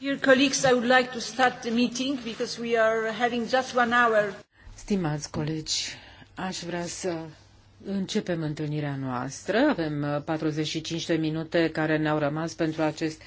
Dear colleagues, I would like to start the meeting because we are having just one hour. Stimați colegi, aș vrea să începem întâlnirea noastră. Avem 45 uh, de minute care ne-au rămas pentru acest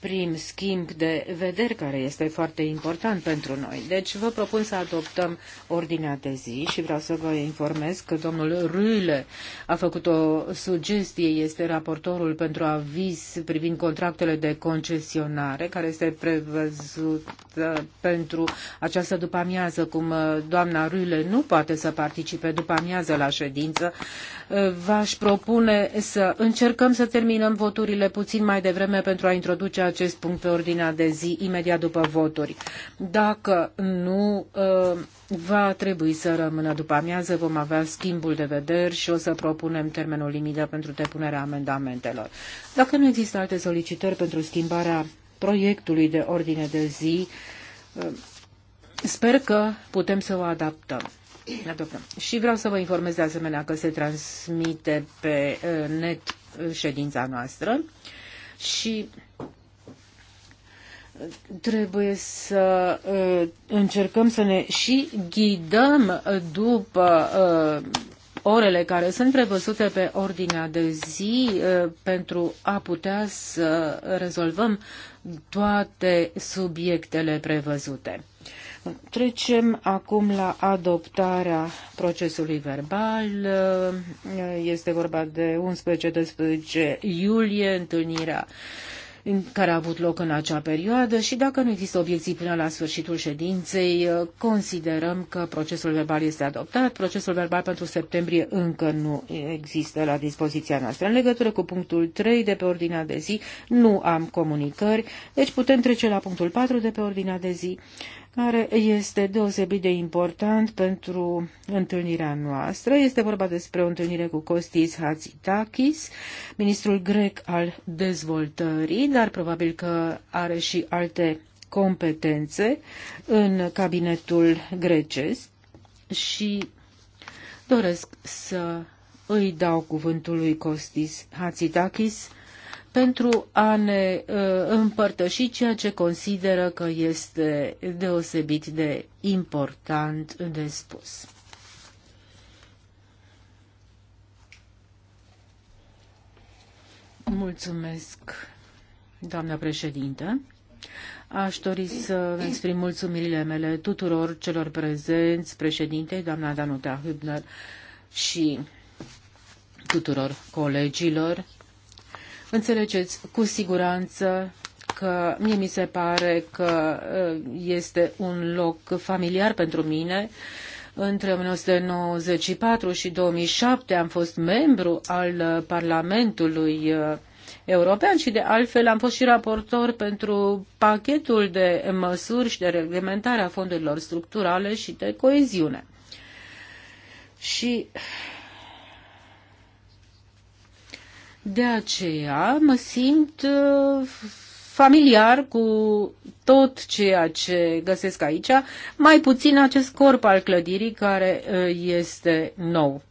prim schimb de vederi care este foarte important pentru noi. Deci vă propun să adoptăm ordinea de zi și vreau să vă informez că domnul Rüle a făcut o sugestie, este raportorul pentru aviz privind contractele de concesionare care este prevăzut uh, pentru această după-amiază, cum uh, doamna Rüle nu poate să participe după-amiază la ședință. Uh, v-aș propune să încercăm să terminăm voturile puțin mai devreme pentru a introduce acest punct pe ordinea de zi imediat după voturi. Dacă nu, uh, va trebui să rămână după amiază, vom avea schimbul de vederi și o să propunem termenul limită pentru depunerea amendamentelor. Dacă nu există alte solicitări pentru schimbarea proiectului de ordine de zi, uh, sper că putem să o adaptăm. Adoptăm. Și vreau să vă informez de asemenea că se transmite pe uh, net ședința noastră și trebuie să uh, încercăm să ne și ghidăm după uh, orele care sunt prevăzute pe ordinea de zi uh, pentru a putea să rezolvăm toate subiectele prevăzute. Trecem acum la adoptarea procesului verbal. Este vorba de 11-12 iulie, întâlnirea care a avut loc în acea perioadă și dacă nu există obiecții până la sfârșitul ședinței, considerăm că procesul verbal este adoptat. Procesul verbal pentru septembrie încă nu există la dispoziția noastră. În legătură cu punctul 3 de pe ordinea de zi, nu am comunicări, deci putem trece la punctul 4 de pe ordinea de zi care este deosebit de important pentru întâlnirea noastră. Este vorba despre o întâlnire cu Costis Hatzitakis, ministrul grec al dezvoltării, dar probabil că are și alte competențe în cabinetul grecesc și doresc să îi dau cuvântul lui Costis Hatzitakis pentru a ne uh, împărtăși ceea ce consideră că este deosebit de important de spus. Mulțumesc, doamna președintă. Aș dori să exprim mulțumirile mele tuturor celor prezenți, președintei, doamna Danuta Hübner și tuturor colegilor Înțelegeți cu siguranță că mie mi se pare că uh, este un loc familiar pentru mine. Între 1994 și 2007 am fost membru al uh, Parlamentului uh, European și de altfel am fost și raportor pentru pachetul de măsuri și de reglementare a fondurilor structurale și de coeziune. Și De aceea mă simt uh, familiar cu tot ceea ce găsesc aici, mai puțin acest corp al clădirii care uh, este nou.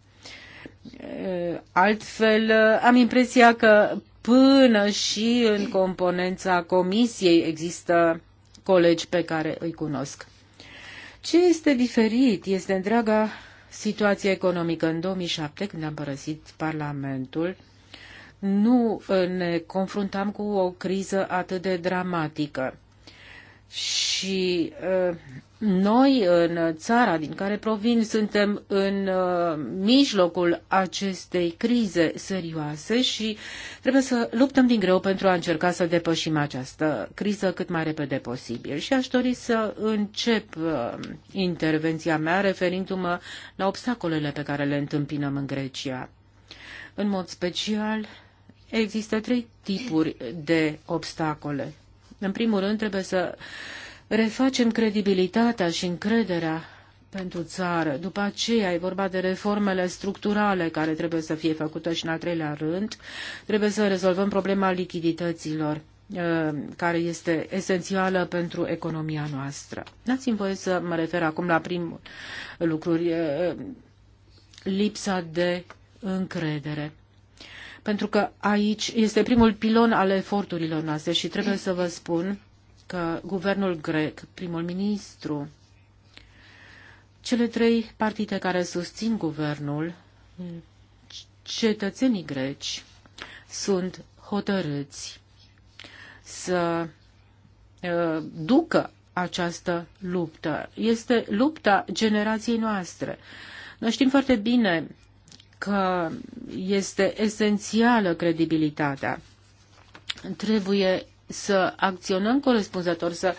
Uh, altfel, am impresia că până și în componența comisiei există colegi pe care îi cunosc. Ce este diferit este întreaga situație economică. În 2007, când am părăsit Parlamentul, nu uh, ne confruntam cu o criză atât de dramatică. Și uh, noi în țara din care provin suntem în uh, mijlocul acestei crize serioase și trebuie să luptăm din greu pentru a încerca să depășim această criză cât mai repede posibil. Și aș dori să încep intervenția mea referindu-mă la obstacolele pe care le întâmpinăm în Grecia. În mod special, Există trei tipuri de obstacole. În primul rând, trebuie să refacem credibilitatea și încrederea pentru țară. După aceea e vorba de reformele structurale care trebuie să fie făcute și în al treilea rând. Trebuie să rezolvăm problema lichidităților uh, care este esențială pentru economia noastră. Dați-mi voie să mă refer acum la primul lucru, uh, lipsa de încredere pentru că aici este primul pilon al eforturilor noastre și trebuie să vă spun că guvernul grec, primul ministru, cele trei partide care susțin guvernul, cetățenii greci, sunt hotărâți să uh, ducă această luptă. Este lupta generației noastre. Noi știm foarte bine că este esențială credibilitatea. Trebuie să acționăm corespunzător, să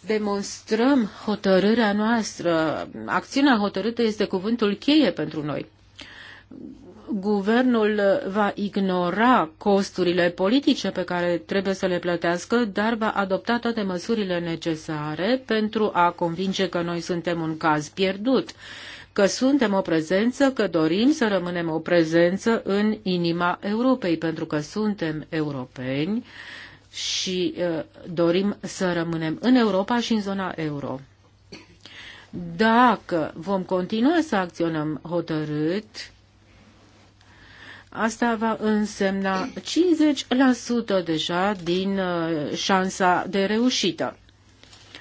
demonstrăm hotărârea noastră. Acțiunea hotărâtă este cuvântul cheie pentru noi. Guvernul va ignora costurile politice pe care trebuie să le plătească, dar va adopta toate măsurile necesare pentru a convinge că noi suntem un caz pierdut că suntem o prezență, că dorim să rămânem o prezență în inima Europei, pentru că suntem europeni și uh, dorim să rămânem în Europa și în zona euro. Dacă vom continua să acționăm hotărât, asta va însemna 50% deja din uh, șansa de reușită.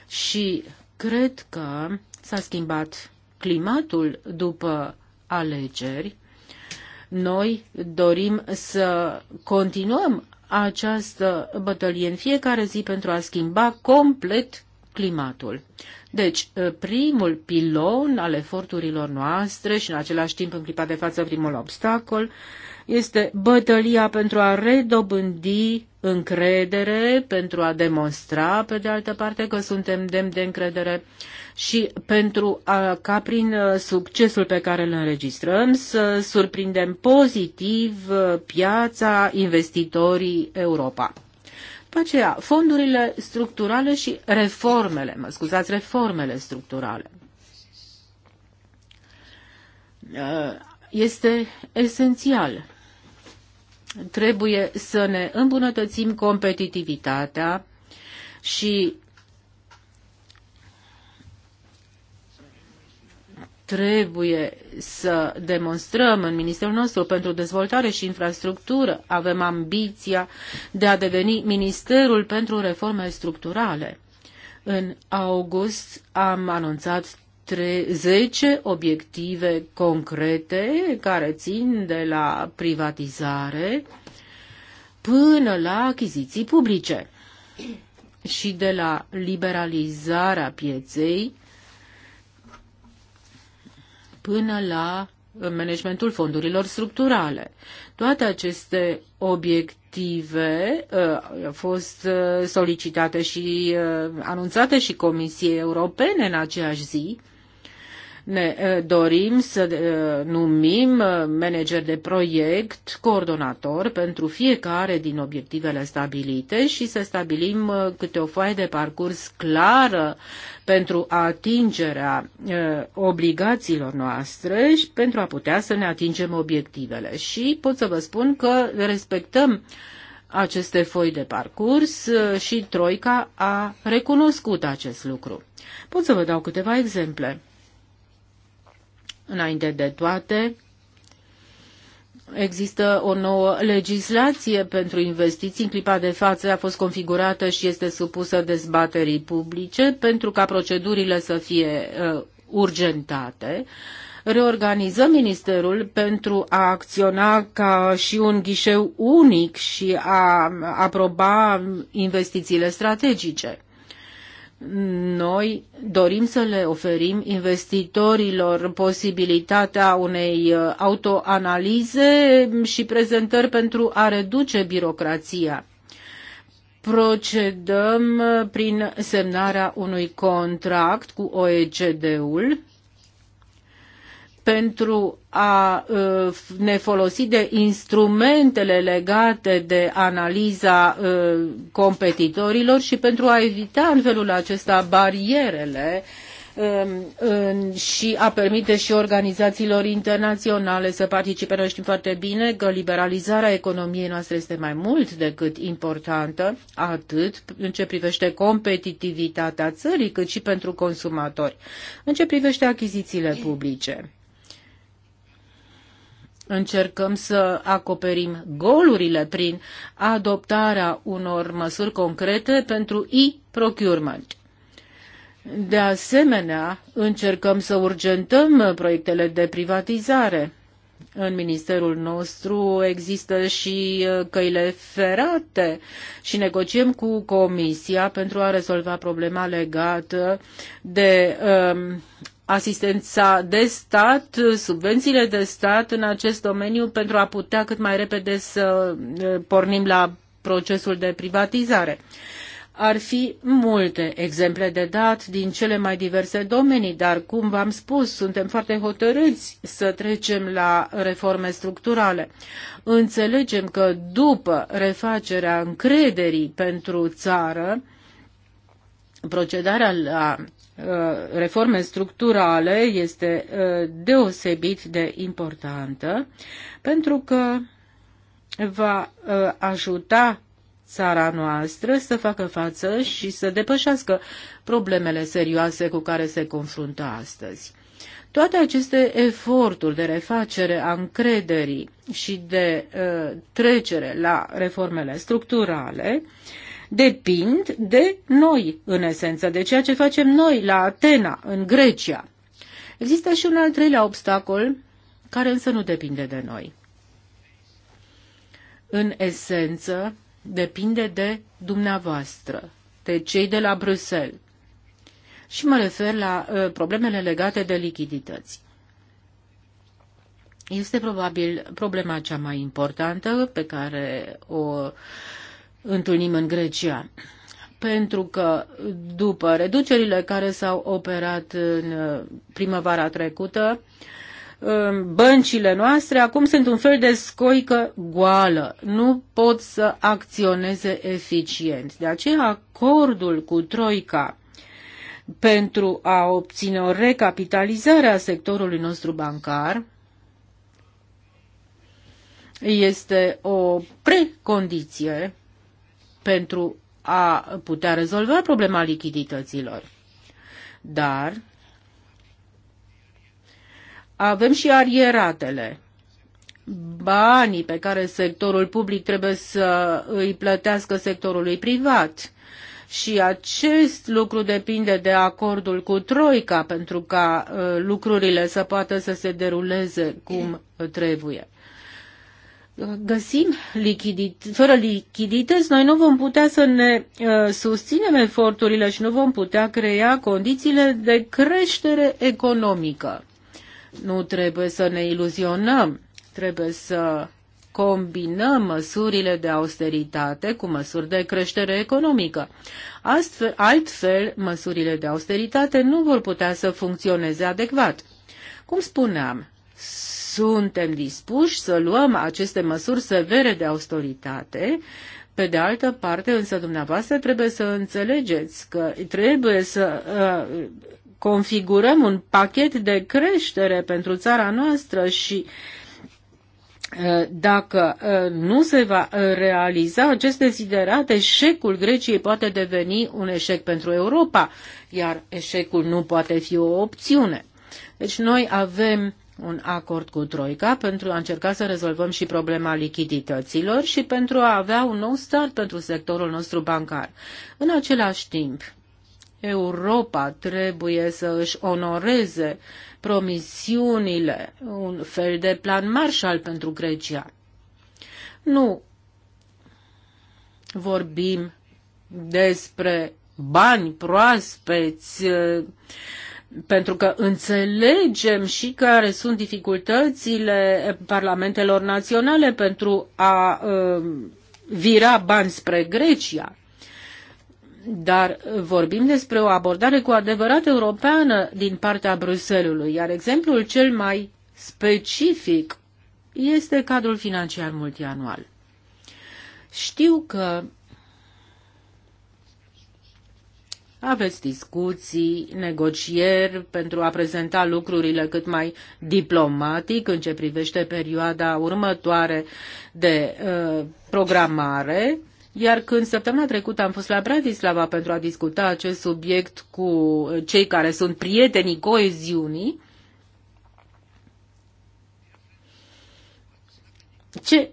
Și cred că s-a schimbat climatul după alegeri, noi dorim să continuăm această bătălie în fiecare zi pentru a schimba complet climatul. Deci, primul pilon al eforturilor noastre și în același timp în clipa de față primul obstacol este bătălia pentru a redobândi încredere, pentru a demonstra, pe de altă parte, că suntem demni de încredere și pentru a, ca prin uh, succesul pe care îl înregistrăm să surprindem pozitiv uh, piața, investitorii, Europa. După aceea, fondurile structurale și reformele, mă scuzați, reformele structurale. Uh, este esențial Trebuie să ne îmbunătățim competitivitatea și trebuie să demonstrăm în Ministerul nostru pentru dezvoltare și infrastructură. Avem ambiția de a deveni Ministerul pentru reforme structurale. În august am anunțat 10 obiective concrete care țin de la privatizare până la achiziții publice și de la liberalizarea pieței până la managementul fondurilor structurale. Toate aceste obiective uh, au fost uh, solicitate și uh, anunțate și Comisiei Europene în aceeași zi, ne dorim să numim manager de proiect, coordonator pentru fiecare din obiectivele stabilite și să stabilim câte o foaie de parcurs clară pentru atingerea obligațiilor noastre și pentru a putea să ne atingem obiectivele. Și pot să vă spun că respectăm aceste foi de parcurs și Troica a recunoscut acest lucru. Pot să vă dau câteva exemple. Înainte de toate, există o nouă legislație pentru investiții. În clipa de față a fost configurată și este supusă dezbaterii publice pentru ca procedurile să fie uh, urgentate. Reorganizăm Ministerul pentru a acționa ca și un ghișeu unic și a aproba investițiile strategice. Noi dorim să le oferim investitorilor posibilitatea unei uh, autoanalize și prezentări pentru a reduce birocrația procedăm uh, prin semnarea unui contract cu OECD-ul pentru a uh, ne folosi de instrumentele legate de analiza uh, competitorilor și pentru a evita în felul acesta barierele um, și a permite și organizațiilor internaționale să participe. Noi știm foarte bine că liberalizarea economiei noastre este mai mult decât importantă, atât în ce privește competitivitatea țării, cât și pentru consumatori. În ce privește achizițiile publice încercăm să acoperim golurile prin adoptarea unor măsuri concrete pentru e-procurement. De asemenea, încercăm să urgentăm proiectele de privatizare. În ministerul nostru există și uh, căile ferate și negociem cu Comisia pentru a rezolva problema legată de um, asistența de stat, subvențiile de stat în acest domeniu pentru a putea cât mai repede să pornim la procesul de privatizare. Ar fi multe exemple de dat din cele mai diverse domenii, dar, cum v-am spus, suntem foarte hotărâți să trecem la reforme structurale. Înțelegem că după refacerea încrederii pentru țară, procedarea la Uh, reforme structurale este uh, deosebit de importantă pentru că va uh, ajuta țara noastră să facă față și să depășească problemele serioase cu care se confruntă astăzi. Toate aceste eforturi de refacere a încrederii și de uh, trecere la reformele structurale uh, depind de noi, în esență, de ceea ce facem noi la Atena, în Grecia. Există și un al treilea obstacol, care însă nu depinde de noi. În esență, depinde de dumneavoastră, de cei de la Bruxelles. Și mă refer la uh, problemele legate de lichidități. Este probabil problema cea mai importantă pe care o întâlnim în Grecia. Pentru că după reducerile care s-au operat în uh, primăvara trecută, um, băncile noastre acum sunt un fel de scoică goală, nu pot să acționeze eficient. De aceea acordul cu Troica pentru a obține o recapitalizare a sectorului nostru bancar este o precondiție pentru a putea rezolva problema lichidităților. Dar avem și arieratele. Banii pe care sectorul public trebuie să îi plătească sectorului privat. Și acest lucru depinde de acordul cu Troica pentru ca uh, lucrurile să poată să se deruleze cum trebuie găsim lichidități. fără lichidități, noi nu vom putea să ne uh, susținem eforturile și nu vom putea crea condițiile de creștere economică. Nu trebuie să ne iluzionăm, trebuie să combinăm măsurile de austeritate cu măsuri de creștere economică. Astfel, altfel, măsurile de austeritate nu vor putea să funcționeze adecvat. Cum spuneam, suntem dispuși să luăm aceste măsuri severe de austeritate, pe de altă parte, însă dumneavoastră trebuie să înțelegeți că trebuie să uh, configurăm un pachet de creștere pentru țara noastră și uh, dacă uh, nu se va uh, realiza acest desiderat, eșecul Greciei poate deveni un eșec pentru Europa, iar eșecul nu poate fi o opțiune. Deci noi avem un acord cu Troica pentru a încerca să rezolvăm și problema lichidităților și pentru a avea un nou start pentru sectorul nostru bancar. În același timp, Europa trebuie să își onoreze promisiunile, un fel de plan Marshall pentru Grecia. Nu vorbim despre bani proaspeți pentru că înțelegem și care sunt dificultățile parlamentelor naționale pentru a um, vira bani spre Grecia. Dar vorbim despre o abordare cu adevărat europeană din partea Bruselului, iar exemplul cel mai specific este cadrul financiar multianual. Știu că aveți discuții, negocieri pentru a prezenta lucrurile cât mai diplomatic în ce privește perioada următoare de uh, programare. Iar când săptămâna trecută am fost la Bratislava pentru a discuta acest subiect cu cei care sunt prietenii coeziunii, ce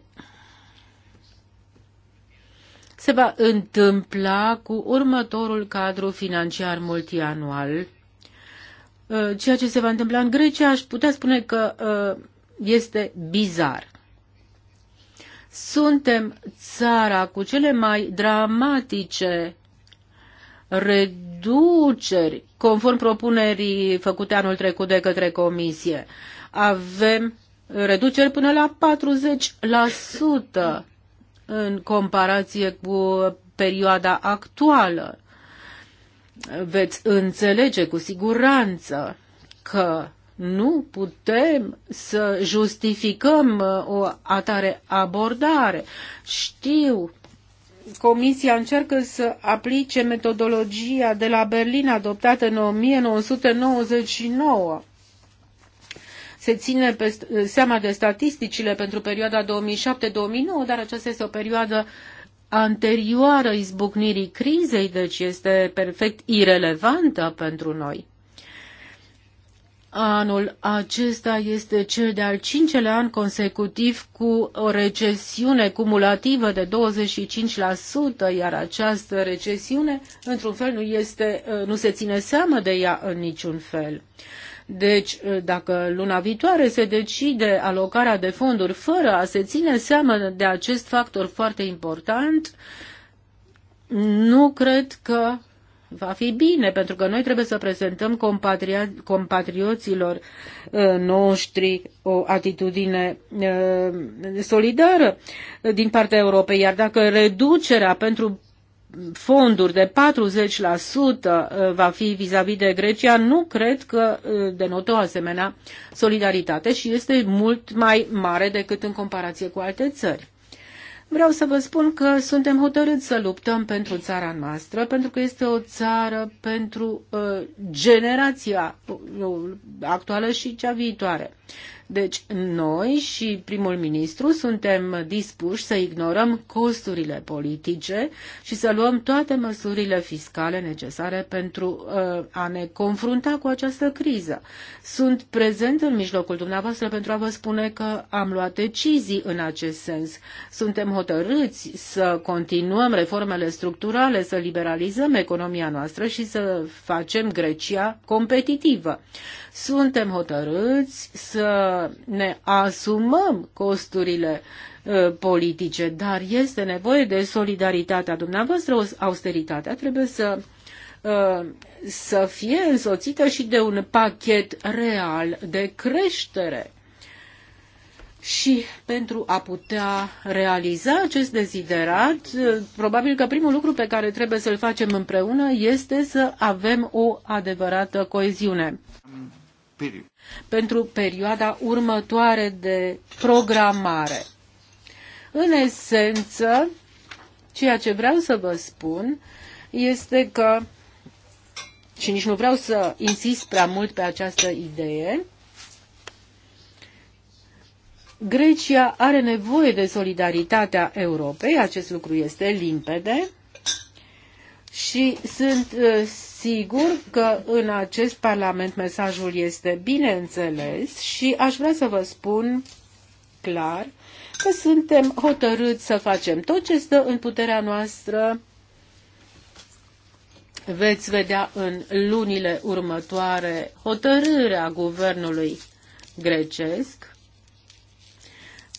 se va întâmpla cu următorul cadru financiar multianual. Uh, ceea ce se va întâmpla în Grecia, aș putea spune că uh, este bizar. Suntem țara cu cele mai dramatice reduceri, conform propunerii făcute anul trecut de către Comisie. Avem reduceri până la 40% în comparație cu perioada actuală. Veți înțelege cu siguranță că nu putem să justificăm uh, o atare abordare. Știu, Comisia încearcă să aplice metodologia de la Berlin adoptată în 1999 se ține pe, seama de statisticile pentru perioada 2007-2009, dar aceasta este o perioadă anterioară izbucnirii crizei, deci este perfect irelevantă pentru noi. Anul acesta este cel de-al cincelea an consecutiv cu o recesiune cumulativă de 25%, iar această recesiune, într-un fel, nu, este, nu se ține seamă de ea în niciun fel. Deci, ă, dacă luna viitoare se decide alocarea de fonduri fără a se ține seama de acest factor foarte important, nu cred că va fi bine, pentru că noi trebuie să prezentăm compatria- compatrioților ă, noștri o atitudine ă, solidară din partea Europei, iar dacă reducerea pentru fonduri de 40% uh, va fi vis-a-vis -vis de Grecia, nu cred că uh, denotă o asemenea solidaritate și este mult mai mare decât în comparație cu alte țări. Vreau să vă spun că suntem hotărâți să luptăm pentru țara noastră, pentru că este o țară pentru uh, generația uh, actuală și cea viitoare. Deci noi și primul ministru suntem dispuși să ignorăm costurile politice și să luăm toate măsurile fiscale necesare pentru uh, a ne confrunta cu această criză. Sunt prezent în mijlocul dumneavoastră pentru a vă spune că am luat decizii în acest sens. Suntem hotărâți să continuăm reformele structurale, să liberalizăm economia noastră și să facem Grecia competitivă. Suntem hotărâți să ne asumăm costurile ă, politice, dar este nevoie de solidaritatea dumneavoastră. Austeritatea trebuie să ă, să fie însoțită și de un pachet real de creștere și pentru a putea realiza acest deziderat, ă, probabil că primul lucru pe care trebuie să-l facem împreună este să avem o adevărată coeziune pentru perioada următoare de programare. În esență, ceea ce vreau să vă spun este că, și nici nu vreau să insist prea mult pe această idee, Grecia are nevoie de solidaritatea Europei, acest lucru este limpede, și sunt uh, sigur că în acest Parlament mesajul este bine înțeles și aș vrea să vă spun clar că suntem hotărâți să facem tot ce stă în puterea noastră. Veți vedea în lunile următoare hotărârea guvernului grecesc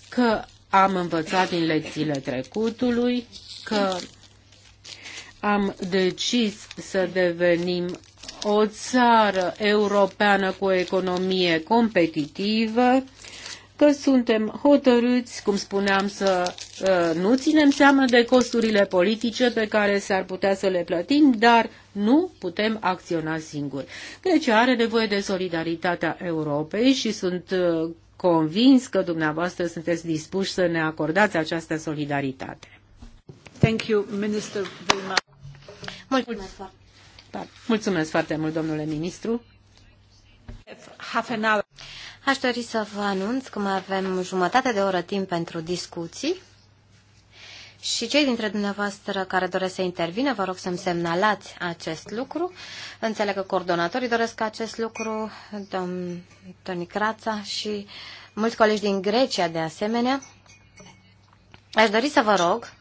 că am învățat din lecțiile trecutului, că am decis să devenim o țară europeană cu o economie competitivă, că suntem hotărâți, cum spuneam, să uh, nu ținem seama de costurile politice pe care s-ar putea să le plătim, dar nu putem acționa singuri. Grecia are nevoie de solidaritatea Europei și sunt uh, convins că dumneavoastră sunteți dispuși să ne acordați această solidaritate. Thank you, Minister, very much. Mulțumesc foarte, da, Mulțumesc foarte mult, domnule ministru. Aș dori să vă anunț că mai avem jumătate de oră timp pentru discuții. Și cei dintre dumneavoastră care doresc să intervină, vă rog să-mi semnalați acest lucru. Înțeleg că coordonatorii doresc acest lucru, domn Toni Crața și mulți colegi din Grecia de asemenea. Aș dori să vă rog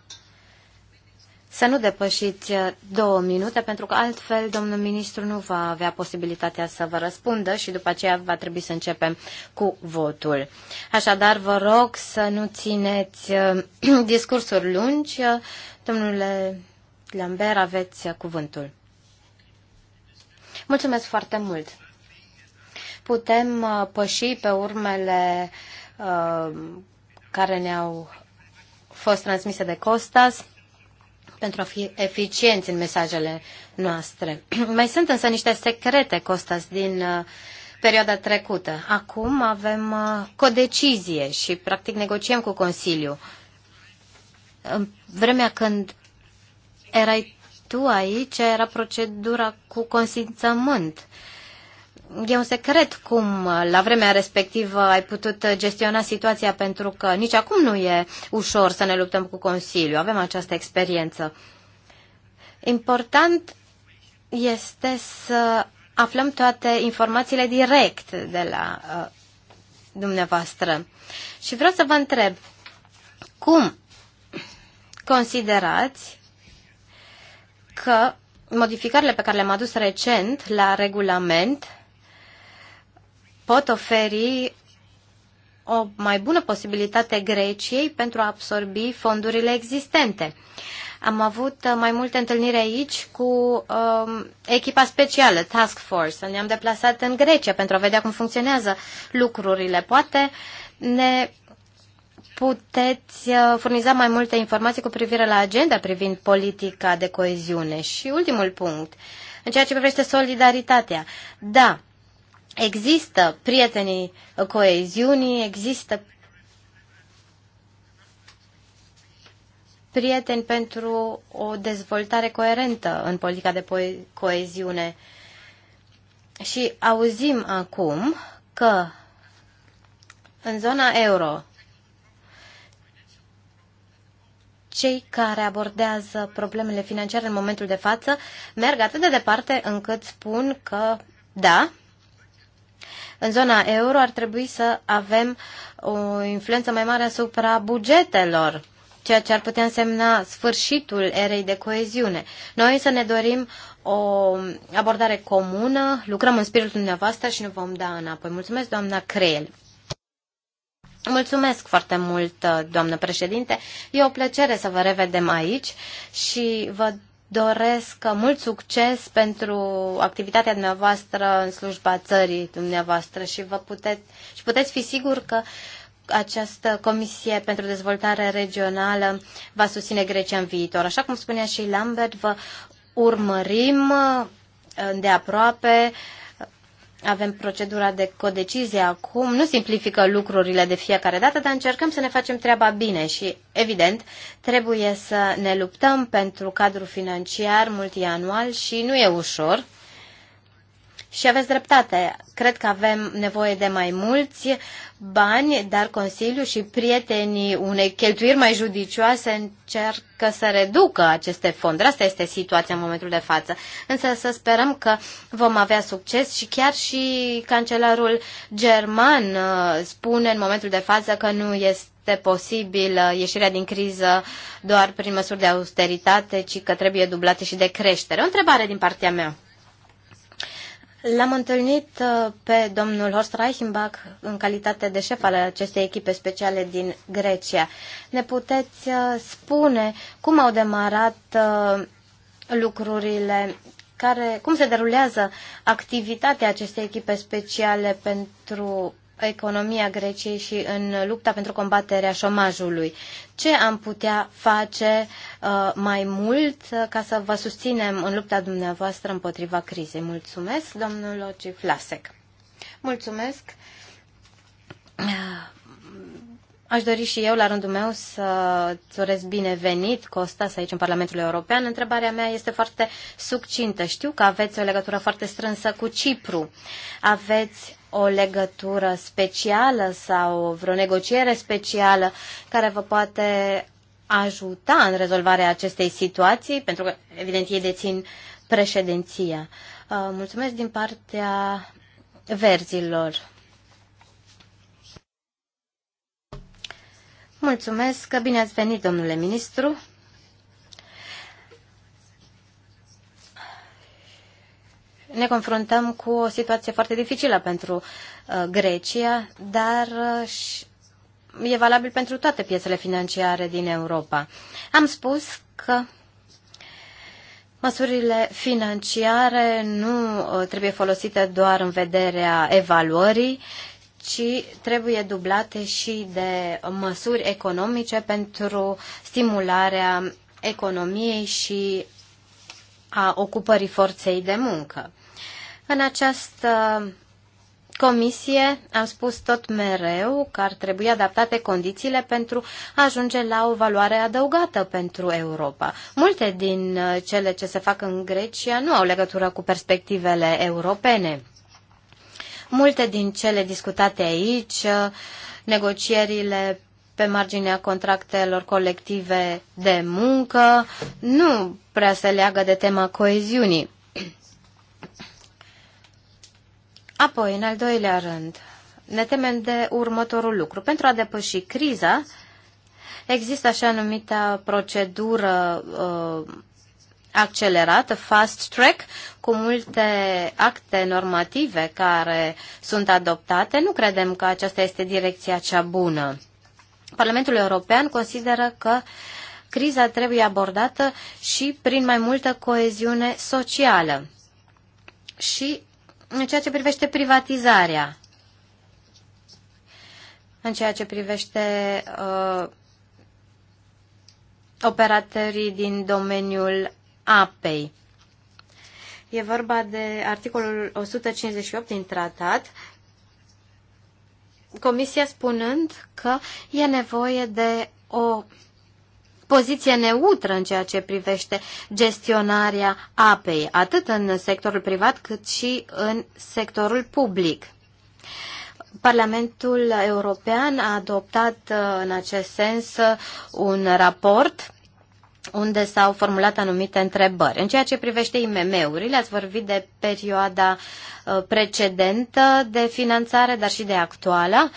să nu depășiți uh, două minute, pentru că altfel domnul ministru nu va avea posibilitatea să vă răspundă și după aceea va trebui să începem cu votul. Așadar, vă rog să nu țineți uh, discursuri lungi. Uh, domnule Lambert, aveți cuvântul. Mulțumesc foarte mult! Putem păși pe urmele uh, care ne-au fost transmise de Costas pentru a fi eficienți în mesajele noastre. Mai sunt însă niște secrete, Costas, din uh, perioada trecută. Acum avem uh, codecizie și practic negociem cu Consiliu. În vremea când erai tu aici, era procedura cu consimțământ. Uh, E un secret cum la vremea respectivă ai putut gestiona situația pentru că nici acum nu e ușor să ne luptăm cu Consiliu. Avem această experiență. Important este să aflăm toate informațiile direct de la uh, dumneavoastră. Și vreau să vă întreb, cum considerați că modificările pe care le-am adus recent la regulament pot oferi o mai bună posibilitate Greciei pentru a absorbi fondurile existente. Am avut mai multe întâlniri aici cu um, echipa specială, Task Force. Ne-am deplasat în Grecia pentru a vedea cum funcționează lucrurile. Poate ne puteți uh, furniza mai multe informații cu privire la agenda privind politica de coeziune. Și ultimul punct, în ceea ce privește solidaritatea. Da, Există prietenii coeziunii, există prieteni pentru o dezvoltare coerentă în politica de coeziune. Și auzim acum că în zona euro cei care abordează problemele financiare în momentul de față merg atât de departe încât spun că da, în zona euro ar trebui să avem o influență mai mare asupra bugetelor ceea ce ar putea însemna sfârșitul erei de coeziune. Noi să ne dorim o abordare comună, lucrăm în spiritul dumneavoastră și nu vom da înapoi. Mulțumesc, doamna Creel. Mulțumesc foarte mult, doamnă președinte. E o plăcere să vă revedem aici și vă doresc mult succes pentru activitatea dumneavoastră în slujba țării dumneavoastră și vă puteți, și puteți fi sigur că această Comisie pentru Dezvoltare Regională va susține Grecia în viitor. Așa cum spunea și Lambert, vă urmărim uh, de aproape uh, avem procedura de codecizie acum, nu simplifică lucrurile de fiecare dată, dar încercăm să ne facem treaba bine și, evident, trebuie să ne luptăm pentru cadrul financiar multianual și nu e ușor. Și aveți dreptate. Cred că avem nevoie de mai mulți bani, dar Consiliul și prietenii unei cheltuiri mai judicioase încearcă să reducă aceste fonduri. Asta este situația în momentul de față. Însă să sperăm că vom avea succes și chiar și cancelarul german uh, spune în momentul de față că nu este este posibil uh, ieșirea din criză doar prin măsuri de austeritate, ci că trebuie dublate și de creștere. O întrebare din partea mea. L-am întâlnit uh, pe domnul Horst Reichenbach în calitate de șef al acestei echipe speciale din Grecia. Ne puteți uh, spune cum au demarat uh, lucrurile, care, cum se derulează activitatea acestei echipe speciale pentru economia Greciei și în lupta pentru combaterea șomajului. Ce am putea face uh, mai mult ca să vă susținem în lupta dumneavoastră împotriva crizei? Mulțumesc, domnul Logi Flasek. Mulțumesc. Uh, aș dori și eu, la rândul meu, să îți urez binevenit, Costas, aici în Parlamentul European. Întrebarea mea este foarte succintă. Știu că aveți o legătură foarte strânsă cu Cipru. Aveți o legătură specială sau vreo negociere specială care vă poate ajuta în rezolvarea acestei situații, pentru că, evident, ei dețin președinția. Uh, mulțumesc din partea verzilor. Mulțumesc, că bine ați venit, domnule ministru. ne confruntăm cu o situație foarte dificilă pentru uh, Grecia, dar uh, e valabil pentru toate piețele financiare din Europa. Am spus că măsurile financiare nu uh, trebuie folosite doar în vederea evaluării, ci trebuie dublate și de măsuri economice pentru stimularea economiei și a ocupării forței de muncă. În această comisie am spus tot mereu că ar trebui adaptate condițiile pentru a ajunge la o valoare adăugată pentru Europa. Multe din uh, cele ce se fac în Grecia nu au legătură cu perspectivele europene. Multe din cele discutate aici, uh, negocierile pe marginea contractelor colective de muncă, nu prea se leagă de tema coeziunii. Apoi, în al doilea rând, ne temem de următorul lucru. Pentru a depăși criza, există așa numită procedură uh, accelerată, fast track, cu multe acte normative care sunt adoptate. Nu credem că aceasta este direcția cea bună. Parlamentul European consideră că criza trebuie abordată și prin mai multă coeziune socială. Și în ceea ce privește privatizarea, în ceea ce privește uh, operatorii din domeniul apei. E vorba de articolul 158 din tratat, Comisia spunând că e nevoie de o poziție neutră în ceea ce privește gestionarea apei, atât în sectorul privat cât și în sectorul public. Parlamentul European a adoptat uh, în acest sens uh, un raport unde s-au formulat anumite întrebări. În ceea ce privește IMM-urile, ați vorbit de perioada uh, precedentă de finanțare, dar și de actuala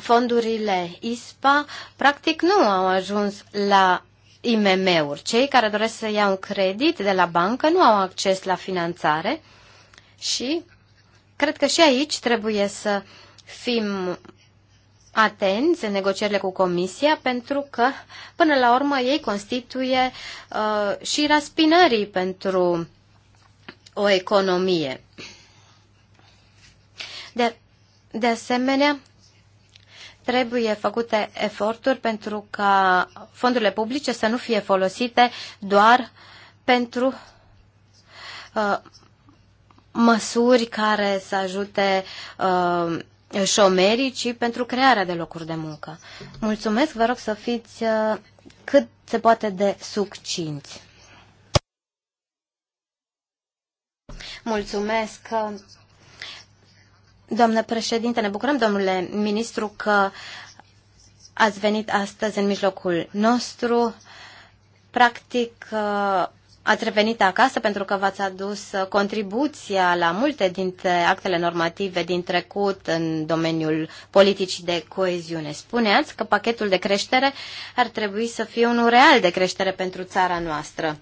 fondurile ISPA practic nu au ajuns la IMM-uri. Cei care doresc să iau un credit de la bancă nu au acces la finanțare și cred că și aici trebuie să fim atenți în negocierile cu Comisia pentru că, până la urmă, ei constituie uh, și raspinării pentru o economie. De, de asemenea, trebuie făcute eforturi pentru ca fondurile publice să nu fie folosite doar pentru uh, măsuri care să ajute uh, șomerii, ci pentru crearea de locuri de muncă. Mulțumesc, vă rog să fiți uh, cât se poate de succinți. Mulțumesc. Uh, Doamnă președinte, ne bucurăm, domnule ministru, că ați venit astăzi în mijlocul nostru. Practic, uh, ați revenit acasă pentru că v-ați adus uh, contribuția la multe dintre actele normative din trecut în domeniul politicii de coeziune. Spuneați că pachetul de creștere ar trebui să fie unul real de creștere pentru țara noastră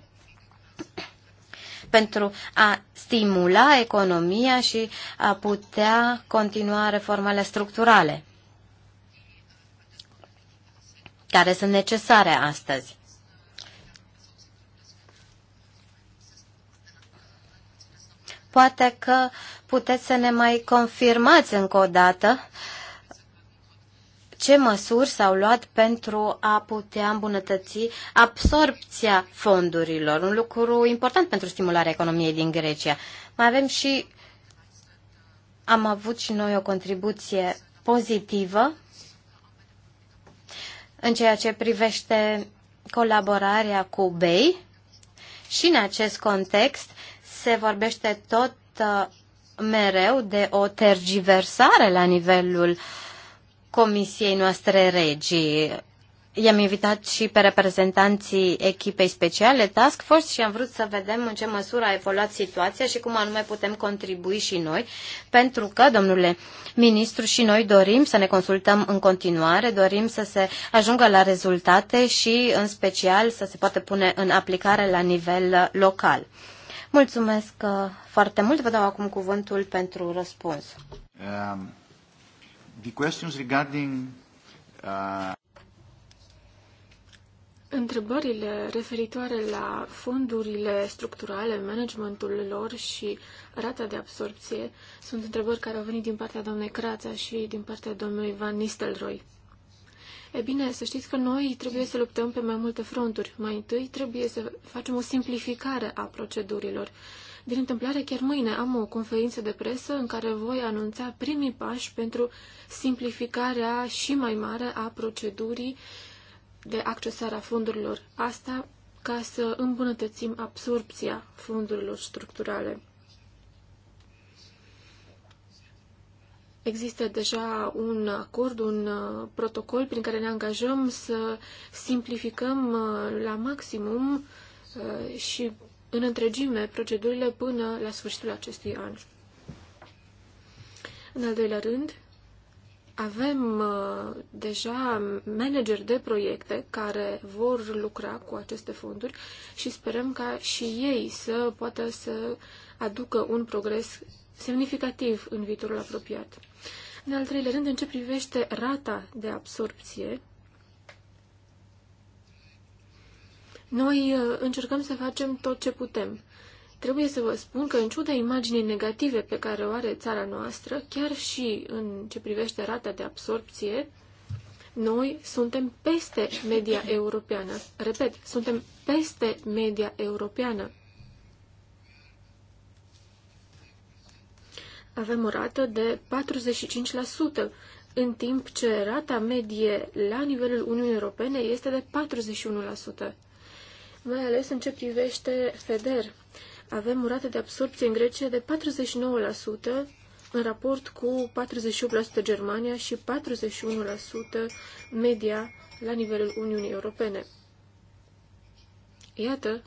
pentru a stimula economia și a putea continua reformele structurale care sunt necesare astăzi. Poate că puteți să ne mai confirmați încă o dată uh, ce măsuri s-au luat pentru a putea îmbunătăți absorpția fondurilor, un lucru important pentru stimularea economiei din Grecia. Mai avem și, am avut și noi o contribuție pozitivă în ceea ce privește colaborarea cu BEI și în acest context se vorbește tot uh, mereu de o tergiversare la nivelul uh, comisiei noastre regii. I-am invitat și pe reprezentanții echipei speciale Task Force și am vrut să vedem în ce măsură a evoluat situația și cum anume putem contribui și noi, pentru că, domnule ministru, și noi dorim să ne consultăm în continuare, dorim să se ajungă la rezultate și, în special, să se poată pune în aplicare la nivel local. Mulțumesc uh, foarte mult, vă dau acum cuvântul pentru răspuns. Um the questions regarding uh... Întrebările referitoare la fondurile structurale, managementul lor și rata de absorpție sunt întrebări care au venit din partea doamnei Crața și din partea domnului Van Nistelrooy. E bine, să știți că noi trebuie să luptăm pe mai multe fronturi. Mai întâi trebuie să facem o simplificare a procedurilor din întâmplare, chiar mâine am o conferință de presă în care voi anunța primii pași pentru simplificarea și mai mare a procedurii de accesare a fondurilor. Asta ca să îmbunătățim absorpția fondurilor structurale. Există deja un acord, un uh, protocol prin care ne angajăm să simplificăm uh, la maximum uh, și în întregime procedurile până la sfârșitul acestui an. În al doilea rând, avem uh, deja manageri de proiecte care vor lucra cu aceste fonduri și sperăm ca și ei să poată să aducă un progres semnificativ în viitorul apropiat. În al treilea rând, în ce privește rata de absorpție, Noi uh, încercăm să facem tot ce putem. Trebuie să vă spun că, în ciuda imaginii negative pe care o are țara noastră, chiar și în ce privește rata de absorpție, noi suntem peste media europeană. Repet, suntem peste media europeană. Avem o rată de 45%, în timp ce rata medie la nivelul Uniunii Europene este de 41% mai ales în ce privește FEDER. Avem o rată de absorpție în Grecia de 49% în raport cu 48% Germania și 41% media la nivelul Uniunii Europene. Iată,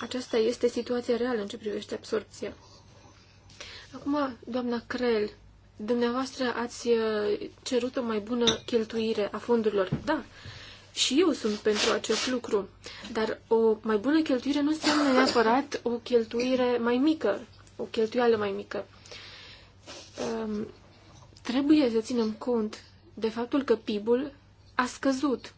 aceasta este situația reală în ce privește absorpția. Acum, doamna Crel, dumneavoastră ați uh, cerut o mai bună cheltuire a fondurilor. Da, și eu sunt pentru acest lucru. Dar o mai bună cheltuire nu înseamnă neapărat o cheltuire mai mică, o cheltuială mai mică. Um, trebuie să ținem cont de faptul că PIB-ul a scăzut.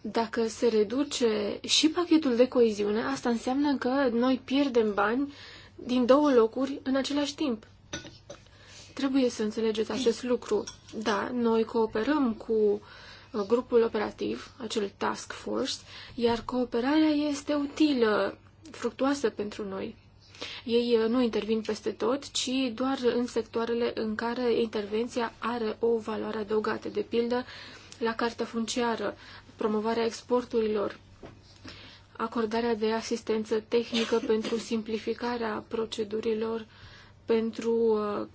Dacă se reduce și pachetul de coeziune, asta înseamnă că noi pierdem bani din două locuri în același timp. Trebuie să înțelegeți acest lucru. Da, noi cooperăm cu uh, grupul operativ, acel task force, iar cooperarea este utilă, fructuoasă pentru noi. Ei uh, nu intervin peste tot, ci doar în sectoarele în care intervenția are o valoare adăugată, de pildă la cartea funciară, promovarea exporturilor, acordarea de asistență tehnică pentru simplificarea procedurilor, pentru uh,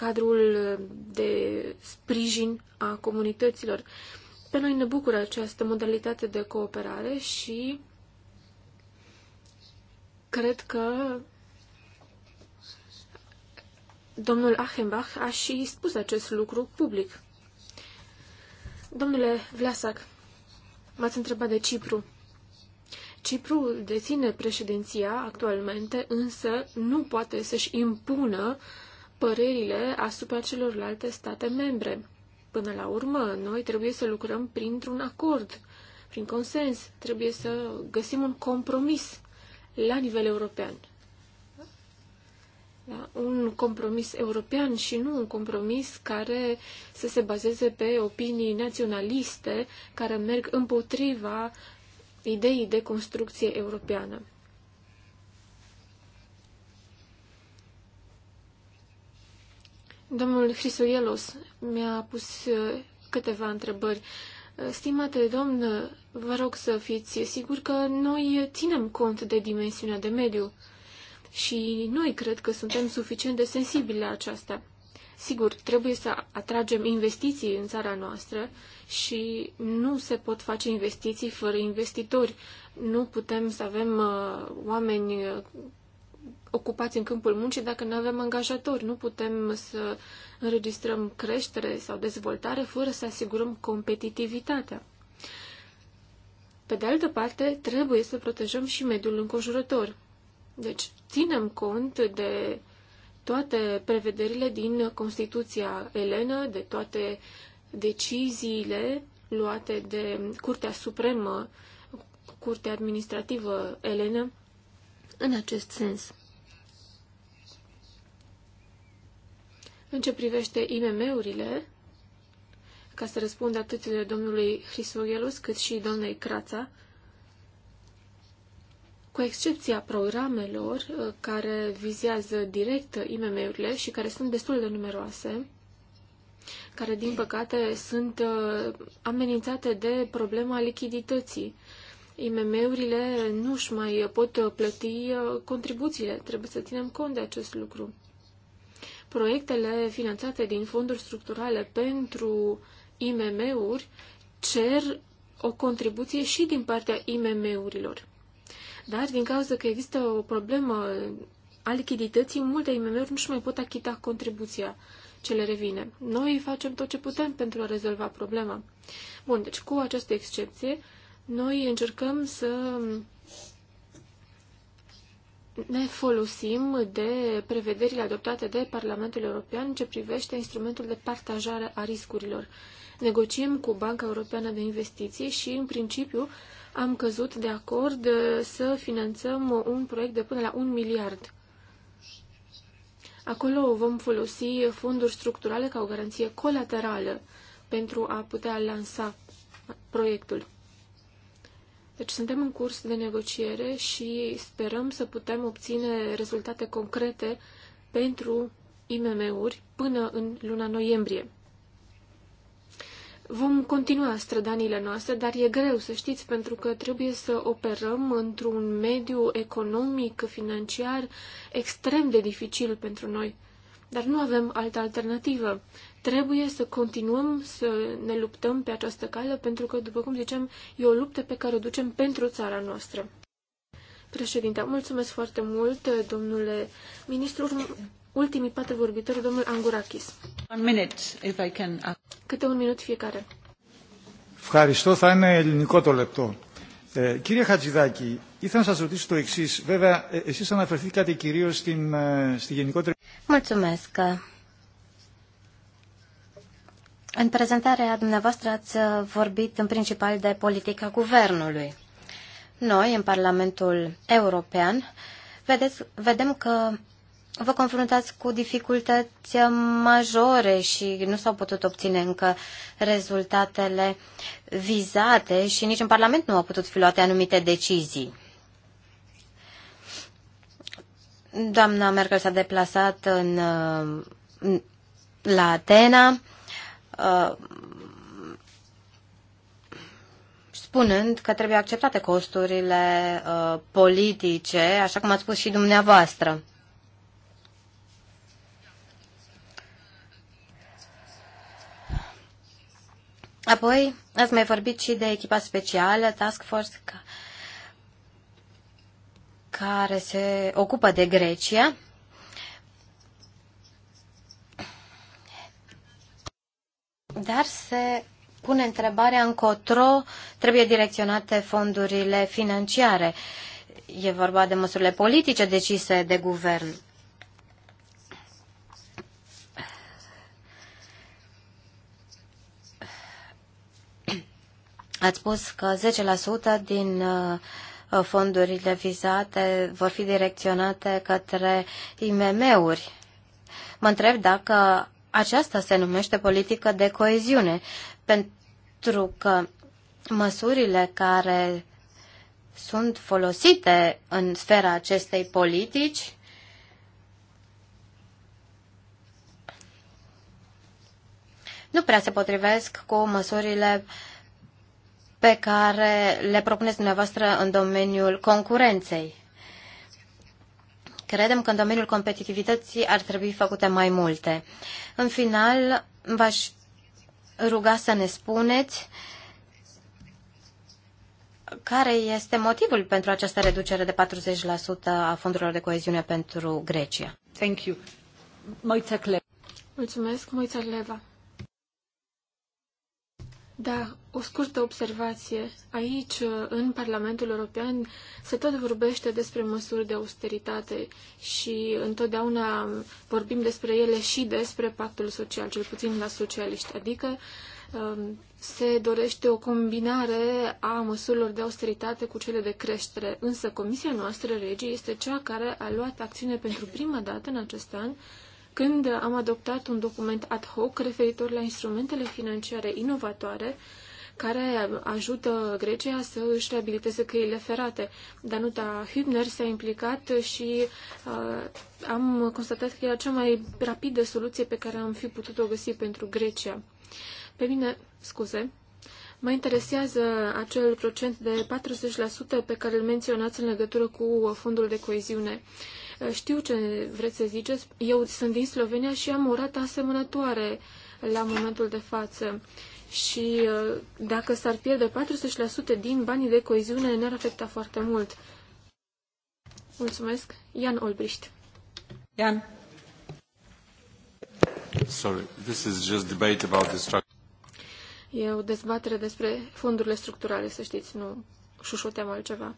cadrul de sprijin a comunităților. Pe noi ne bucură această modalitate de cooperare și cred că domnul Achenbach a și spus acest lucru public. Domnule Vlasac, m-ați întrebat de Cipru. Cipru deține președinția actualmente, însă nu poate să-și impună uh, părerile asupra celorlalte state membre. Până la urmă, noi trebuie să lucrăm printr-un acord, prin consens. Trebuie să găsim un compromis la nivel european. Da? Un compromis european și nu un compromis care să se bazeze pe opinii naționaliste care merg împotriva ideii de construcție europeană. Domnul Hrisoielos mi-a pus uh, câteva întrebări. Uh, stimate domn, vă rog să fiți sigur că noi ținem cont de dimensiunea de mediu și noi cred că suntem suficient de sensibili la aceasta. Sigur, trebuie să atragem investiții în țara noastră și nu se pot face investiții fără investitori. Nu putem să avem uh, oameni uh, ocupați în câmpul muncii dacă nu avem angajatori. Nu putem să înregistrăm creștere sau dezvoltare fără să asigurăm competitivitatea. Pe de altă parte, trebuie să protejăm și mediul înconjurător. Deci, ținem cont de toate prevederile din Constituția Elenă, de toate deciziile luate de Curtea Supremă, Curtea Administrativă Elenă, în acest sens. În ce privește IMM-urile, ca să răspund atât de domnului Hrisogelus cât și domnului Crața, cu excepția programelor uh, care vizează direct IMM-urile și care sunt destul de numeroase, care, din păcate, sunt uh, amenințate de problema lichidității. IMM-urile nu își mai pot plăti uh, contribuțiile. Trebuie să ținem cont de acest lucru proiectele finanțate din fonduri structurale pentru IMM-uri cer o contribuție și din partea IMM-urilor. Dar din cauza că există o problemă a lichidității, multe IMM-uri nu-și mai pot achita contribuția ce le revine. Noi facem tot ce putem pentru a rezolva problema. Bun, deci cu această excepție, noi încercăm să ne folosim de prevederile adoptate de Parlamentul European ce privește instrumentul de partajare a riscurilor. Negociem cu Banca Europeană de Investiții și, în principiu, am căzut de acord să finanțăm un proiect de până la un miliard. Acolo vom folosi fonduri structurale ca o garanție colaterală pentru a putea lansa proiectul. Deci suntem în curs de negociere și sperăm să putem obține rezultate concrete pentru IMM-uri până în luna noiembrie. Vom continua strădanile noastre, dar e greu să știți pentru că trebuie să operăm într-un mediu economic, financiar extrem de dificil pentru noi. Dar nu avem altă alternativă. Trebuie să continuăm să ne luptăm pe această cale, pentru că, după cum ziceam, e o luptă pe care o ducem pentru țara noastră. Președinte, mulțumesc foarte mult, domnule ministru. Ultimii patru vorbitori, domnul Angurakis. One minute, if I can... Câte un minut fiecare. Ευχαριστώ, θα είναι ελληνικό το λεπτό. Ε, κύριε Χατζηδάκη, ήθελα να σας ρωτήσω το εξής. Βέβαια, εσείς αναφερθήκατε κυρίως στην, στη γενικότερη... Mulțumesc. În prezentarea dumneavoastră ați uh, vorbit în principal de politica guvernului. Noi, în Parlamentul European, vedeți, vedem că vă confruntați cu dificultăți majore și nu s-au putut obține încă rezultatele vizate și nici în Parlament nu au putut fi luate anumite decizii. Doamna Merkel s-a deplasat în, uh, la Atena Uh, spunând că trebuie acceptate costurile uh, politice, așa cum ați spus și dumneavoastră. Apoi, ați mai vorbit și de echipa specială, Task Force, care se ocupă de Grecia. Dar se pune întrebarea încotro trebuie direcționate fondurile financiare. E vorba de măsurile politice decise de guvern. Ați spus că 10% din uh, fondurile vizate vor fi direcționate către IMM-uri. Mă întreb dacă aceasta se numește politică de coeziune, pentru că măsurile care sunt folosite în sfera acestei politici nu prea se potrivesc cu măsurile pe care le propuneți dumneavoastră în domeniul concurenței. Credem că în domeniul competitivității ar trebui făcute mai multe. În final, v-aș ruga să ne spuneți care este motivul pentru această reducere de 40% a fondurilor de coeziune pentru Grecia. Thank you. Mulțumesc, Moita Leva. Da, o scurtă observație. Aici, în Parlamentul European, se tot vorbește despre măsuri de austeritate și întotdeauna vorbim despre ele și despre pactul social, cel puțin la socialiști. Adică um, se dorește o combinare a măsurilor de austeritate cu cele de creștere. Însă Comisia noastră, Regii, este cea care a luat acțiune pentru prima dată în acest an când am adoptat un document ad hoc referitor la instrumentele financiare inovatoare care ajută Grecia să își reabiliteze căile ferate. Danuta Hübner s-a implicat și uh, am constatat că era cea mai rapidă soluție pe care am fi putut-o găsi pentru Grecia. Pe mine, scuze, mă interesează acel procent de 40% pe care îl menționați în legătură cu fondul de coeziune. Uh, știu ce vreți să ziceți. Eu sunt din Slovenia și am o rată asemănătoare la momentul de față. Și uh, dacă s-ar pierde 40% din banii de coeziune, ne-ar afecta foarte mult. Mulțumesc. Ian Olbricht. Ian. Sorry, this is just debate about the structure. E o dezbatere despre fondurile structurale, să știți, nu șușoteam altceva.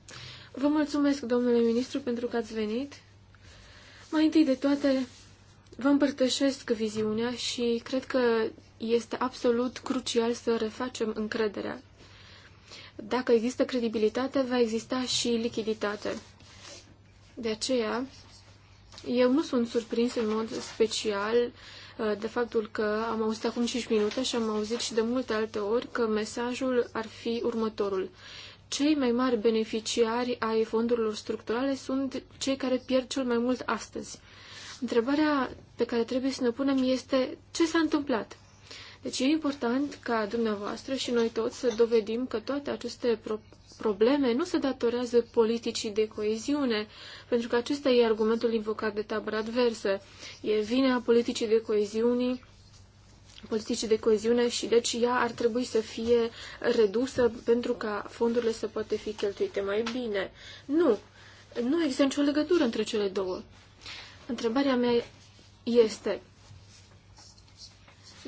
Vă mulțumesc, domnule ministru, pentru că ați venit. Mai întâi de toate, vă împărtășesc viziunea și cred că este absolut crucial să refacem încrederea. Dacă există credibilitate, va exista și lichiditate. De aceea, eu nu sunt surprins în mod special uh, de faptul că am auzit acum 5 minute și am auzit și de multe alte ori că mesajul ar fi următorul. Cei mai mari beneficiari ai fondurilor structurale sunt cei care pierd cel mai mult astăzi. Întrebarea pe care trebuie să ne punem este ce s-a întâmplat? Deci e important ca dumneavoastră și noi toți să dovedim că toate aceste pro- probleme nu se datorează politicii de coeziune, pentru că acesta e argumentul invocat de tabără adversă. E vina politicii de coeziune politicii de coeziune și deci ea ar trebui să fie redusă pentru ca fondurile să poate fi cheltuite mai bine. Nu, nu există nicio legătură între cele două. Întrebarea mea este,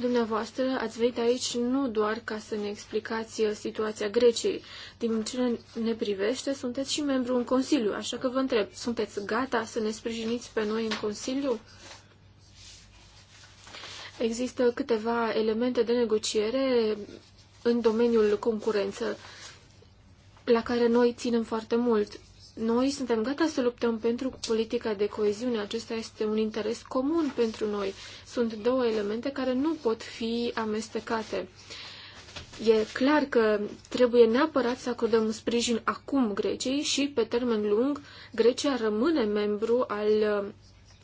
Dumneavoastră ați venit aici nu doar ca să ne explicați situația Greciei. Din ce ne privește, sunteți și membru în Consiliu, așa că vă întreb, sunteți gata să ne sprijiniți pe noi în Consiliu? Există câteva elemente de negociere în domeniul concurență la care noi ținem foarte mult. Noi suntem gata să luptăm pentru politica de coeziune. Acesta este un interes comun pentru noi. Sunt două elemente care nu pot fi amestecate. E clar că trebuie neapărat să acordăm sprijin acum Greciei și, pe termen lung, Grecia rămâne membru al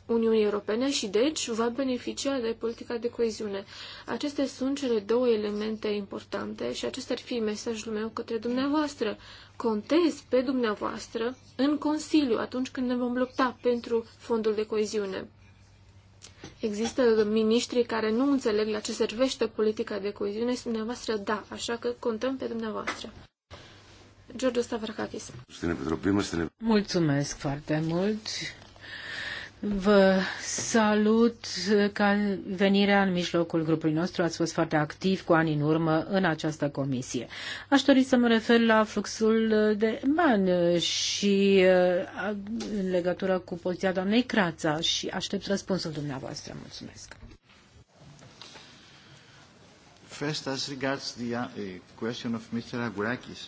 Uniunii Europene și deci va beneficia de politica de coeziune. Acestea sunt cele două elemente importante și acesta ar fi mesajul meu către dumneavoastră. Contez pe dumneavoastră în Consiliu atunci când ne vom lupta pentru fondul de coeziune. Există miniștri care nu înțeleg la ce servește politica de coeziune și dumneavoastră da, așa că contăm pe dumneavoastră. George Stavrakakis. Mulțumesc foarte mult Vă salut ca venirea în mijlocul grupului nostru. Ați fost foarte activ cu ani în urmă în această comisie. Aș dori să mă refer la fluxul de bani și uh, în legătură cu poziția doamnei Crața și aștept răspunsul dumneavoastră. Mulțumesc. First, as regards the uh, question of Mr. Agurakis,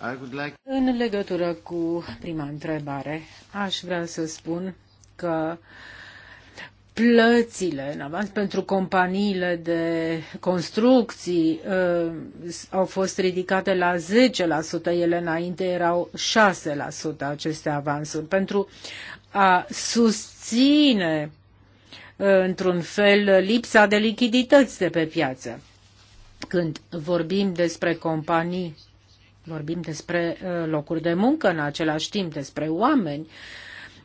I would like... În legătură cu prima întrebare, aș vrea să spun că plățile în avans pentru companiile de construcții uh, au fost ridicate la 10%, ele înainte erau 6% aceste avansuri, pentru a susține uh, într-un fel lipsa de lichidități de pe piață. Când vorbim despre companii, vorbim despre uh, locuri de muncă în același timp, despre oameni, uh,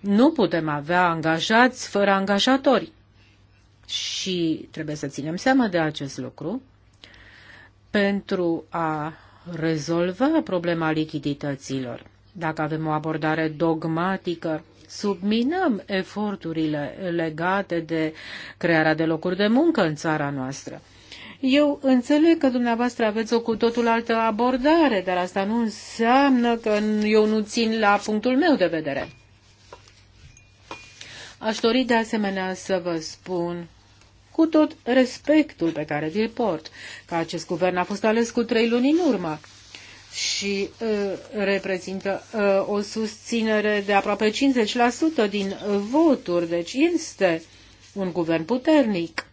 nu putem avea angajați fără angajatori. Și trebuie să ținem seama de acest lucru pentru a rezolva problema lichidităților. Dacă avem o abordare dogmatică, subminăm eforturile legate de crearea de locuri de muncă în țara noastră. Eu înțeleg că dumneavoastră aveți o cu totul altă abordare, dar asta nu înseamnă că eu nu țin la punctul meu de vedere. Aș dori de asemenea să vă spun cu tot respectul pe care vi-l port, că acest guvern a fost ales cu trei luni în urmă și uh, reprezintă uh, o susținere de aproape 50% din voturi, deci este un guvern puternic.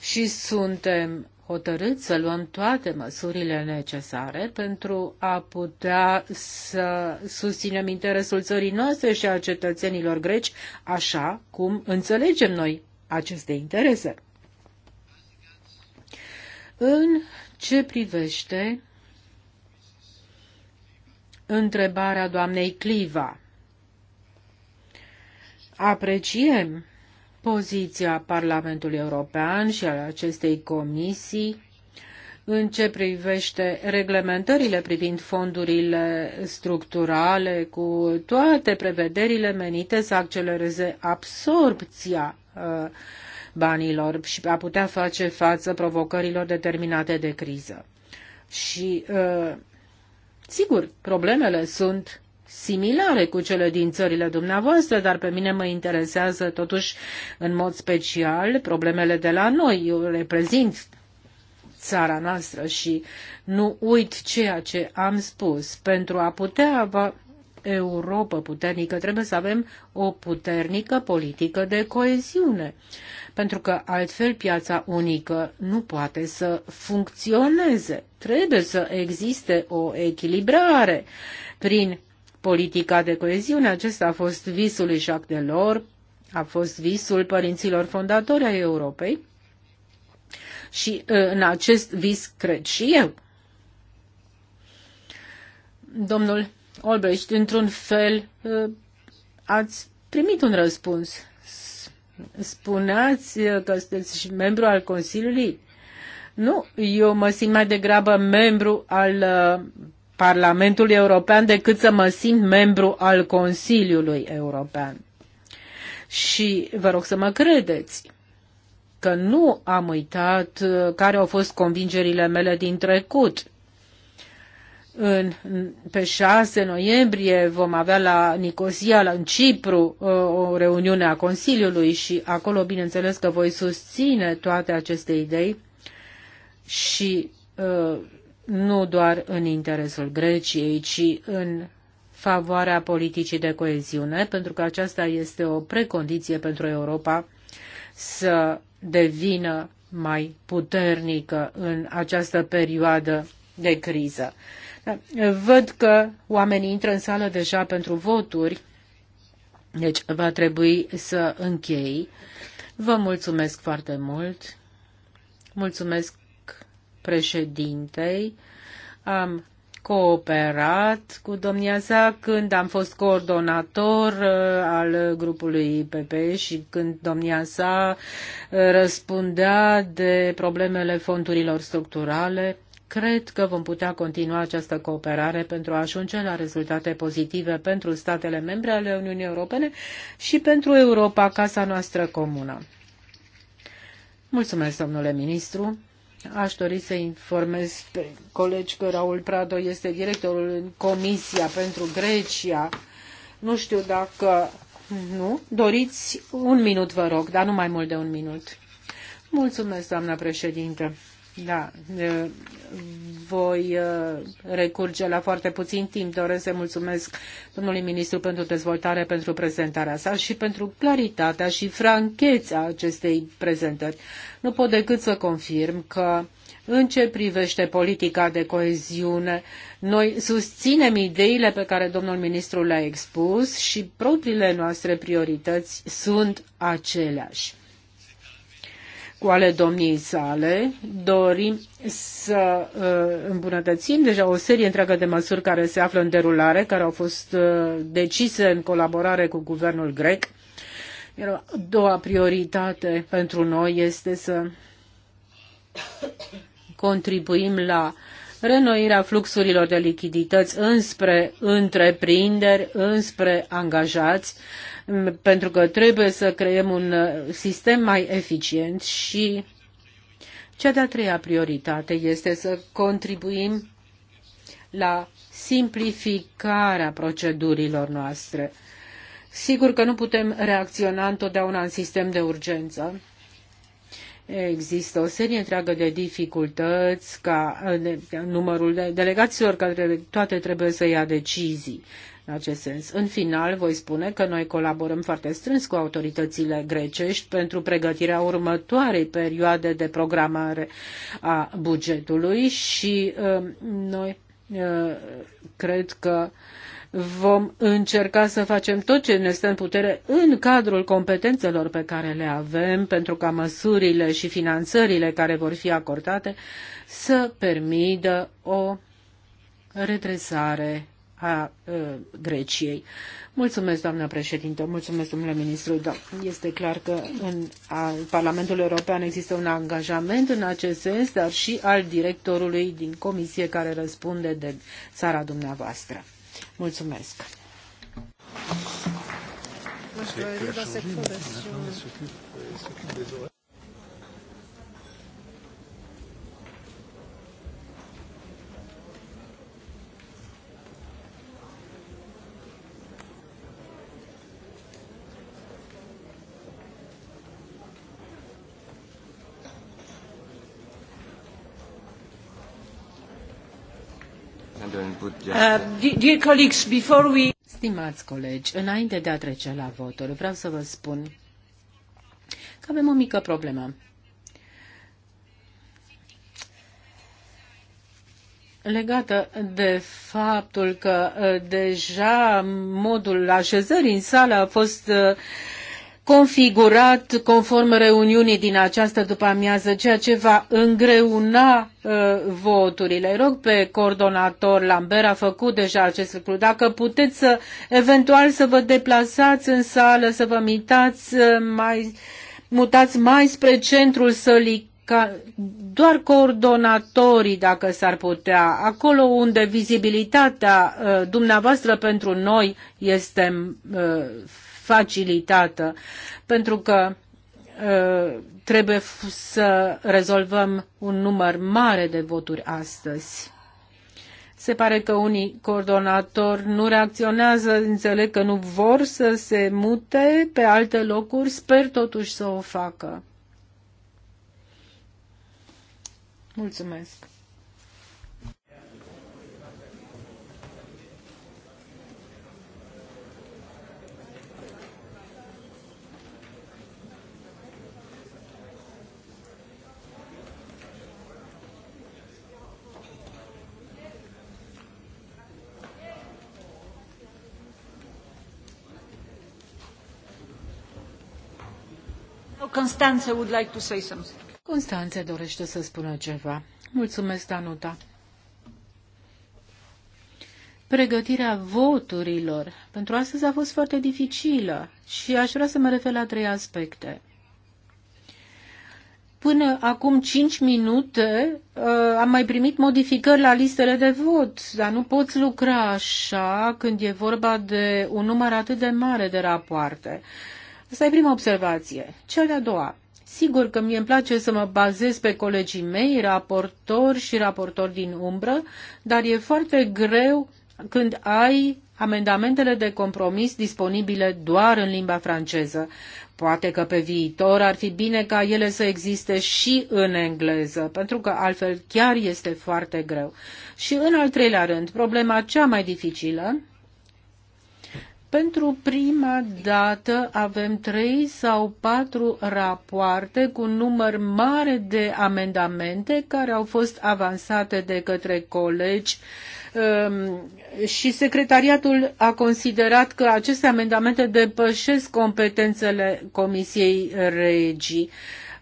Și suntem hotărât să luăm toate măsurile necesare pentru a putea să susținem interesul țării noastre și a cetățenilor greci, așa cum înțelegem noi aceste interese. În ce privește întrebarea doamnei Cliva, apreciem poziția Parlamentului European și al acestei comisii în ce privește reglementările privind fondurile structurale cu toate prevederile menite să accelereze absorpția uh, banilor și a putea face față provocărilor determinate de criză. Și uh, sigur, problemele sunt similare cu cele din țările dumneavoastră, dar pe mine mă interesează totuși în mod special problemele de la noi. Eu reprezint țara noastră și nu uit ceea ce am spus. Pentru a putea avea Europa puternică, trebuie să avem o puternică politică de coeziune, pentru că altfel piața unică nu poate să funcționeze. Trebuie să existe o echilibrare prin politica de coeziune. Acesta a fost visul lui Jacques Delors, a fost visul părinților fondatori ai Europei și uh, în acest vis cred și eu. Domnul Olbrecht, într-un fel, uh, ați primit un răspuns. Spuneați că sunteți și membru al Consiliului. Nu, eu mă simt mai degrabă membru al uh, Parlamentul European decât să mă simt membru al Consiliului European. Și vă rog să mă credeți că nu am uitat uh, care au fost convingerile mele din trecut. În, pe 6 noiembrie vom avea la Nicosia, la, în Cipru, uh, o reuniune a Consiliului și acolo, bineînțeles, că voi susține toate aceste idei și uh, nu doar în interesul Greciei, ci în favoarea politicii de coeziune, pentru că aceasta este o precondiție pentru Europa să devină mai puternică în această perioadă de criză. Da, văd că oamenii intră în sală deja pentru voturi, deci va trebui să închei. Vă mulțumesc foarte mult. Mulțumesc președintei. Am cooperat cu domnia sa când am fost coordonator uh, al grupului IPP și când domnia sa uh, răspundea de problemele fondurilor structurale. Cred că vom putea continua această cooperare pentru a ajunge la rezultate pozitive pentru statele membre ale Uniunii Europene și pentru Europa, casa noastră comună. Mulțumesc, domnule ministru. Aș dori să informez pe colegi că Raul Prado este directorul în Comisia pentru Grecia. Nu știu dacă nu. Doriți un minut, vă rog, dar nu mai mult de un minut. Mulțumesc, doamna președinte. Da, voi recurge la foarte puțin timp. Doresc să mulțumesc domnului ministru pentru dezvoltare, pentru prezentarea sa și pentru claritatea și francheța acestei prezentări. Nu pot decât să confirm că în ce privește politica de coeziune, noi susținem ideile pe care domnul ministru le-a expus și propriile noastre priorități sunt aceleași cu ale domniei sale, dorim să uh, îmbunătățim deja o serie întreagă de măsuri care se află în derulare, care au fost uh, decise în colaborare cu guvernul grec. Iar a doua prioritate pentru noi este să contribuim la renoirea fluxurilor de lichidități înspre întreprinderi, înspre angajați, uh, pentru că trebuie să creăm un uh, sistem mai eficient și cea de-a treia prioritate este să contribuim la simplificarea procedurilor noastre. Sigur că nu putem reacționa întotdeauna în sistem de urgență. Există o serie întreagă de dificultăți ca uh, numărul de delegaților care toate trebuie să ia decizii în acest sens. În final, voi spune că noi colaborăm foarte strâns cu autoritățile grecești pentru pregătirea următoarei perioade de programare a bugetului și uh, noi uh, cred că vom încerca să facem tot ce ne stă în putere în cadrul competențelor pe care le avem pentru ca măsurile și finanțările care vor fi acordate să permită o redresare a Greciei. Mulțumesc, doamnă președinte, mulțumesc, domnule ministru. Da, este clar că în Parlamentul European există un angajament în acest sens, dar și al directorului din comisie care răspunde de țara dumneavoastră. Mulțumesc. Mulțumesc. Uh, Stimați colegi, înainte de a trece la voturi, vreau să vă spun că avem o mică problemă. legată de faptul că uh, deja modul așezării în sală a fost uh, configurat conform reuniunii din această după-amiază, ceea ce va îngreuna uh, voturile. Rog pe coordonator Lambert, a făcut deja acest lucru. Dacă puteți să, eventual să vă deplasați în sală, să vă mitați, uh, mai, mutați mai spre centrul sălii, ca doar coordonatorii, dacă s-ar putea, acolo unde vizibilitatea uh, dumneavoastră pentru noi este uh, facilitată, pentru că ă, trebuie să rezolvăm un număr mare de voturi astăzi. Se pare că unii coordonatori nu reacționează, înțeleg că nu vor să se mute pe alte locuri, sper totuși să o facă. Mulțumesc. Constanze would like to say something. Constanze dorește să spună ceva. Mulțumesc, Danuta. Pregătirea voturilor pentru astăzi a fost foarte dificilă și aș vrea să mă refer la trei aspecte. Până acum 5 minute uh, am mai primit modificări la listele de vot, dar nu poți lucra așa când e vorba de un număr atât de mare de rapoarte. Uh, Asta e prima observație. Cea de-a doua. Sigur că mie îmi place să mă bazez pe colegii mei, raportori și raportori din umbră, dar e foarte greu când ai amendamentele de compromis disponibile doar în limba franceză. Poate că pe viitor ar fi bine ca ele să existe și în engleză, pentru că altfel chiar este foarte greu. Și în al treilea rând, problema cea mai dificilă pentru prima dată avem trei sau patru rapoarte cu număr mare de amendamente care au fost avansate de către colegi um, și secretariatul a considerat că aceste amendamente depășesc competențele Comisiei Regii.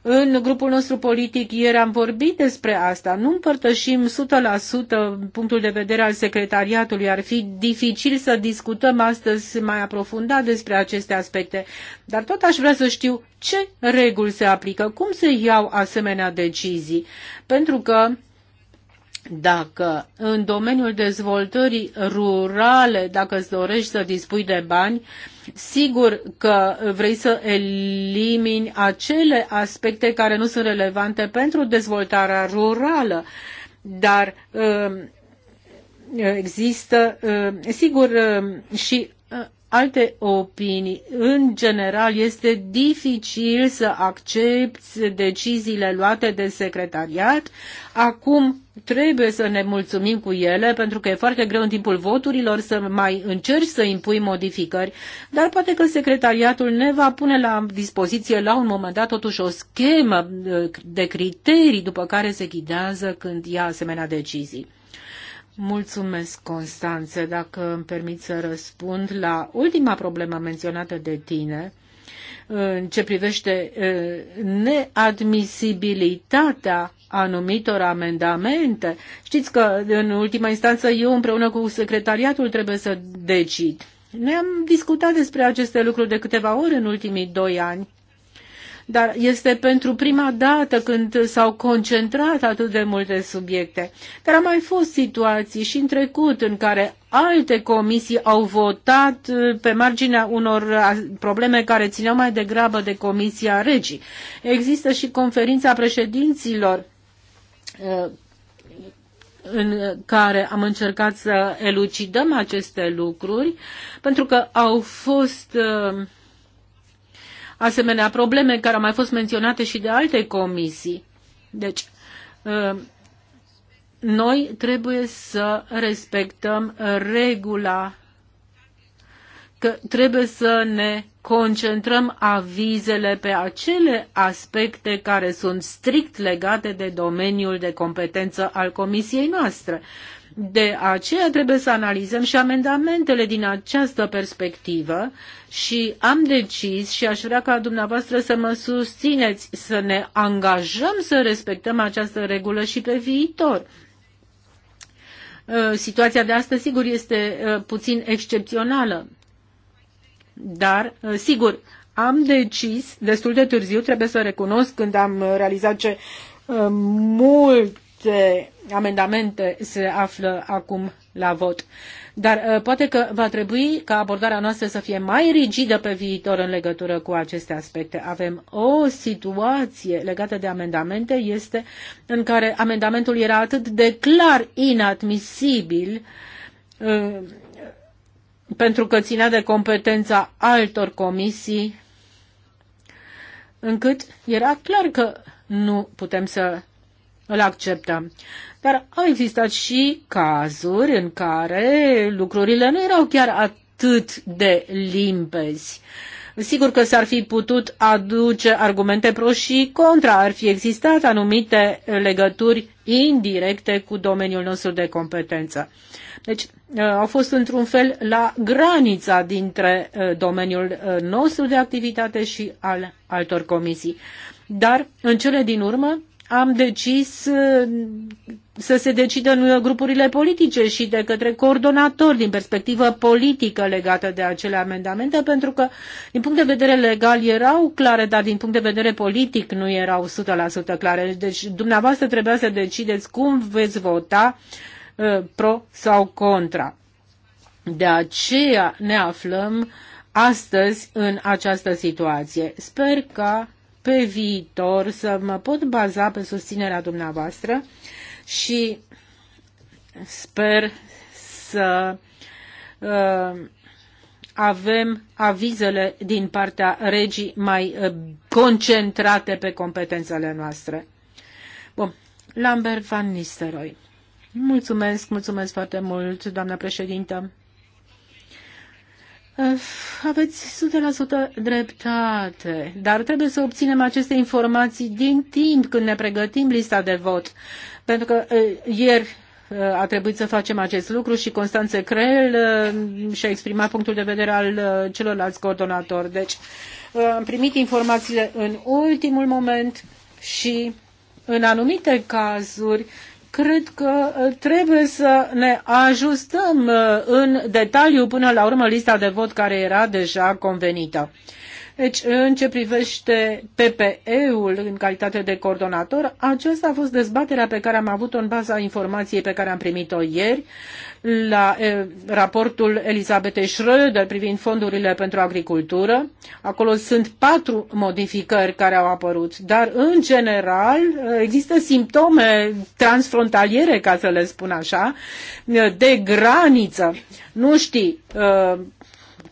În grupul nostru politic ieri am vorbit despre asta. Nu împărtășim 100% punctul de vedere al secretariatului. Ar fi dificil să discutăm astăzi mai aprofundat despre aceste aspecte. Dar tot aș vrea să știu ce reguli se aplică, cum se iau asemenea decizii. Pentru că dacă în domeniul dezvoltării rurale, dacă îți dorești să dispui de bani, Sigur că vrei să elimini acele aspecte care nu sunt relevante pentru dezvoltarea rurală, dar um, există, um, sigur, um, și alte opinii. În general, este dificil să accepti deciziile luate de secretariat. Acum trebuie să ne mulțumim cu ele, pentru că e foarte greu în timpul voturilor să mai încerci să impui modificări, dar poate că secretariatul ne va pune la dispoziție la un moment dat totuși o schemă uh, de criterii după care se ghidează când ia asemenea decizii. Mulțumesc, Constanțe, dacă îmi permit să răspund la ultima problemă menționată de tine, în ce privește neadmisibilitatea anumitor amendamente. Știți că, în ultima instanță, eu împreună cu secretariatul trebuie să decid. Ne-am discutat despre aceste lucruri de câteva ori în ultimii doi ani dar este pentru prima dată când s-au concentrat atât de multe subiecte. Dar au mai fost situații și în trecut în care alte comisii au votat uh, pe marginea unor uh, probleme care țineau mai degrabă de Comisia Regii. Există și conferința președinților uh, în care am încercat să elucidăm aceste lucruri, pentru că au fost uh, asemenea probleme care au mai fost menționate și de alte comisii. Deci, ă, noi trebuie să respectăm regula că trebuie să ne concentrăm avizele pe acele aspecte care sunt strict legate de domeniul de competență al comisiei noastre. De aceea trebuie să analizăm și amendamentele din această perspectivă și am decis și aș vrea ca dumneavoastră să mă susțineți, să ne angajăm să respectăm această regulă și pe viitor. Uh, situația de astăzi, sigur, este uh, puțin excepțională, dar, uh, sigur, am decis destul de târziu, trebuie să recunosc, când am realizat ce mult aceste amendamente se află acum la vot. Dar uh, poate că va trebui ca abordarea noastră să fie mai rigidă pe viitor în legătură cu aceste aspecte. Avem o situație legată de amendamente este în care amendamentul era atât de clar inadmisibil uh, pentru că ținea de competența altor comisii, încât era clar că nu putem să îl acceptă. Dar au existat și cazuri în care lucrurile nu erau chiar atât de limpezi. Sigur că s-ar fi putut aduce argumente pro și contra, ar fi existat anumite legături indirecte cu domeniul nostru de competență. Deci uh, au fost într-un fel la granița dintre uh, domeniul uh, nostru de activitate și al altor comisii. Dar în cele din urmă am decis uh, să se decidă în grupurile politice și de către coordonatori din perspectivă politică legată de acele amendamente, pentru că din punct de vedere legal erau clare, dar din punct de vedere politic nu erau 100% clare. Deci dumneavoastră trebuia să decideți cum veți vota uh, pro sau contra. De aceea ne aflăm astăzi în această situație. Sper ca pe viitor să mă pot baza pe susținerea dumneavoastră și sper să uh, avem avizele din partea regii mai uh, concentrate pe competențele noastre. Bun. Lambert Van Nisteroy. Mulțumesc, mulțumesc foarte mult, doamna președintă. Aveți 100% dreptate, dar trebuie să obținem aceste informații din timp când ne pregătim lista de vot. Pentru că ieri a trebuit să facem acest lucru și Constanțe Creel și-a exprimat punctul de vedere al celorlalți coordonatori. Deci am primit informațiile în ultimul moment și în anumite cazuri cred că uh, trebuie să ne ajustăm uh, în detaliu până la urmă lista de vot care era deja convenită. Deci, în ce privește PPE-ul în calitate de coordonator, aceasta a fost dezbaterea pe care am avut-o în baza informației pe care am primit-o ieri la e, raportul Elisabetei Schröder privind fondurile pentru agricultură. Acolo sunt patru modificări care au apărut, dar în general există simptome transfrontaliere, ca să le spun așa, de graniță. Nu știi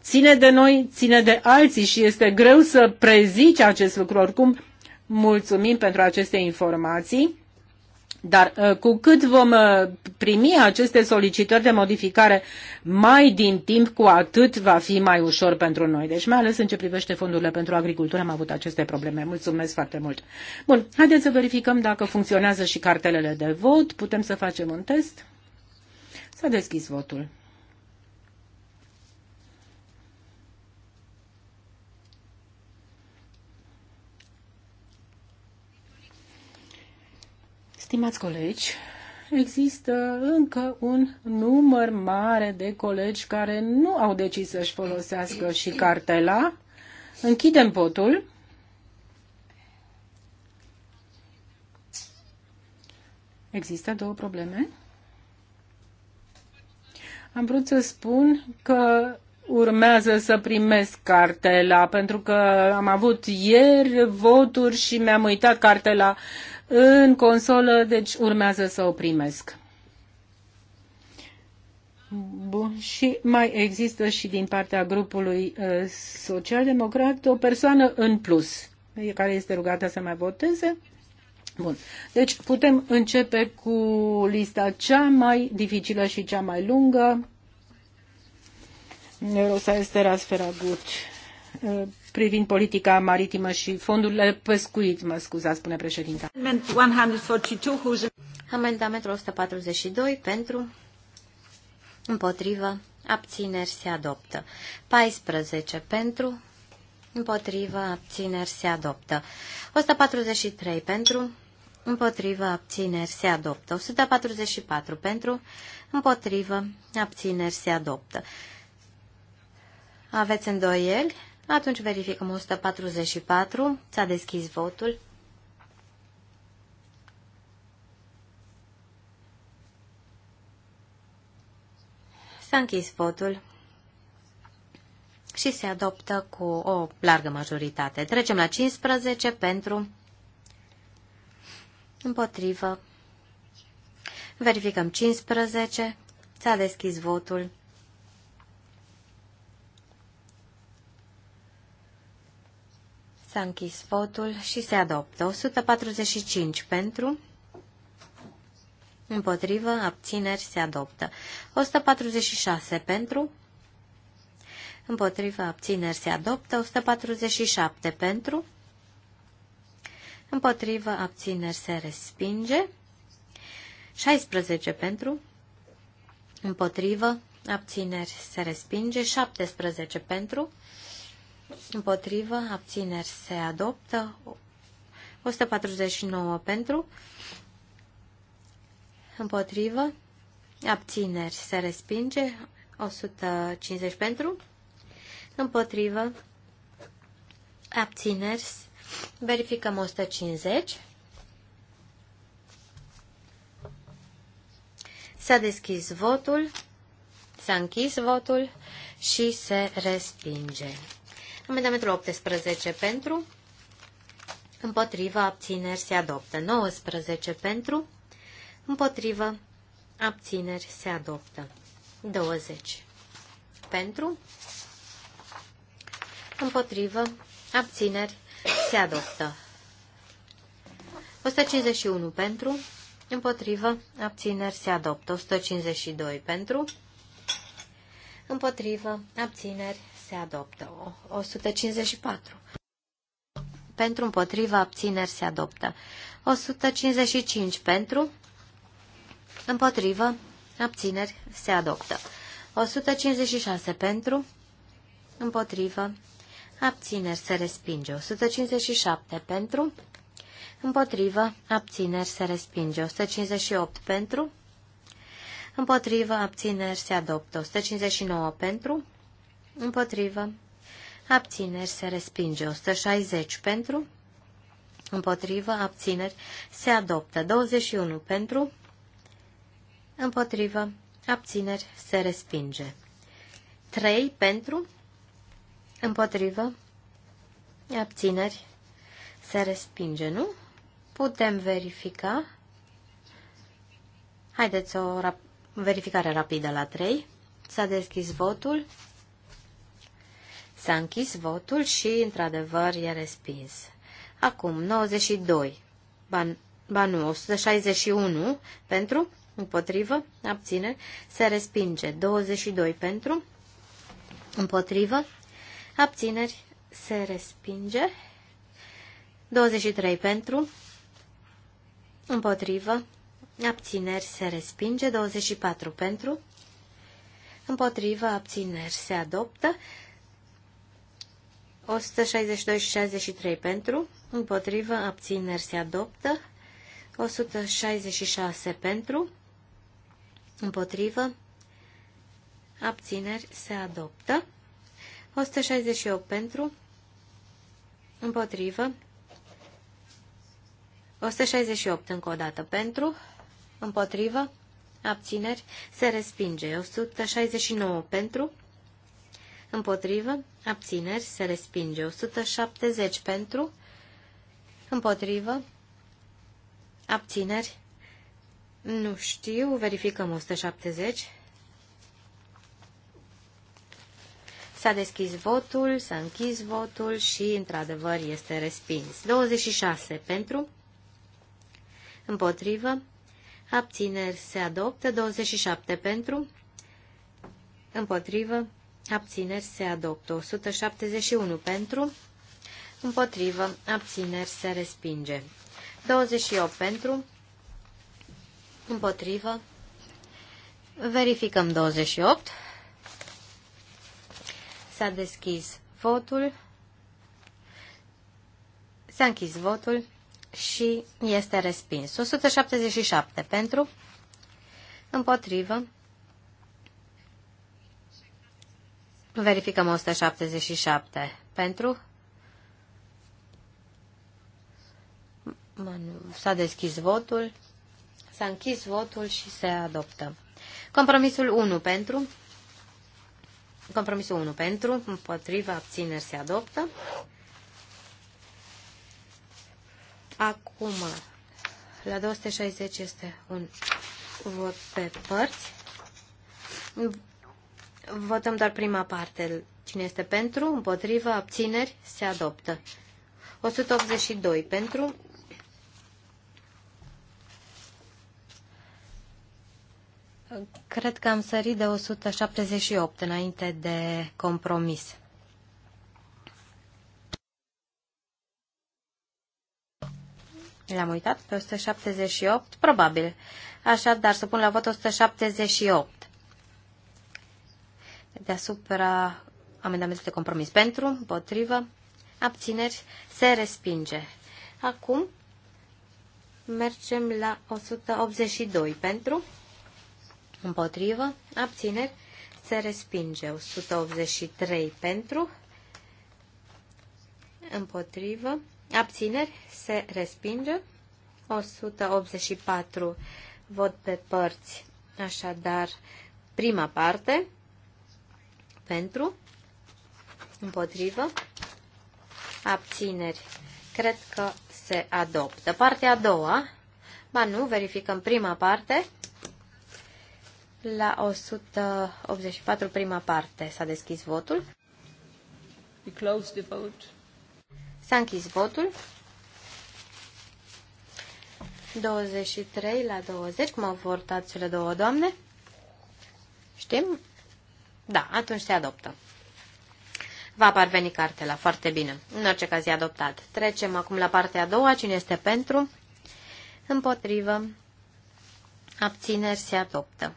ține de noi, ține de alții și este greu să prezici acest lucru. Oricum, mulțumim pentru aceste informații. Dar uh, cu cât vom uh, primi aceste solicitări de modificare mai din timp, cu atât va fi mai ușor pentru noi. Deci, mai ales în ce privește fondurile pentru agricultură, am avut aceste probleme. Mulțumesc foarte mult. Bun, haideți să verificăm dacă funcționează și cartelele de vot. Putem să facem un test? S-a deschis votul. Stimați colegi, există încă un număr mare de colegi care nu au decis să-și folosească și cartela. Închidem votul. Există două probleme. Am vrut să spun că urmează să primesc cartela, pentru că am avut ieri voturi și mi-am uitat cartela în consolă, deci urmează să o primesc. Bun. Și mai există și din partea grupului uh, social-democrat o persoană în plus care este rugată să mai voteze. Bun. Deci putem începe cu lista cea mai dificilă și cea mai lungă. Rosa este Feragut uh, privind politica maritimă și fondurile pescuit, mă scuzați, spune președinta. Amendamentul 142 pentru, împotrivă, abțineri se adoptă. 14 pentru, împotrivă, abțineri se adoptă. 143 pentru, împotrivă, abțineri se adoptă. 144 pentru, împotrivă, abțineri se adoptă. Aveți îndoieli? Atunci verificăm 144. S-a deschis votul. S-a închis votul și se adoptă cu o largă majoritate. Trecem la 15 pentru împotrivă. Verificăm 15. S-a deschis votul. S-a închis votul și se adoptă. 145 pentru, împotrivă, abțineri, se adoptă. 146 pentru, împotrivă, abțineri, se adoptă. 147 pentru, împotrivă, abțineri, se respinge. 16 pentru, împotrivă, abțineri, se respinge. 17 pentru, împotrivă, abțineri se adoptă, 149 pentru, împotrivă, abțineri se respinge, 150 pentru, împotrivă, abțineri, verificăm 150, s-a deschis votul, s-a închis votul și se respinge. Amendamentul 18 pentru, împotriva, abțineri, se adoptă. 19 pentru, împotriva, abțineri, se adoptă. 20 pentru, împotrivă, abțineri, se adoptă. 151 pentru, împotrivă, abțineri, se adoptă. 152 pentru, împotrivă, abțineri, se adoptă. 154. Pentru împotriva abțineri se adoptă. 155 pentru împotrivă abțineri se adoptă. 156 pentru împotrivă abțineri se respinge. 157 pentru împotrivă abțineri se respinge. 158 pentru Împotrivă, abțineri se adoptă. 159 pentru, Împotrivă. Abțineri se respinge. 160 pentru. Împotrivă. Abțineri se adoptă. 21 pentru. Împotrivă. Abțineri se respinge. 3 pentru. Împotrivă. Abțineri se respinge, nu? Putem verifica. Haideți o rap verificare rapidă la 3. S-a deschis votul. S-a închis votul și, într-adevăr, e respins. Acum, 92. Ban, ba nu, 161 pentru, împotrivă, abține, se respinge. 22 pentru, împotrivă, abțineri, se respinge. 23 pentru, împotrivă, abțineri, se respinge. 24 pentru, împotrivă, abțineri, se adoptă. 162 și 63 pentru, împotrivă, abțineri se adoptă, 166 pentru, împotrivă, abțineri se adoptă, 168 pentru, împotrivă, 168 încă o dată pentru, împotrivă, abțineri se respinge, 169 pentru, împotrivă, abțineri, se respinge. 170 pentru, împotrivă, abțineri, nu știu, verificăm 170. S-a deschis votul, s-a închis votul și, într-adevăr, este respins. 26 pentru, împotrivă, abțineri se adoptă, 27 pentru, împotrivă, abțineri se adoptă. 171 pentru, împotrivă, abțineri se respinge. 28 pentru, împotrivă, verificăm 28. S-a deschis votul, s-a închis votul și este respins. 177 pentru, împotrivă, Verificăm 177. Pentru? S-a deschis votul, s-a închis votul și se adoptă. Compromisul 1 pentru. Compromisul 1 pentru, împotriva abțineri se adoptă. Acum, la 260 este un vot pe părți. Votăm doar prima parte. Cine este pentru, împotrivă, abțineri, se adoptă. 182 pentru, Cred că am sărit de 178 înainte de compromis. L-am uitat pe 178? Probabil. Așadar, să pun la vot 178 deasupra amendamentului de compromis pentru, împotrivă, abțineri, se respinge. Acum mergem la 182 pentru, împotrivă, abțineri, se respinge. 183 pentru, împotrivă, abțineri, se respinge. 184 vot pe părți, așadar prima parte pentru, împotrivă, abțineri. Cred că se adoptă. Partea a doua, ba nu, verificăm prima parte. La 184 prima parte s-a deschis votul. We close the vote. S-a închis votul. 23 la 20, cum au votat cele două doamne. Știm da, atunci se adoptă. Va parveni cartela. Foarte bine. În orice caz e adoptat. Trecem acum la partea a doua. Cine este pentru? Împotrivă. Abțineri se adoptă.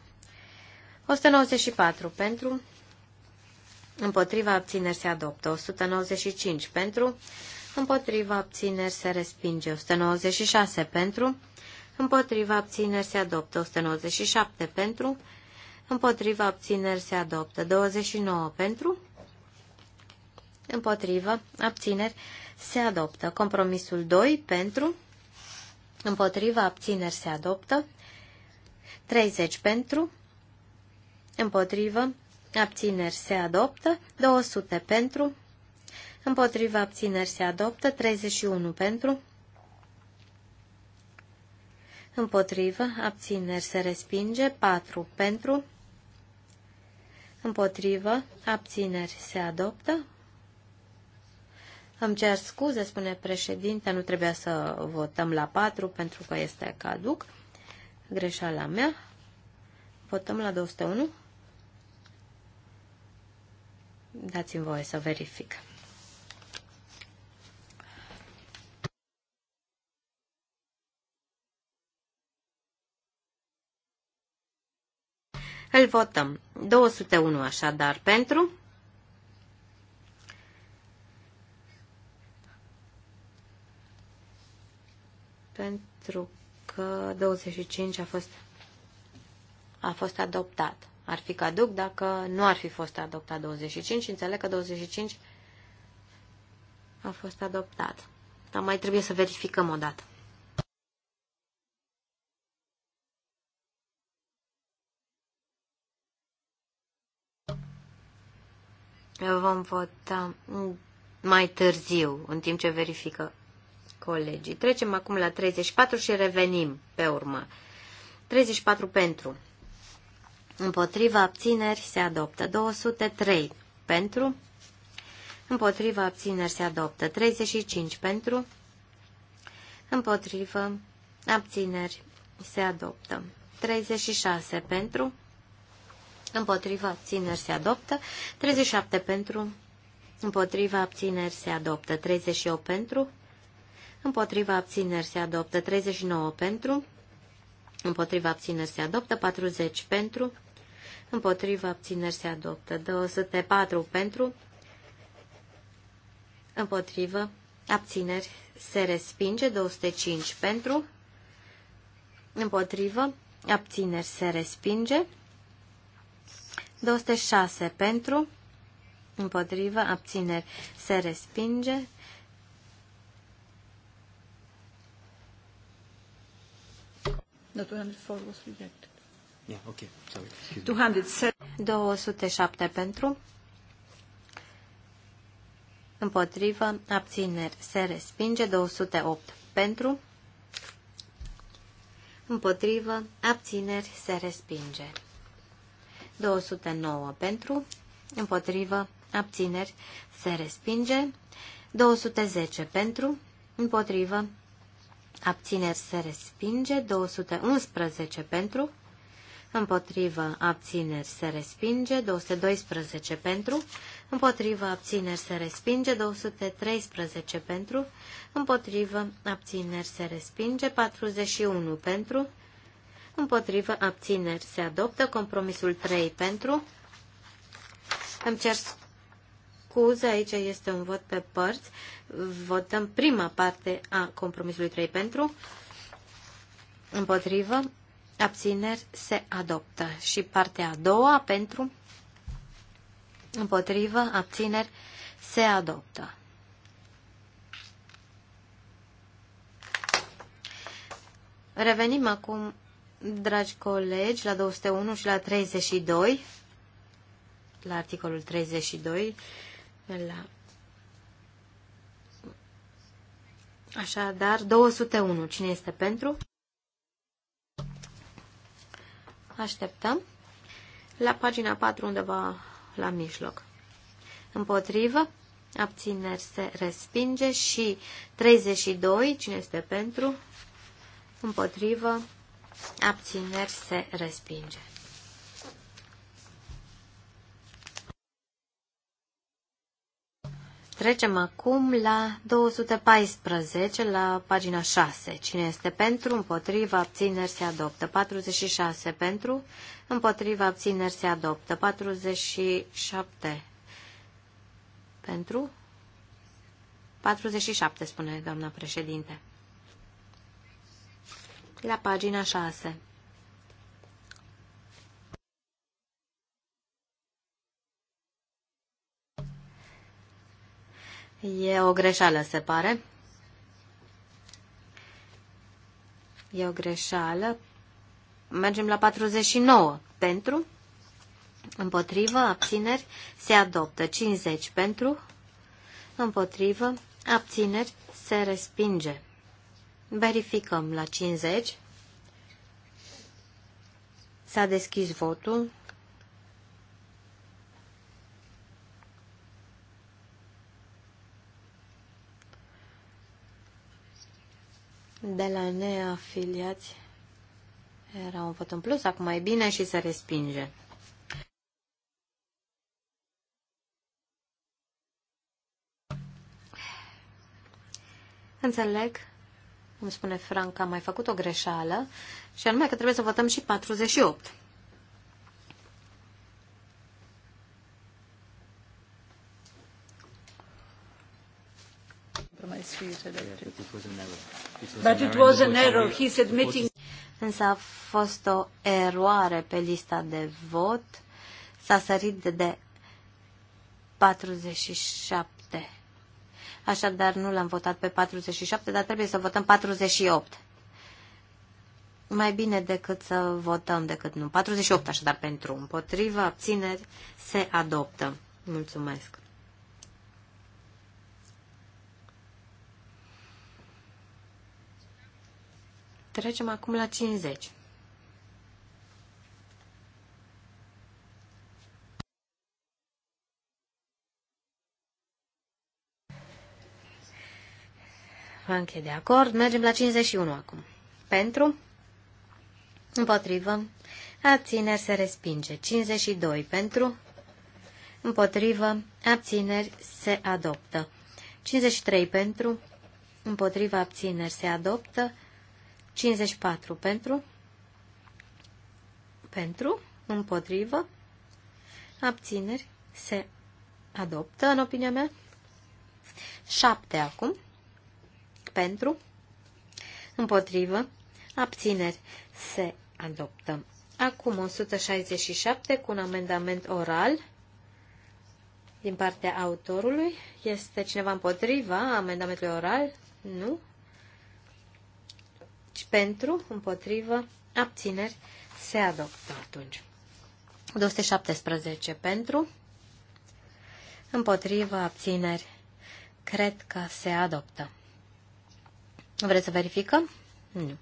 194 pentru. Împotriva abțineri se adoptă. 195 pentru. Împotriva abțineri se respinge. 196 pentru. Împotriva abțineri se adoptă. 197 pentru. Împotriva abțineri se adoptă. 29 pentru. Împotriva abțineri se adoptă. Compromisul 2 pentru. Împotriva abțineri se adoptă. 30 pentru. Împotrivă. Abțineri se adoptă. 200 pentru. Împotriva abțineri se adoptă. 31 pentru împotrivă, abțineri se respinge, 4 pentru, împotrivă, abțineri se adoptă. Îmi cer scuze, spune președinte, nu trebuia să votăm la 4 pentru că este caduc. Greșeala mea. Votăm la 201. Dați-mi voie să verific. Îl votăm. 201 așadar pentru. Pentru că 25 a fost, a fost adoptat. Ar fi caduc dacă nu ar fi fost adoptat 25. Înțeleg că 25 a fost adoptat. Dar mai trebuie să verificăm o dată. vom vota mai târziu, în timp ce verifică colegii. Trecem acum la 34 și revenim pe urmă. 34 pentru. Împotriva abțineri se adoptă. 203 pentru. Împotriva abțineri se adoptă. 35 pentru. Împotriva abțineri se adoptă. 36 pentru împotriva abțineri se adoptă, 37 pentru, împotriva abțineri se adoptă, 38 pentru, împotriva abțineri se adoptă, 39 pentru, împotriva abțineri se adoptă, 40 pentru, împotriva abțineri se adoptă, 204 pentru, împotrivă, abțineri se respinge, 205 pentru, împotrivă, abțineri se respinge, 206 pentru, împotrivă, abțineri, se respinge. 204 was rejected. Yeah, okay. Sorry. 207. 207 pentru, împotrivă, abțineri, se respinge. 208 pentru, împotrivă, abțineri, se respinge. 209 pentru, împotrivă, abțineri, se respinge. 210 pentru, împotrivă, abțineri, se respinge. 211 pentru, împotrivă, abțineri, se respinge. 212 pentru, împotrivă, abțineri, se respinge. 213 pentru, împotrivă, abțineri, se respinge. 41 pentru, împotrivă, abțineri se adoptă. Compromisul 3 pentru, îmi cer scuze, aici este un vot pe părți. Votăm prima parte a compromisului 3 pentru, împotrivă, abțineri se adoptă. Și partea a doua pentru, împotrivă, abțineri se adoptă. Revenim acum dragi colegi, la 201 și la 32, la articolul 32, la... Așadar, 201. Cine este pentru? Așteptăm. La pagina 4, undeva la mijloc. Împotrivă, abțineri se respinge și 32. Cine este pentru? Împotrivă, abțineri se respinge. Trecem acum la 214, la pagina 6. Cine este pentru, împotriva, abțineri se adoptă. 46 pentru, împotriva, abțineri se adoptă. 47 pentru, 47 spune doamna președinte la pagina 6. E o greșeală, se pare. E o greșeală. Mergem la 49. Pentru, împotrivă, abțineri, se adoptă. 50 pentru, împotrivă, abțineri, se respinge. Verificăm la 50. S-a deschis votul. De la neafiliați era un vot în plus, acum e bine și se respinge. Înțeleg îmi spune Franca, am mai făcut o greșeală și anume că trebuie să votăm și 48. But it was an error. He's admitting. Însă a fost o eroare pe lista de vot. S-a sărit de 47. Așadar, nu l-am votat pe 47, dar trebuie să votăm 48. Mai bine decât să votăm decât nu. 48, așadar, pentru. Împotrivă, abțineri, se adoptă. Mulțumesc. Trecem acum la 50. Manche de acord. Mergem la 51 acum. Pentru, împotrivă, abțineri se respinge. 52 pentru, împotrivă, abțineri se adoptă. 53 pentru, Împotrivă. abțineri se adoptă. 54 pentru, pentru, împotrivă, abțineri se adoptă, în opinia mea. 7 acum, pentru, împotrivă, abțineri, se adoptă. Acum 167 cu un amendament oral din partea autorului. Este cineva împotriva amendamentului oral? Nu. Ci deci pentru, împotrivă, abțineri, se adoptă atunci. 217 pentru, împotrivă, abțineri, cred că se adoptă. Vreți să verificăm? Nu.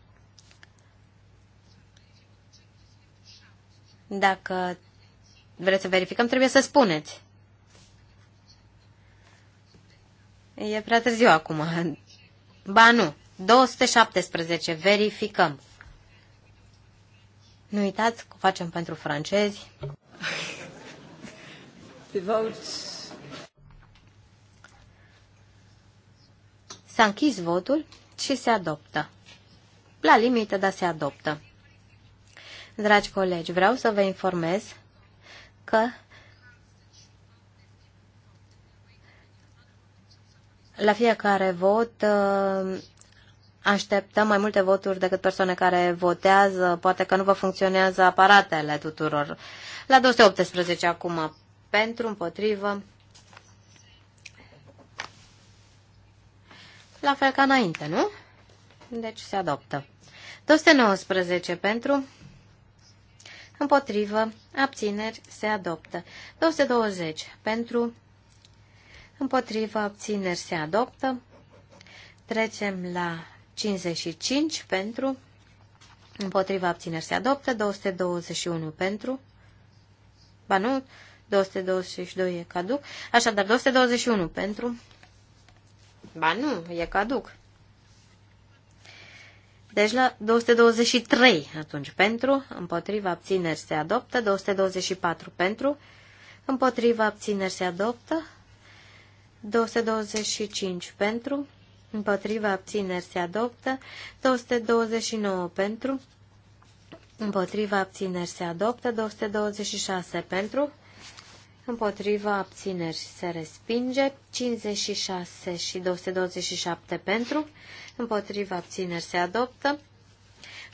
Dacă vreți să verificăm, trebuie să spuneți. E prea târziu acum. Ba nu. 217. Verificăm. Nu uitați că facem pentru francezi. S-a închis votul și se adoptă. La limită, dar se adoptă. Dragi colegi, vreau să vă informez că la fiecare vot uh, așteptăm mai multe voturi decât persoane care votează. Poate că nu vă funcționează aparatele tuturor. La 218 acum, pentru, împotrivă, La fel ca înainte, nu? Deci se adoptă. 219 pentru, împotrivă, abțineri, se adoptă. 220 pentru, împotrivă, abțineri, se adoptă. Trecem la 55 pentru, împotrivă, abțineri, se adoptă. 221 pentru, ba nu, 222 e caduc, așadar 221 pentru, Ba nu, e caduc. Deci la 223 atunci pentru, împotriva abțineri se adoptă, 224 pentru, împotriva abțineri se adoptă, 225 pentru, împotriva abțineri se adoptă, 229 pentru, împotriva abțineri se adoptă, 226 pentru, împotriva abțineri se respinge, 56 și 227 pentru, împotriva abțineri se adoptă,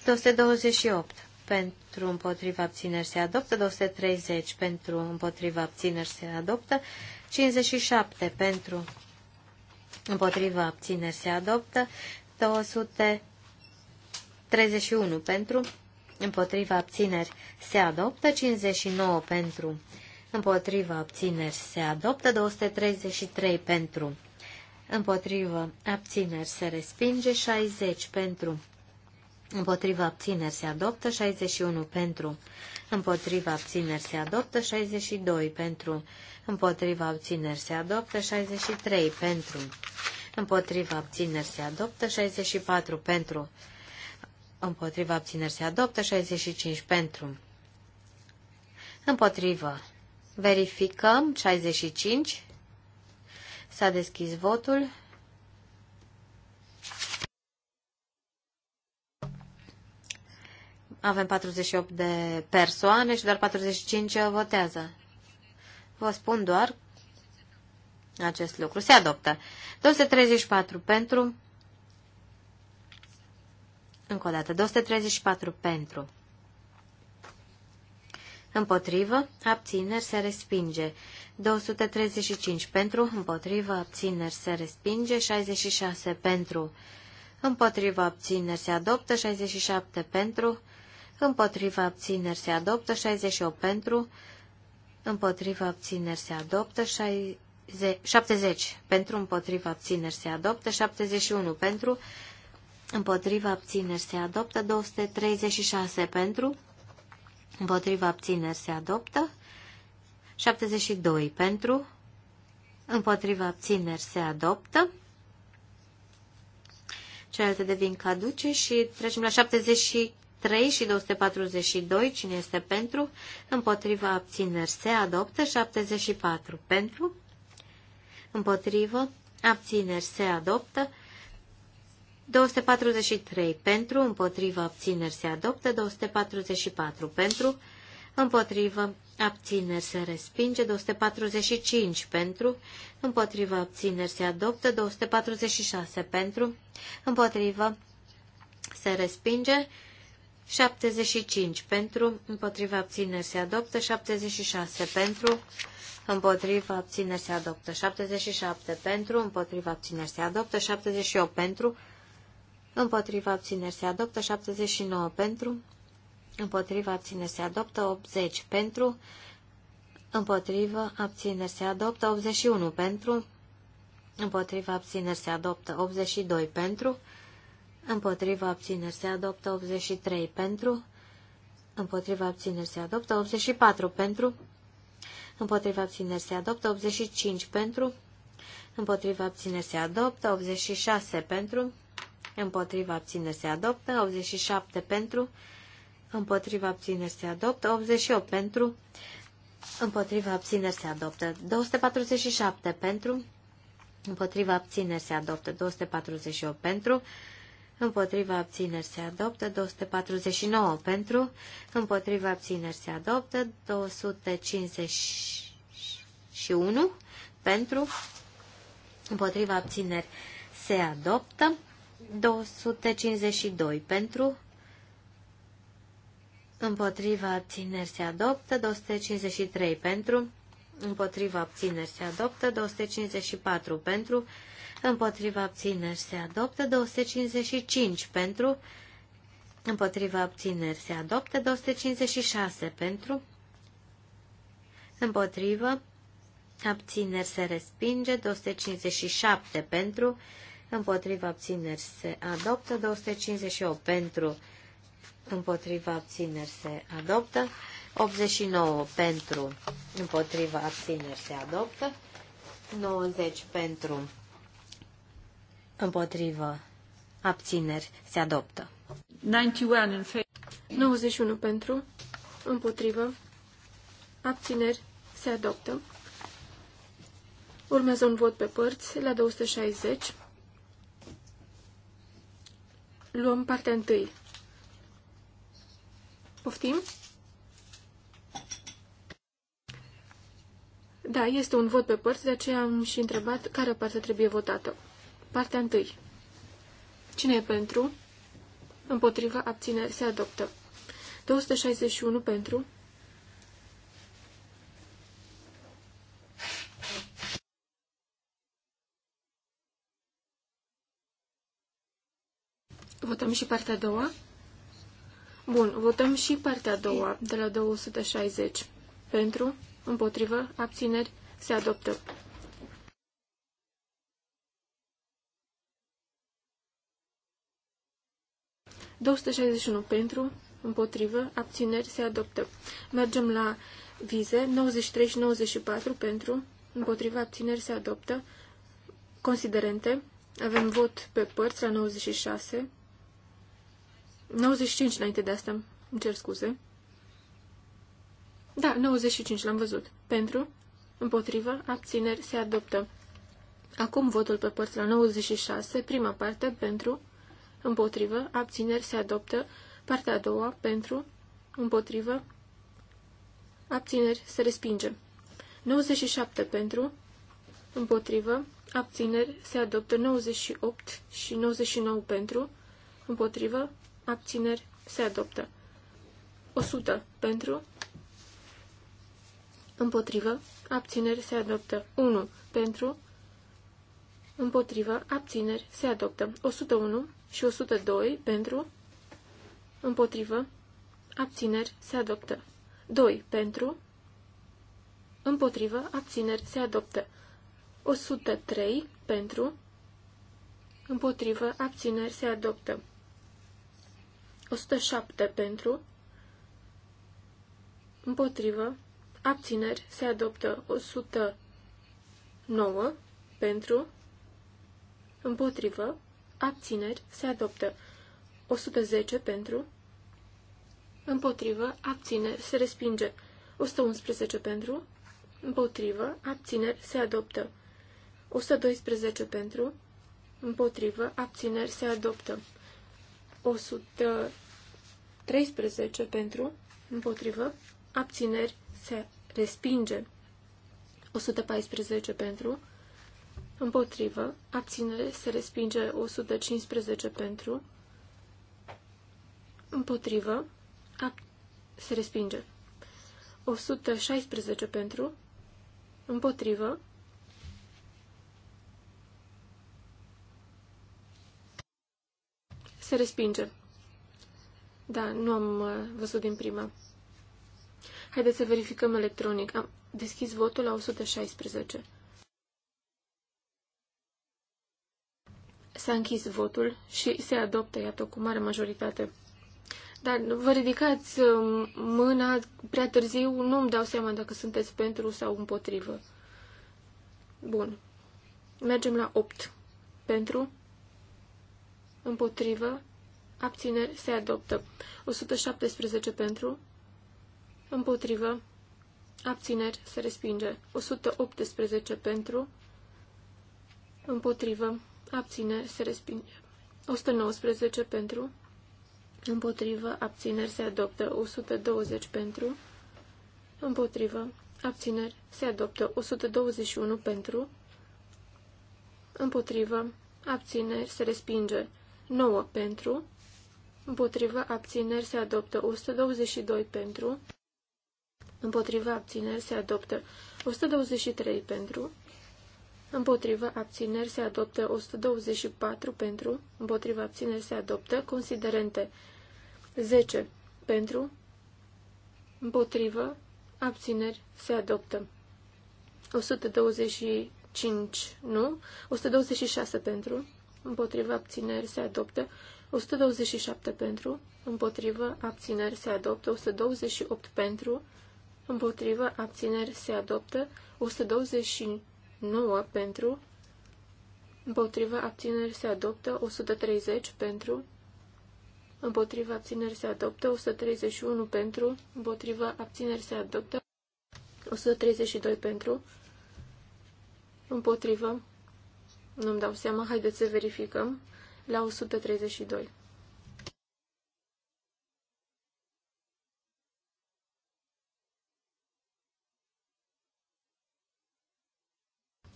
228 pentru împotriva abțineri se adoptă, 230 pentru împotriva abțineri se adoptă, 57 pentru împotriva abțineri se adoptă, 231 pentru împotriva abțineri se adoptă, 59 pentru împotrivă, abțineri se adoptă, 233 pentru, împotrivă, abțineri se respinge, 60 pentru, împotrivă, abțineri se adoptă, 61 pentru, împotrivă, abțineri se adoptă, 62 pentru, împotrivă, abțineri se adoptă, 63 pentru, împotrivă, abțineri se adoptă, 64 pentru, împotrivă, abțineri se adoptă, 65 pentru, Împotrivă. Verificăm 65. S-a deschis votul. Avem 48 de persoane și doar 45 votează. Vă spun doar acest lucru. Se adoptă. 234 pentru. Încă o dată. 234 pentru împotrivă, abțineri se respinge. 235 pentru, împotrivă, abțineri se respinge. 66 pentru, împotrivă, abțineri se adoptă. 67 pentru, împotrivă, abțineri se adoptă. 68 pentru, împotrivă, abțineri se adoptă. 70 pentru, împotrivă, abțineri se adoptă. 71 pentru, împotrivă, abțineri se adoptă. 236 pentru, împotriva abțineri se adoptă. 72 pentru, împotriva abțineri se adoptă. Celelalte devin caduce și trecem la 73 și 242. Cine este pentru? Împotriva abțineri se adoptă. 74 pentru, împotrivă abțineri se adoptă. 243 pentru, împotrivă, abțineri se adoptă, 244 pentru, împotrivă, abțineri se respinge, 245 pentru, împotrivă, abțineri se adoptă, 246 pentru, împotrivă, se respinge, 75 pentru, împotrivă, abțineri se adoptă, 76 pentru, împotriva abțineri se adoptă, 77 pentru, împotriva abțineri se adoptă, 78 pentru, împotriva abțineri se adoptă 79 pentru, împotriva abțineri se adoptă 80 pentru, împotriva abțineri se adoptă 81 pentru, împotriva abțineri se adoptă 82 pentru, împotriva abțineri se adoptă 83 pentru, împotriva abțineri se adoptă 84 pentru, împotriva abțineri se adoptă 85 pentru, împotriva abțineri se adoptă 86 pentru, împotriva abține se adoptă, 87 pentru, împotriva abține se adoptă, 88 pentru, împotriva abține se adoptă, 247 pentru, împotriva abține se adoptă, 248 pentru, Împotriva abțineri se adoptă 249 pentru, împotriva abțineri se adoptă 251 pentru, împotriva abțineri se adoptă 252 pentru, împotriva abțineri se adoptă, 253 pentru, împotriva abțineri se adoptă, 254 pentru, împotriva abțineri se adoptă, 255 pentru, împotriva abțineri se adoptă, 256 pentru, împotriva abțineri se respinge, 257 pentru, împotriva abțineri se adoptă, 258 pentru, împotriva abțineri se adoptă, 89 pentru, împotriva abțineri se adoptă, 90 pentru, împotriva abțineri se adoptă. 91 pentru, împotriva abțineri, se adoptă. Urmează un vot pe părți la 260 luăm partea întâi. Poftim? Da, este un vot pe părți, de aceea am și întrebat care parte trebuie votată. Partea întâi. Cine e pentru? Împotriva abțineri se adoptă. 261 pentru. Votăm și partea a doua? Bun, votăm și partea a doua de la 260. Pentru, împotrivă, abțineri, se adoptă. ...261 pentru, împotrivă, abțineri, se adoptă. Mergem la vize, 93 și 94 pentru, împotrivă, abțineri, se adoptă. Considerente, avem vot pe părți la 96 95 înainte de asta. Îmi cer scuze. Da, 95 l-am văzut. Pentru, împotrivă, abțineri se adoptă. Acum votul pe părți la 96, prima parte, pentru, împotrivă, abțineri se adoptă, partea a doua, pentru, împotrivă, abțineri se respinge. 97 pentru, împotrivă, abțineri se adoptă 98 și 99 pentru, împotrivă, abțineri, se adoptă. 100 pentru, împotrivă, abțineri, se adoptă. 1 pentru, împotrivă, abțineri, se adoptă. 101 și 102 pentru, împotrivă, abțineri, se adoptă. 2 pentru, împotrivă, abțineri, se adoptă. 103 pentru, împotrivă, abțineri, se adoptă. 107 pentru, împotrivă, abțineri, se adoptă 109 pentru, împotrivă, abțineri, se adoptă 110 pentru, împotrivă, abțineri, se respinge 111 pentru, împotrivă, abțineri, se adoptă 112 pentru, împotrivă, abțineri, se adoptă 113 pentru, împotrivă, abțineri, se respinge. 114 pentru, împotrivă, abținere, se respinge. 115 pentru, împotrivă, ab se respinge. 116 pentru, împotrivă, Se respinge. Da, nu am uh, văzut din prima. Haideți să verificăm electronic. Am deschis votul la 116. S-a închis votul și se adoptă, iată, cu mare majoritate. Dar vă ridicați um, mâna prea târziu, nu îmi dau seama dacă sunteți pentru sau împotrivă. Bun. Mergem la 8. Pentru, împotrivă, abțineri, se adoptă. 117 pentru, împotrivă, abțineri, se respinge. 118 pentru, împotrivă, abțineri, se respinge. 119 pentru, împotrivă, abțineri, se adoptă. 120 pentru, împotrivă, abțineri, se adoptă. 121 pentru, împotrivă, abțineri, se respinge. 9 pentru, împotriva abțineri se adoptă 122 pentru, împotriva abțineri se adoptă 123 pentru, împotriva abțineri se adoptă 124 pentru, împotriva abțineri se adoptă considerente 10 pentru, împotriva abțineri se adoptă 125 nu, 126 pentru, împotrivă, abțineri, se adoptă. 127 pentru, împotrivă, abțineri, se adoptă. 128 pentru, împotrivă, abțineri, se adoptă. 129 pentru, împotrivă, abțineri, se adoptă. 130 pentru, împotrivă, abțineri, se adoptă. 131 pentru, împotrivă, abțineri, se adoptă. 132 pentru, împotrivă, nu-mi dau seama, haideți să verificăm. La 132.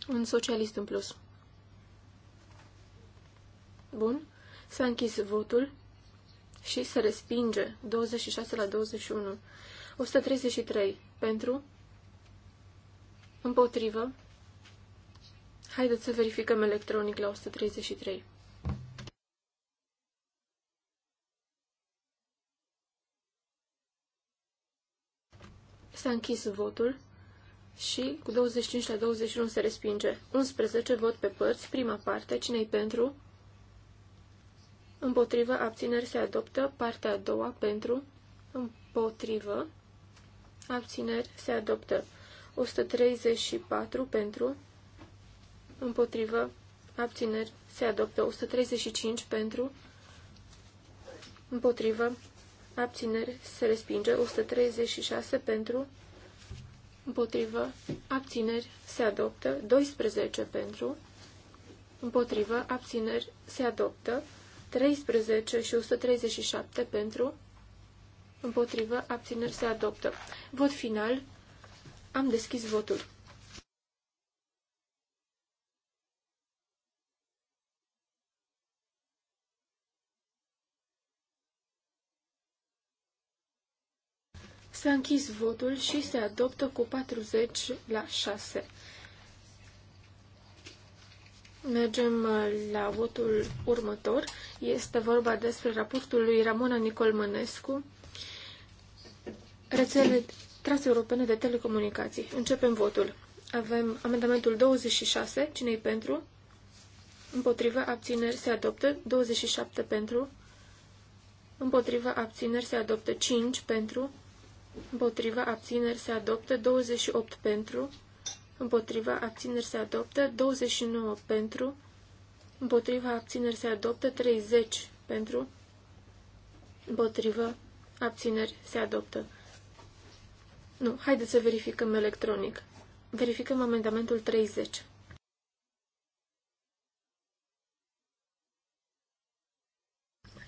Un socialist în plus. Bun. S-a închis votul și se respinge 26 la 21. 133 pentru, împotrivă, Haideți să verificăm electronic la 133. S-a închis votul și cu 25 la 21 se respinge. 11 vot pe părți, prima parte, cine-i pentru? Împotrivă, abțineri se adoptă, partea a doua, pentru, împotrivă, abțineri se adoptă. 134 pentru, împotrivă, abțineri, se adoptă 135 pentru, împotrivă, abțineri, se respinge 136 pentru, împotrivă, abțineri, se adoptă 12 pentru, împotrivă, abțineri, se adoptă 13 și 137 pentru, împotrivă, abțineri, se adoptă. Vot final, am deschis votul. S-a închis votul și se adoptă cu 40 la 6. Mergem uh, la votul următor. Este vorba despre raportul lui Ramona Nicol Mănescu, rețele europene de telecomunicații. Începem votul. Avem amendamentul 26. Cine-i pentru? Împotriva abțineri se adoptă. 27 pentru. Împotriva abțineri se adoptă. 5 pentru împotriva abțineri se adoptă, 28 pentru, împotriva abțineri se adoptă, 29 pentru, împotriva abțineri se adoptă, 30 pentru, împotriva abțineri se adoptă. Nu, haideți să verificăm electronic. Verificăm amendamentul 30.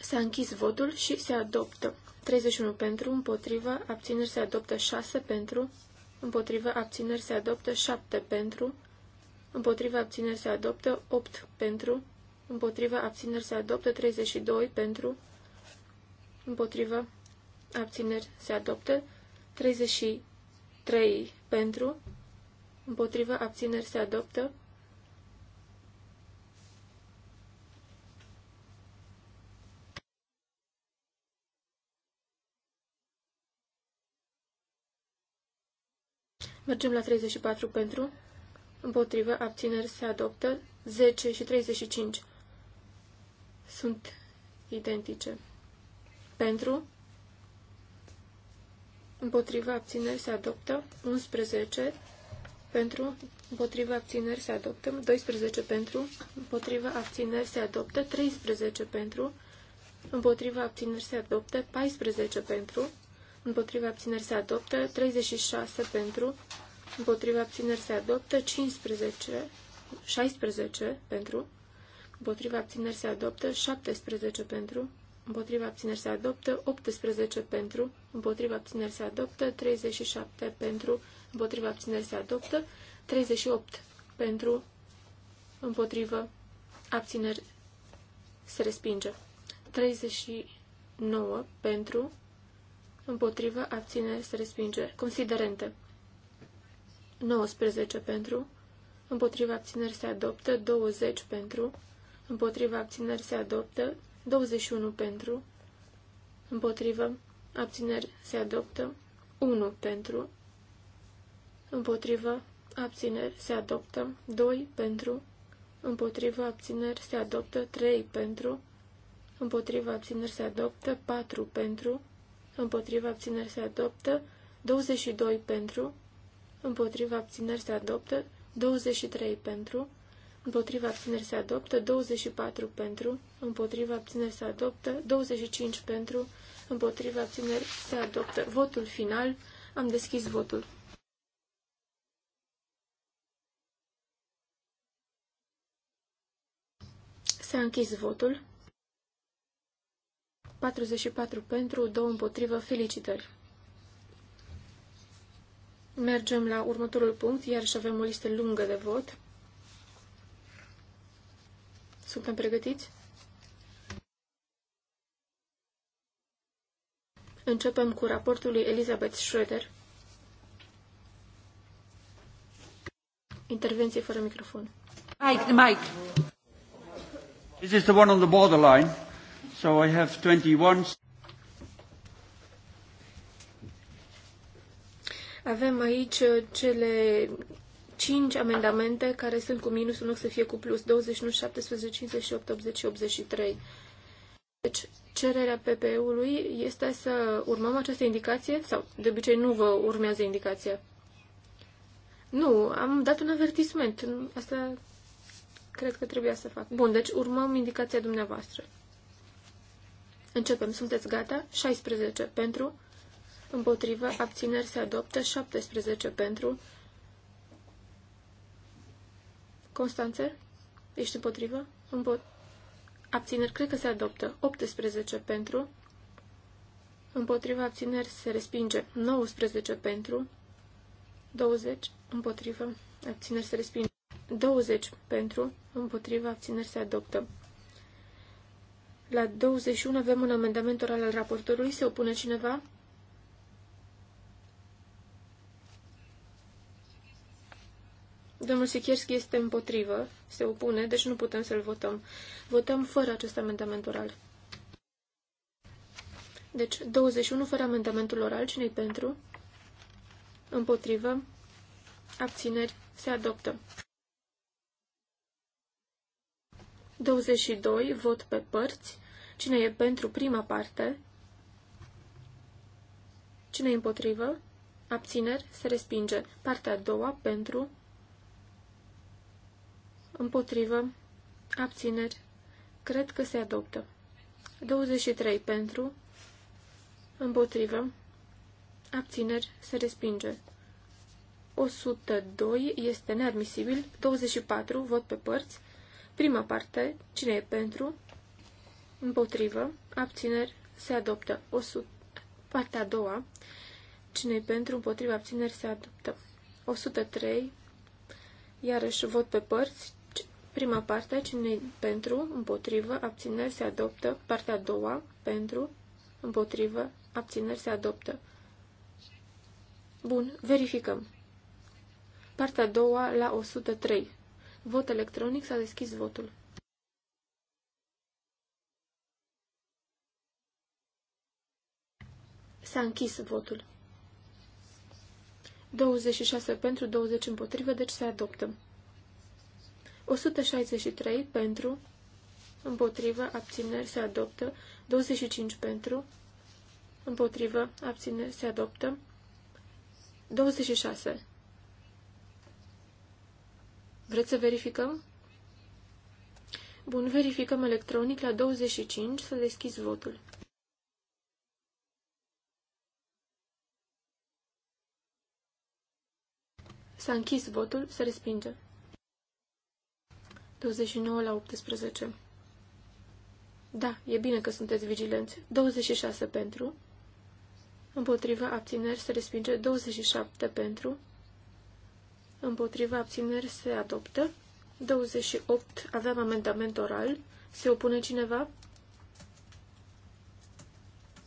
S-a închis votul și se adoptă. 31 pentru, împotrivă, abțineri se adoptă 6 pentru, împotrivă, abțineri se adoptă 7 pentru, împotrivă, abțineri se adoptă 8 pentru, împotrivă, abțineri se adoptă 32 pentru, împotrivă, abțineri se adoptă 33 pentru, împotrivă, abțineri se adoptă Mergem la 34 pentru, împotrivă, abțineri se adoptă, 10 și 35 sunt identice. Pentru, împotrivă, abțineri se adoptă, 11 pentru, împotrivă, abțineri se adoptă, 12 pentru, împotrivă, abțineri se adoptă, 13 pentru, împotrivă, abțineri se adoptă, 14 pentru, împotriva abțineri se adoptă, 36 pentru, împotriva abțineri se adoptă, 15, 16 pentru, împotriva abțineri se adoptă, 17 pentru, împotriva abțineri se adoptă, 18 pentru, împotriva abțineri se adoptă, 37 pentru, împotriva abțineri se adoptă, 38 pentru, împotriva abțineri se respinge, 39 pentru, împotrivă, abțineri, se respinge. Considerente. 19 pentru, Împotrivă, abțineri se adoptă, 20 pentru, Împotrivă, abțineri se adoptă, 21 pentru, Împotrivă, abțineri se adoptă, 1 pentru, Împotrivă, abțineri se adoptă, 2 pentru, Împotrivă, abțineri se adoptă, 3 pentru, Împotrivă, abțineri se adoptă, 4 pentru, împotriva abțineri se adoptă, 22 pentru, împotriva abțineri se adoptă, 23 pentru, împotriva abțineri se adoptă, 24 pentru, împotriva abțineri se adoptă, 25 pentru, împotriva abțineri se adoptă. Votul final, am deschis votul. S-a închis votul. 44 pentru, 2 împotrivă, felicitări! Mergem la următorul punct, iar și avem o listă lungă de vot. Suntem pregătiți? Începem cu raportul lui Elizabeth Schroeder. Intervenție fără microfon. Mike, Mike. This is the one on the borderline. So I have 21. Avem aici uh, cele 5 amendamente care sunt cu minus în loc să fie cu plus 21, 17, 58, 80 și 83. Deci, cererea PPE-ului este să urmăm această indicație sau de obicei nu vă urmează indicația? Nu, am dat un avertisment. Asta cred că trebuia să fac. Bun, deci urmăm indicația dumneavoastră. Începem. Sunteți gata? 16 pentru. Împotrivă. Abțineri se adoptă. 17 pentru. Constanțe? Ești împotrivă? Împot... Abțineri cred că se adoptă. 18 pentru. Împotrivă abțineri se respinge. 19 pentru. 20 împotrivă. Abțineri se respinge. 20 pentru. împotrivă abțineri se adoptă. La 21 avem un amendament oral al raportorului. Se opune cineva? Domnul Sikierski este împotrivă, se opune, deci nu putem să-l votăm. Votăm fără acest amendament oral. Deci, 21 fără amendamentul oral, cine pentru? Împotrivă. Abțineri. Se adoptă. 22. Vot pe părți. Cine e pentru prima parte? Cine e împotrivă? Abțineri? Se respinge. Partea a doua, pentru. Împotrivă. Abțineri. Cred că se adoptă. 23 pentru. Împotrivă. Abțineri. Se respinge. 102 este neadmisibil. 24. Vot pe părți. Prima parte. Cine e pentru? împotrivă, abțineri, se adoptă. 100, partea a doua, cine pentru, împotrivă, abțineri, se adoptă. 103, iarăși vot pe părți, prima parte, cine pentru, împotrivă, abțineri, se adoptă. Partea a doua, pentru, împotrivă, abțineri, se adoptă. Bun, verificăm. Partea a doua la 103. Vot electronic s-a deschis votul. S-a închis votul. 26 pentru, 20 împotrivă, deci se adoptă. 163 pentru, împotrivă, abțineri, se adoptă. 25 pentru, împotrivă, abțineri, se adoptă. 26. Vreți să verificăm? Bun, verificăm electronic la 25 să deschizi votul. S-a închis votul, se respinge. 29 la 18. Da, e bine că sunteți vigilenți. 26 pentru. Împotriva abțineri se respinge 27 pentru. Împotriva abțineri se adoptă. 28. Aveam amendament oral. Se opune cineva?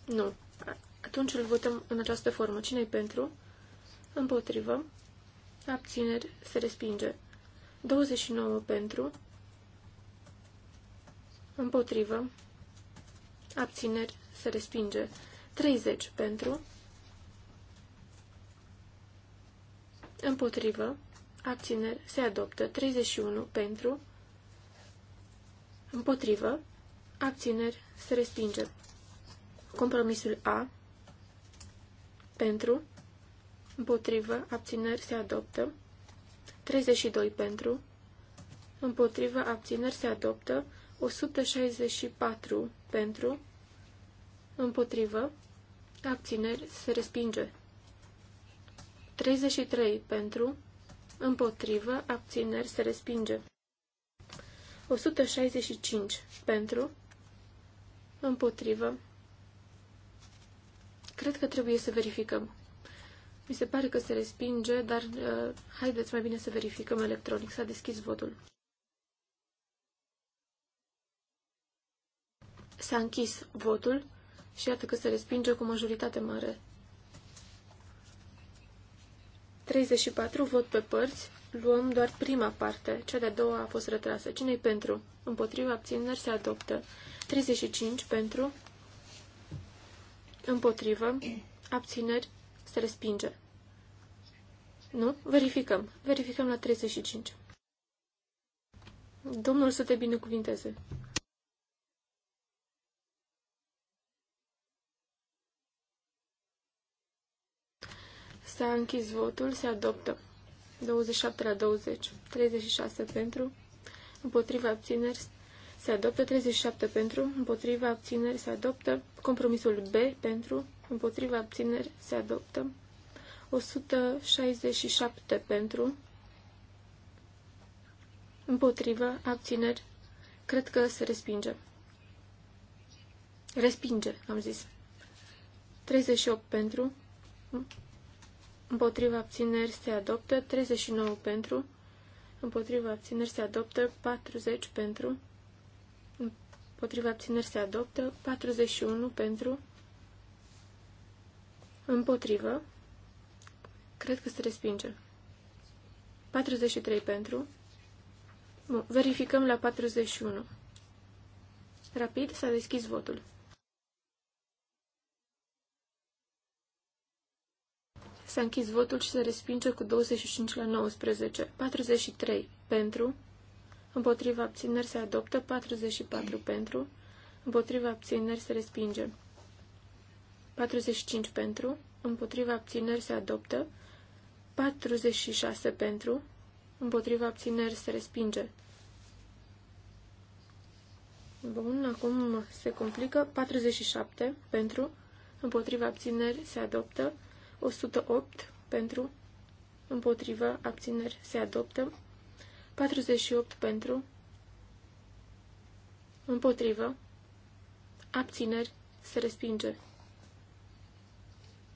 Nu. Atunci îl votăm în această formă. cine pentru? Împotrivă abțineri, se respinge. 29 pentru, împotrivă, abțineri, se respinge. 30 pentru, împotrivă, abțineri, se adoptă. 31 pentru, împotrivă, abțineri, se respinge. Compromisul A, pentru, Împotrivă. Abțineri se adoptă. 32 pentru. Împotrivă. Abțineri se adoptă. 164 pentru. Împotrivă. Abțineri se respinge. 33 pentru. Împotrivă. Abțineri se respinge. 165 pentru. Împotrivă. Cred că trebuie să verificăm. Mi se pare că se respinge, dar uh, haideți mai bine să verificăm electronic. S-a deschis votul. S-a închis votul și iată că se respinge cu majoritate mare. 34 vot pe părți, luăm doar prima parte, cea de-a doua a fost retrasă. cine pentru? Împotriva abțineri se adoptă. 35 pentru, împotrivă, abțineri se respinge. Nu? Verificăm. Verificăm la 35. Domnul să te binecuvinteze. S-a închis votul, se adoptă. 27 la 20, 36 pentru, împotriva abțineri, se adoptă 37 pentru, împotriva abțineri, se adoptă compromisul B pentru, împotriva abțineri se adoptă. 167 pentru, împotriva abțineri, cred că se respinge. Respinge, am zis. 38 pentru, împotriva abțineri se adoptă, 39 pentru, împotriva abțineri se adoptă, 40 pentru, împotriva abțineri se adoptă, 41 pentru, Împotrivă. Cred că se respinge. 43 pentru. Bun, verificăm la 41. Rapid s-a deschis votul. S-a închis votul și se respinge cu 25 la 19. 43 pentru. Împotriva abțineri se adoptă. 44 pentru. Împotriva abțineri se respinge. 45 pentru, împotriva abțineri se adoptă, 46 pentru, împotriva abțineri se respinge. Bun, acum se complică, 47 pentru, împotriva abțineri se adoptă, 108 pentru, împotriva abțineri se adoptă, 48 pentru, împotriva abțineri se respinge.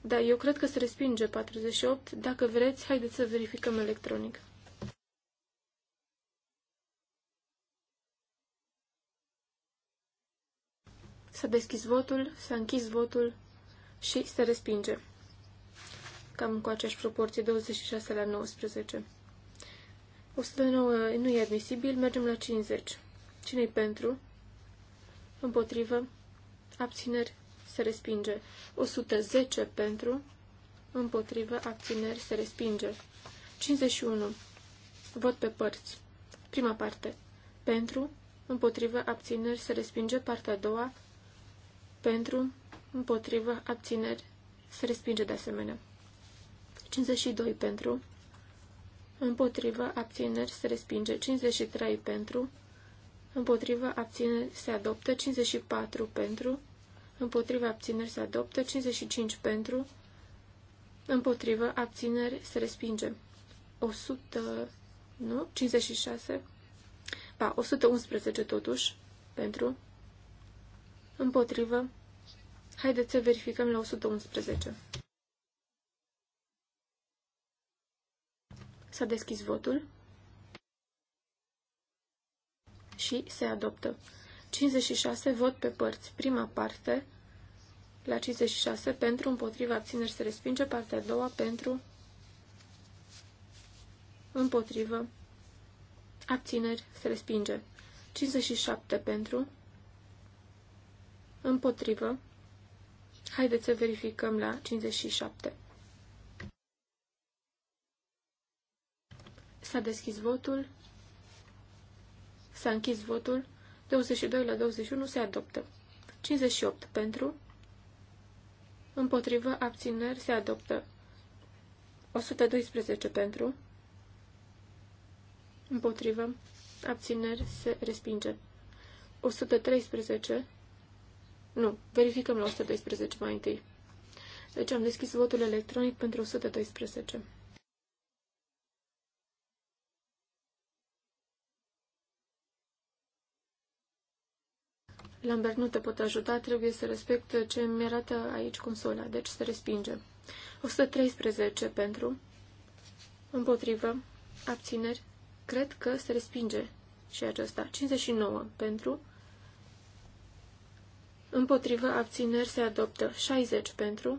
Da, eu cred că se respinge 48. Dacă vreți, haideți să verificăm electronic. S-a deschis votul, s-a închis votul și se respinge. Cam cu aceeași proporție, 26 la 19. 109 nu e admisibil, mergem la 50. Cine-i pentru? Împotrivă? Abțineri? se respinge. 110 pentru, împotrivă, abțineri, se respinge. 51. Vot pe părți. Prima parte. Pentru, împotrivă, abțineri, se respinge. Partea a doua. Pentru, împotrivă, abțineri, se respinge de asemenea. 52 pentru, împotrivă, abțineri, se respinge. 53 pentru, împotrivă, abțineri, se adoptă. 54 pentru, împotriva abțineri se adoptă, 55 pentru, împotriva abțineri se respinge. 100, nu, 56, ba, 111 totuși, pentru, împotrivă. Haideți să verificăm la 111. S-a deschis votul și se adoptă. 56 vot pe părți. Prima parte la 56 pentru, împotriva, abțineri se respinge. Partea a doua pentru, împotrivă, abțineri se respinge. 57 pentru, împotrivă. Haideți să verificăm la 57. S-a deschis votul. S-a închis votul. 22 la 21 se adoptă. 58 pentru, Împotrivă abțineri se adoptă 112 pentru. Împotrivă abțineri se respinge 113. Nu, verificăm la 112 mai întâi. Deci am deschis votul electronic pentru 112. Lambert, nu te pot ajuta, trebuie să respect ce mi arată aici consola, deci se respinge. 113 pentru, împotrivă, abțineri, cred că se respinge și aceasta. 59 pentru, împotrivă, abțineri, se adoptă. 60 pentru,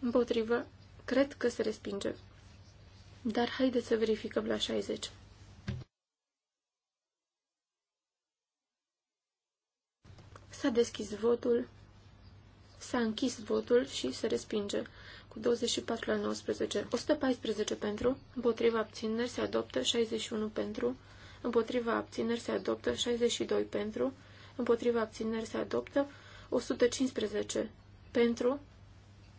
împotrivă, cred că se respinge. Dar haideți să verificăm la 60. S-a deschis votul, s-a închis votul și se respinge cu 24 la 19. 114 pentru, împotriva abțineri se adoptă 61 pentru, împotriva abțineri se adoptă 62 pentru, împotriva abțineri se adoptă 115 pentru,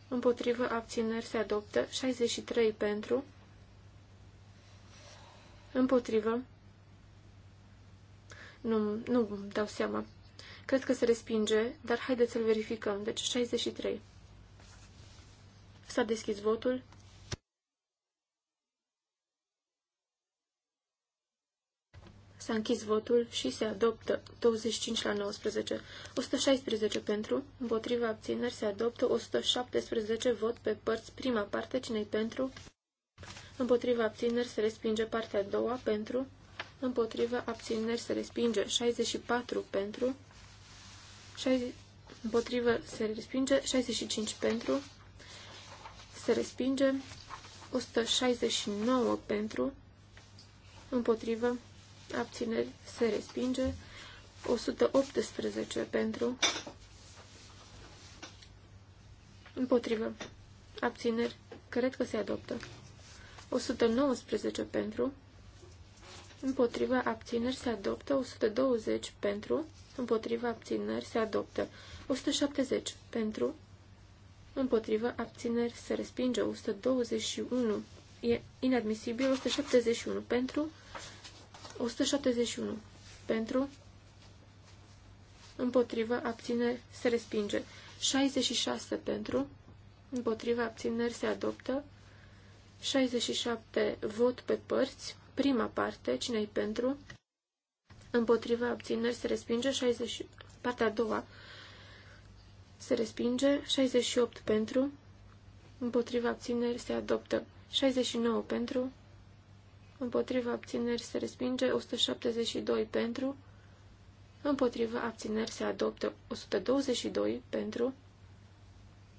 împotriva abțineri se adoptă 63 pentru, împotriva nu, nu dau seama. Cred că se respinge, dar haideți să-l verificăm. Deci 63. S-a deschis votul. S-a închis votul și se adoptă 25 la 19. 116 pentru, împotriva abțineri se adoptă 117 vot pe părți prima parte, cine pentru, împotriva abțineri se respinge partea a doua pentru, împotriva abțineri se respinge 64 pentru, 60, împotrivă se respinge, 65 pentru, se respinge, 169 pentru, împotrivă, abțineri, se respinge, 118 pentru, împotrivă, abțineri, cred că se adoptă, 119 pentru, împotrivă, abțineri, se adoptă, 120 pentru, împotriva abțineri se adoptă. 170 pentru, împotriva abțineri se respinge. 121 e inadmisibil. 171 pentru, 171 pentru, împotriva abțineri se respinge. 66 pentru, împotriva abțineri se adoptă. 67 vot pe părți, prima parte, cine-i pentru? împotriva abțineri se respinge 60, partea a doua se respinge 68 pentru, împotriva abțineri se adoptă 69 pentru, împotriva abțineri se respinge 172 pentru, împotriva abțineri se adoptă 122 pentru,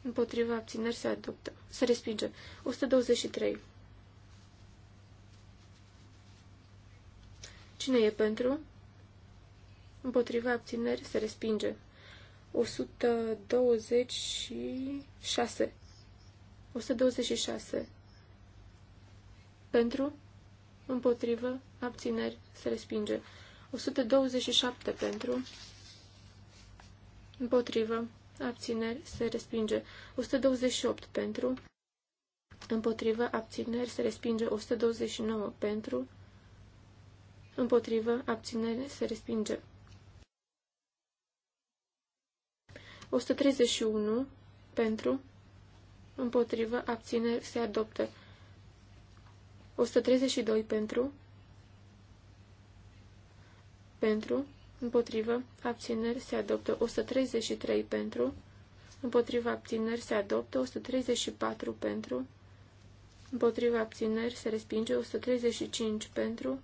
împotriva abțineri se adoptă, se respinge 123 Cine e pentru? împotriva abțineri se respinge. 126. 126. Pentru, împotrivă, abțineri, se respinge. 127 pentru, împotrivă, abțineri, se respinge. 128 pentru, împotrivă, abțineri, se respinge. 129 pentru, împotrivă, abțineri, se respinge. 131 pentru, împotrivă, abțineri, se adoptă. 132 pentru, pentru, împotrivă, abțineri, se adoptă. 133 pentru, împotriva abțineri, se adoptă. 134 pentru, împotriva abțineri, se respinge. 135 pentru,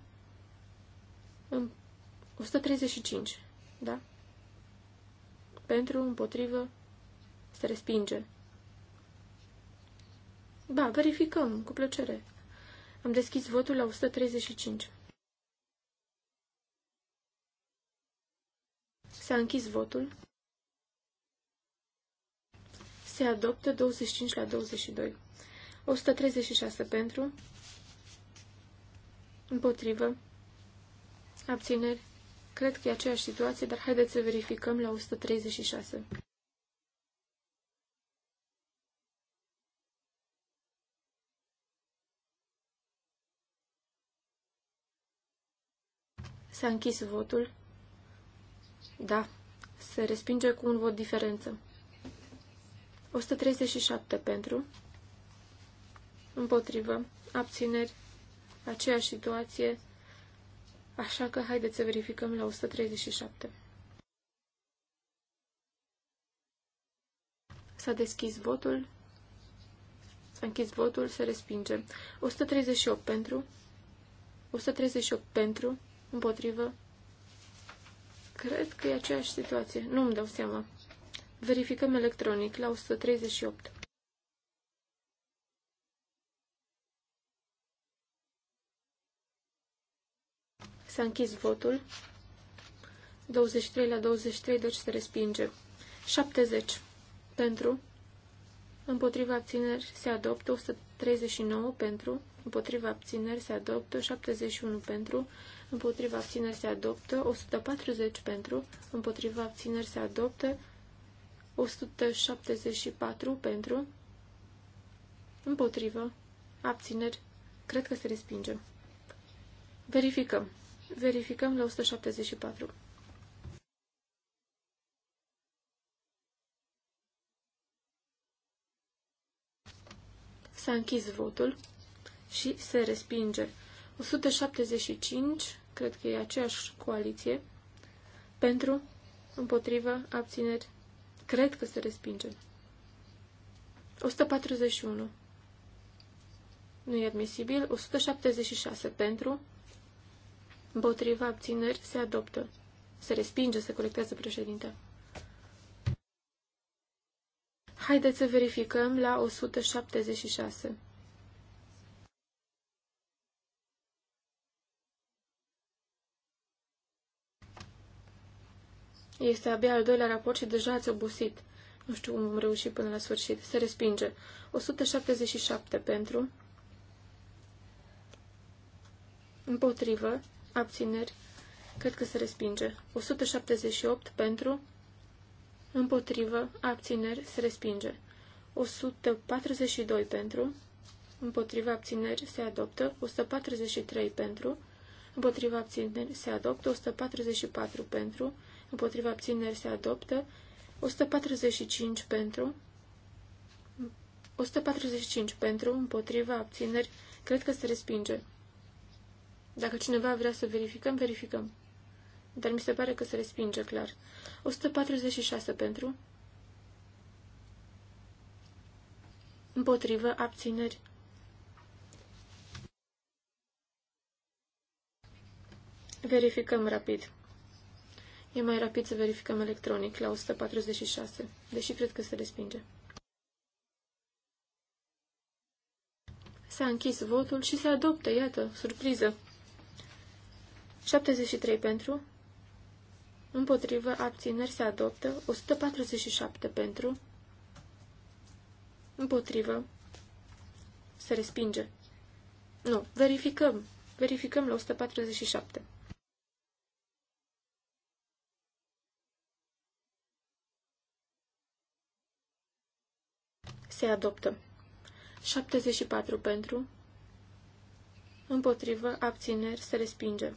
135, da? pentru, împotrivă, se respinge. Da, verificăm, cu plăcere. Am deschis votul la 135. S-a închis votul. Se adoptă 25 la 22. 136 pentru, împotrivă, abțineri, Cred că e aceeași situație, dar haideți să verificăm la 136. S-a închis votul. Da, se respinge cu un vot diferență. 137 pentru, împotrivă, abțineri, aceeași situație, Așa că haideți să verificăm la 137. S-a deschis votul. S-a închis votul, se respinge. 138 pentru. 138 pentru. Împotrivă. Cred că e aceeași situație. Nu îmi dau seama. Verificăm electronic la 138. S-a închis votul. 23 la 23, deci se respinge. 70 pentru, împotriva abțineri se adoptă, 139 pentru, împotriva abțineri se adoptă, 71 pentru, împotriva abțineri se adoptă, 140 pentru, împotriva abțineri se adoptă, 174 pentru, împotrivă, abțineri, cred că se respinge. Verificăm. Verificăm la 174. S-a închis votul și se respinge. 175, cred că e aceeași coaliție, pentru, împotrivă, abțineri, cred că se respinge. 141. Nu e admisibil. 176 pentru, Împotriva abțineri se adoptă. Se respinge, se colectează președinte. Haideți să verificăm la 176. Este abia al doilea raport și deja ați obosit. Nu știu cum am reușit până la sfârșit. Se respinge. 177 pentru. Împotrivă abțineri, cred că se respinge. 178 pentru, împotrivă, abțineri, se respinge. 142 pentru, împotriva abțineri se adoptă, 143 pentru, împotriva abțineri se adoptă, 144 pentru, împotriva abțineri se adoptă, 145 pentru, 145 pentru, împotriva abțineri, cred că se respinge, dacă cineva vrea să verificăm, verificăm. Dar mi se pare că se respinge clar. 146 pentru. Împotrivă, abțineri. Verificăm rapid. E mai rapid să verificăm electronic la 146, deși cred că se respinge. S-a închis votul și se adoptă, iată, surpriză. 73 pentru, împotrivă, abțineri se adoptă, 147 pentru, împotrivă, se respinge. Nu, verificăm, verificăm la 147. Se adoptă. 74 pentru, împotrivă, abțineri, se respinge.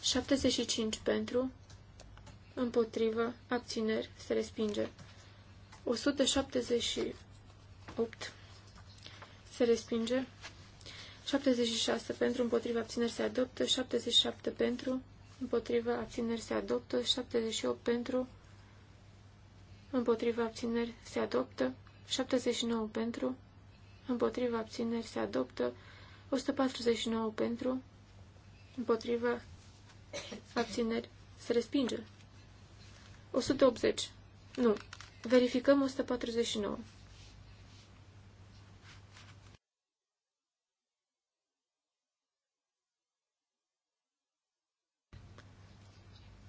75 pentru, împotrivă, abțineri, se respinge. 178 se respinge. 76 pentru, împotrivă, abțineri, se adoptă. 77 pentru, împotrivă, abțineri, se adoptă. 78 pentru, împotrivă, abțineri, se adoptă. 79 pentru, împotrivă, abțineri, se adoptă. 149 pentru, împotrivă, Abțineri. Se respinge. 180. Nu. Verificăm 149.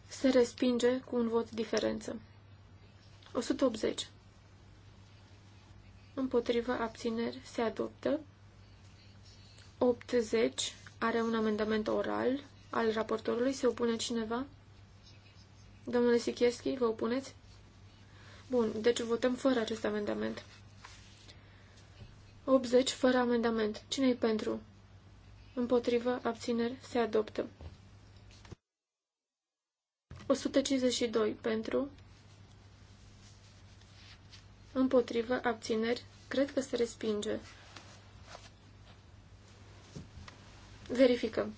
Se respinge cu un vot diferență. 180. Împotriva abțineri se adoptă. 80 are un amendament oral al raportorului. Se opune cineva? Domnule Sikierski, vă opuneți? Bun, deci votăm fără acest amendament. 80 fără amendament. Cine-i pentru? Împotrivă, abțineri, se adoptă. 152 pentru, împotrivă, abțineri, cred că se respinge. Verificăm.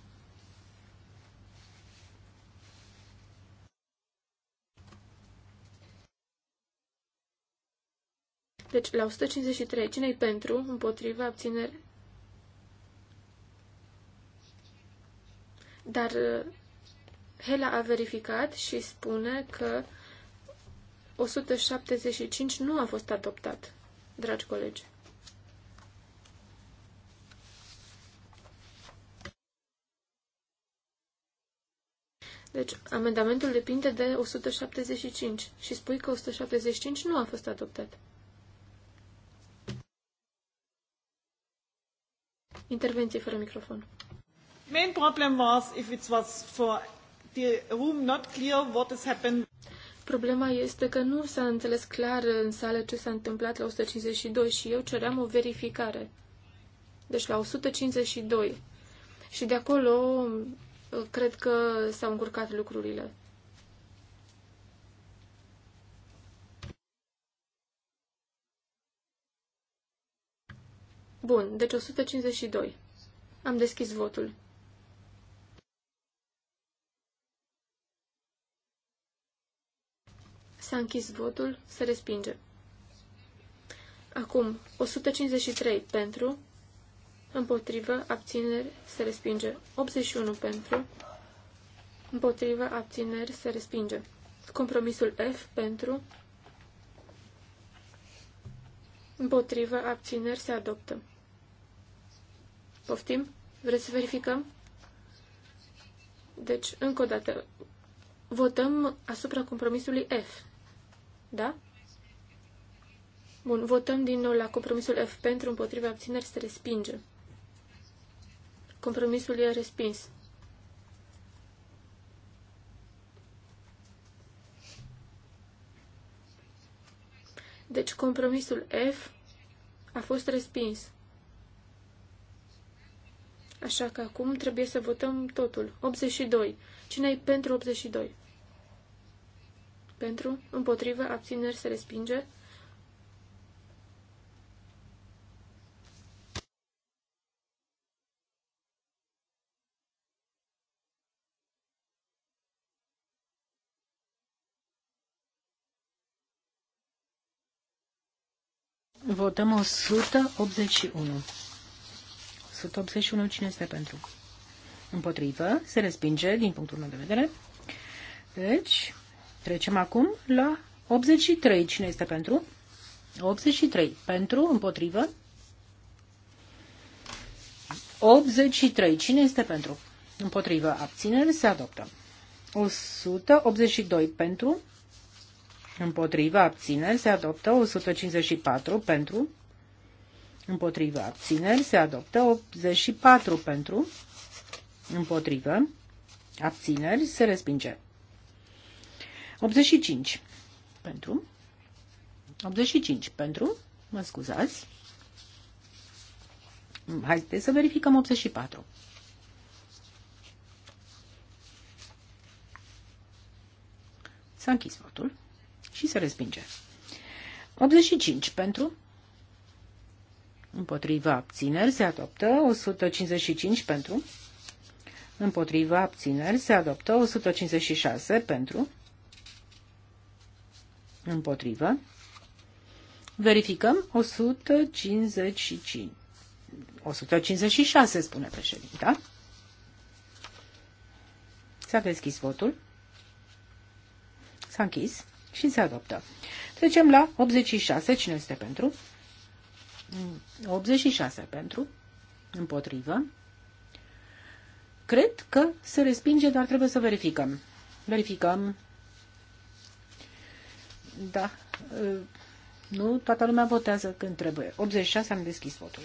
Deci, la 153, cine-i pentru, împotriva, abținere? Dar uh, Hela a verificat și spune că 175 nu a fost adoptat, dragi colegi. Deci, amendamentul depinde de 175 și spui că 175 nu a fost adoptat. Intervenție fără microfon. Main problem was if it was for the room not clear what has happened. Problema este că nu s-a înțeles clar în sală ce s-a întâmplat la 152 și eu ceream o verificare. Deci la 152. Și de acolo cred că s-au încurcat lucrurile. Bun, deci 152. Am deschis votul. S-a închis votul, se respinge. Acum, 153 pentru, împotrivă, abțineri, se respinge. 81 pentru, împotrivă, abțineri, se respinge. Compromisul F pentru, împotrivă, abțineri, se adoptă. Poftim? Vreți să verificăm? Deci, încă o dată, votăm asupra compromisului F. Da? Bun, votăm din nou la compromisul F pentru împotriva abțineri se respinge. Compromisul e respins. Deci compromisul F a fost respins. Așa că acum trebuie să votăm totul. 82. cine e pentru 82? Pentru, împotrivă, abțineri se respinge. Votăm 181. 181. Cine este pentru? Împotrivă. Se respinge din punctul meu de vedere. Deci, trecem acum la 83. Cine este pentru? 83. Pentru, împotrivă. 83. Cine este pentru? Împotrivă. Abțineri. Se adoptă. 182 pentru. Împotrivă. Abțineri. Se adoptă. 154 pentru împotrivă. abțineri se adoptă 84 pentru, împotrivă, abțineri se respinge. 85 pentru, 85 pentru, mă scuzați, haideți să verificăm 84. S-a închis votul și se respinge. 85 pentru, împotriva abțineri se adoptă 155 pentru, împotriva abțineri se adoptă 156 pentru, Împotriva. Verificăm 155. 156, spune președinta. S-a deschis votul. S-a închis și se adoptă. Trecem la 86. Cine este pentru? 86 pentru, împotrivă. Cred că se respinge, dar trebuie să verificăm. Verificăm. Da. Ă, nu toată lumea votează când trebuie. 86 am deschis votul.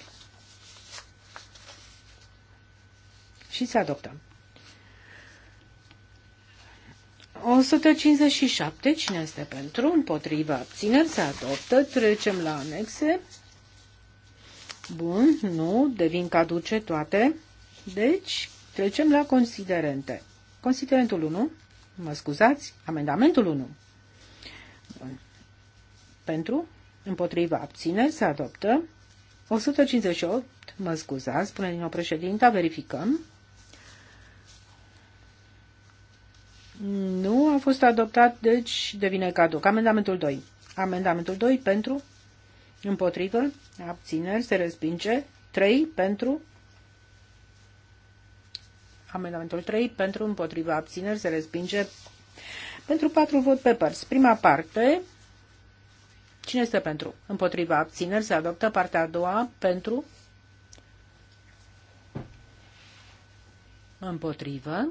Și se adoptă. 157. Cine este pentru? Împotriva abțineri se adoptă. Trecem la anexe. Bun, nu, devin caduce toate. Deci, trecem la considerente. Considerentul 1, mă scuzați, amendamentul 1. Bun. Pentru, împotriva, abține, se adoptă. 158, mă scuzați, spune din nou președinta, verificăm. Nu a fost adoptat, deci devine caduc. Amendamentul 2. Amendamentul 2 pentru Împotrivă. Abțineri. Se respinge. 3 pentru. Amendamentul 3 pentru împotriva abțineri se respinge pentru 4 vot pe părți. Prima parte. Cine este pentru? Împotriva abțineri se adoptă partea a doua pentru. Împotrivă.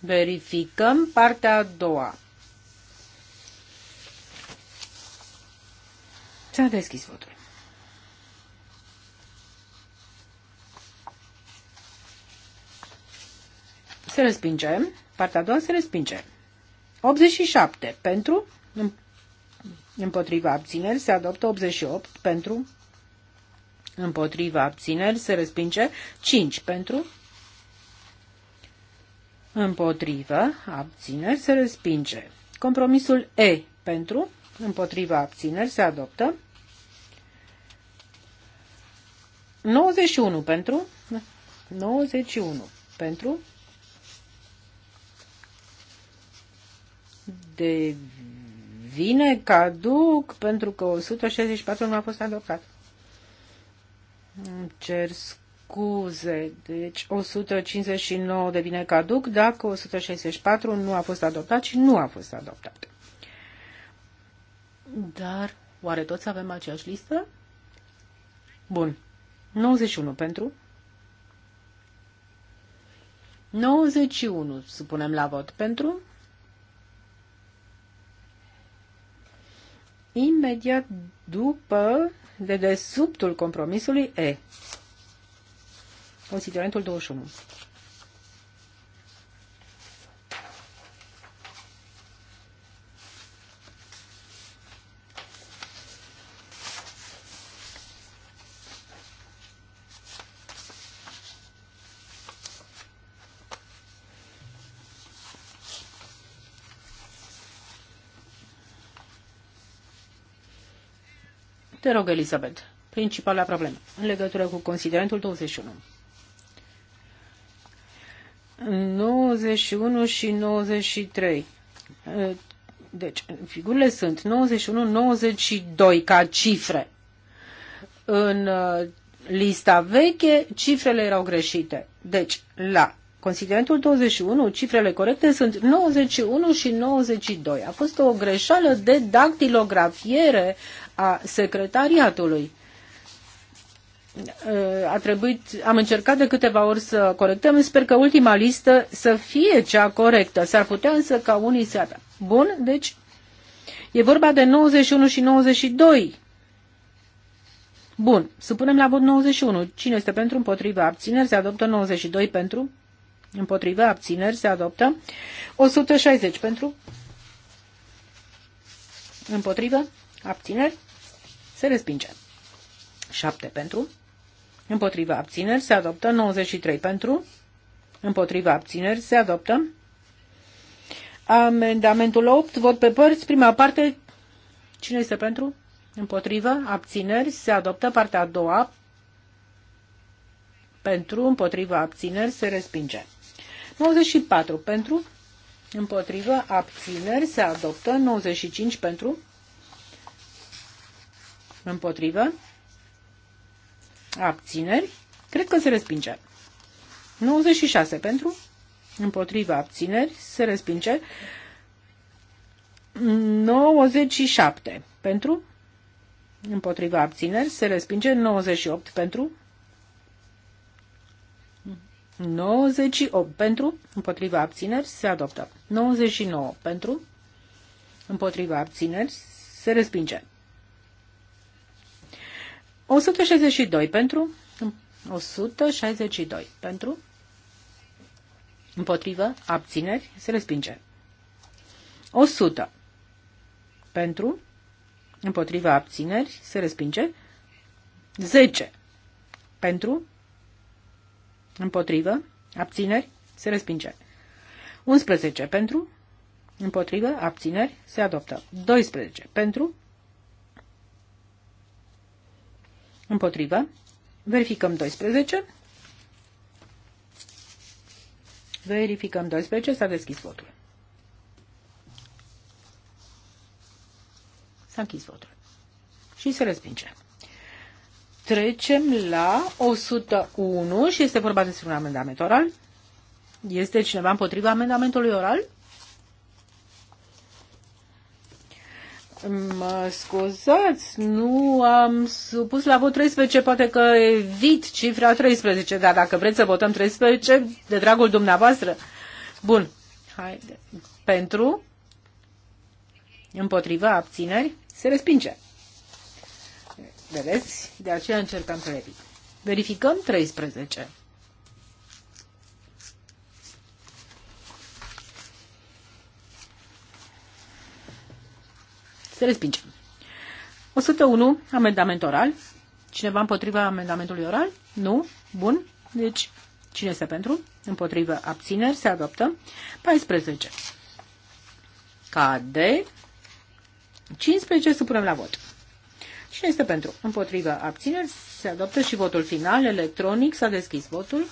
Verificăm partea a doua. Ce a deschis votul. Se respinge. Partea a doua se respinge. 87 pentru, împotriva abțineri, se adoptă 88 pentru, împotriva abțineri, se respinge 5 pentru, împotriva abțineri, se respinge. Compromisul E pentru, împotriva abțineri, se adoptă 91 pentru. 91 pentru. Devine caduc pentru că 164 nu a fost adoptat. Îmi cer scuze. Deci 159 devine caduc dacă 164 nu a fost adoptat și nu a fost adoptat. Dar oare toți avem aceeași listă? Bun. 91 pentru. 91 supunem la vot pentru. Imediat după de de subtul compromisului E. Considerentul 21. Te rog, Elizabeth, principala problemă în legătură cu considerentul 21. 91 și 93. Eh, deci, figurile sunt 91-92 ca cifre. În eh, lista veche, cifrele erau greșite. Deci, la considerentul 21, cifrele corecte sunt 91 și 92. A fost o greșeală de dactilografiere a secretariatului. Ă, a trebuit, am încercat de câteva ori să corectăm, sper că ultima listă să fie cea corectă. S-ar putea însă ca unii să... Bun, deci e vorba de 91 și 92. Bun, supunem la vot 91. Cine este pentru, împotriva, abțineri, se adoptă 92 pentru, împotriva, abțineri, se adoptă 160 pentru, împotriva, abțineri, se respinge. 7 pentru, împotriva abțineri, se adoptă. 93 pentru, împotriva abțineri, se adoptă. Amendamentul 8, vot pe părți, prima parte, cine este pentru? împotriva abțineri, se adoptă partea a doua, pentru, împotriva, abțineri, se respinge. 94 pentru, împotriva abțineri, se adoptă, 95 pentru, Împotrivă. Abțineri. Cred că se respinge. 96 pentru. Împotrivă abțineri. Se respinge. 97 pentru. Împotrivă abțineri se respinge 98 pentru. 98 pentru. Împotriva abțineri se adoptă. 99 pentru. Împotriva abțineri se respinge. 162 pentru. 162 pentru. Împotrivă. Abțineri. Se respinge. 100 pentru. Împotrivă. Abțineri. Se respinge. 10 pentru. Împotrivă. Abțineri. Se respinge. 11 pentru. Împotrivă. Abțineri. Se adoptă. 12 pentru. Împotrivă. Verificăm 12. Verificăm 12. S-a deschis votul. S-a închis votul. Și se respinge. Trecem la 101 și este vorba despre un amendament oral. Este cineva împotriva amendamentului oral? mă scuzați, nu am supus la vot 13, poate că evit cifra 13, dar dacă vreți să votăm 13, de dragul dumneavoastră. Bun, haide. Pentru, împotriva, abțineri, se respinge. Vedeți? De aceea încercăm să evit. Verificăm 13. Se respinge. 101. Amendament oral. Cineva împotriva amendamentului oral? Nu. Bun. Deci, cine este pentru? Împotrivă abțineri. Se adoptă. 14. Cade. 15. Supunem la vot. Cine este pentru? Împotrivă abțineri. Se adoptă și votul final. Electronic. S-a deschis votul.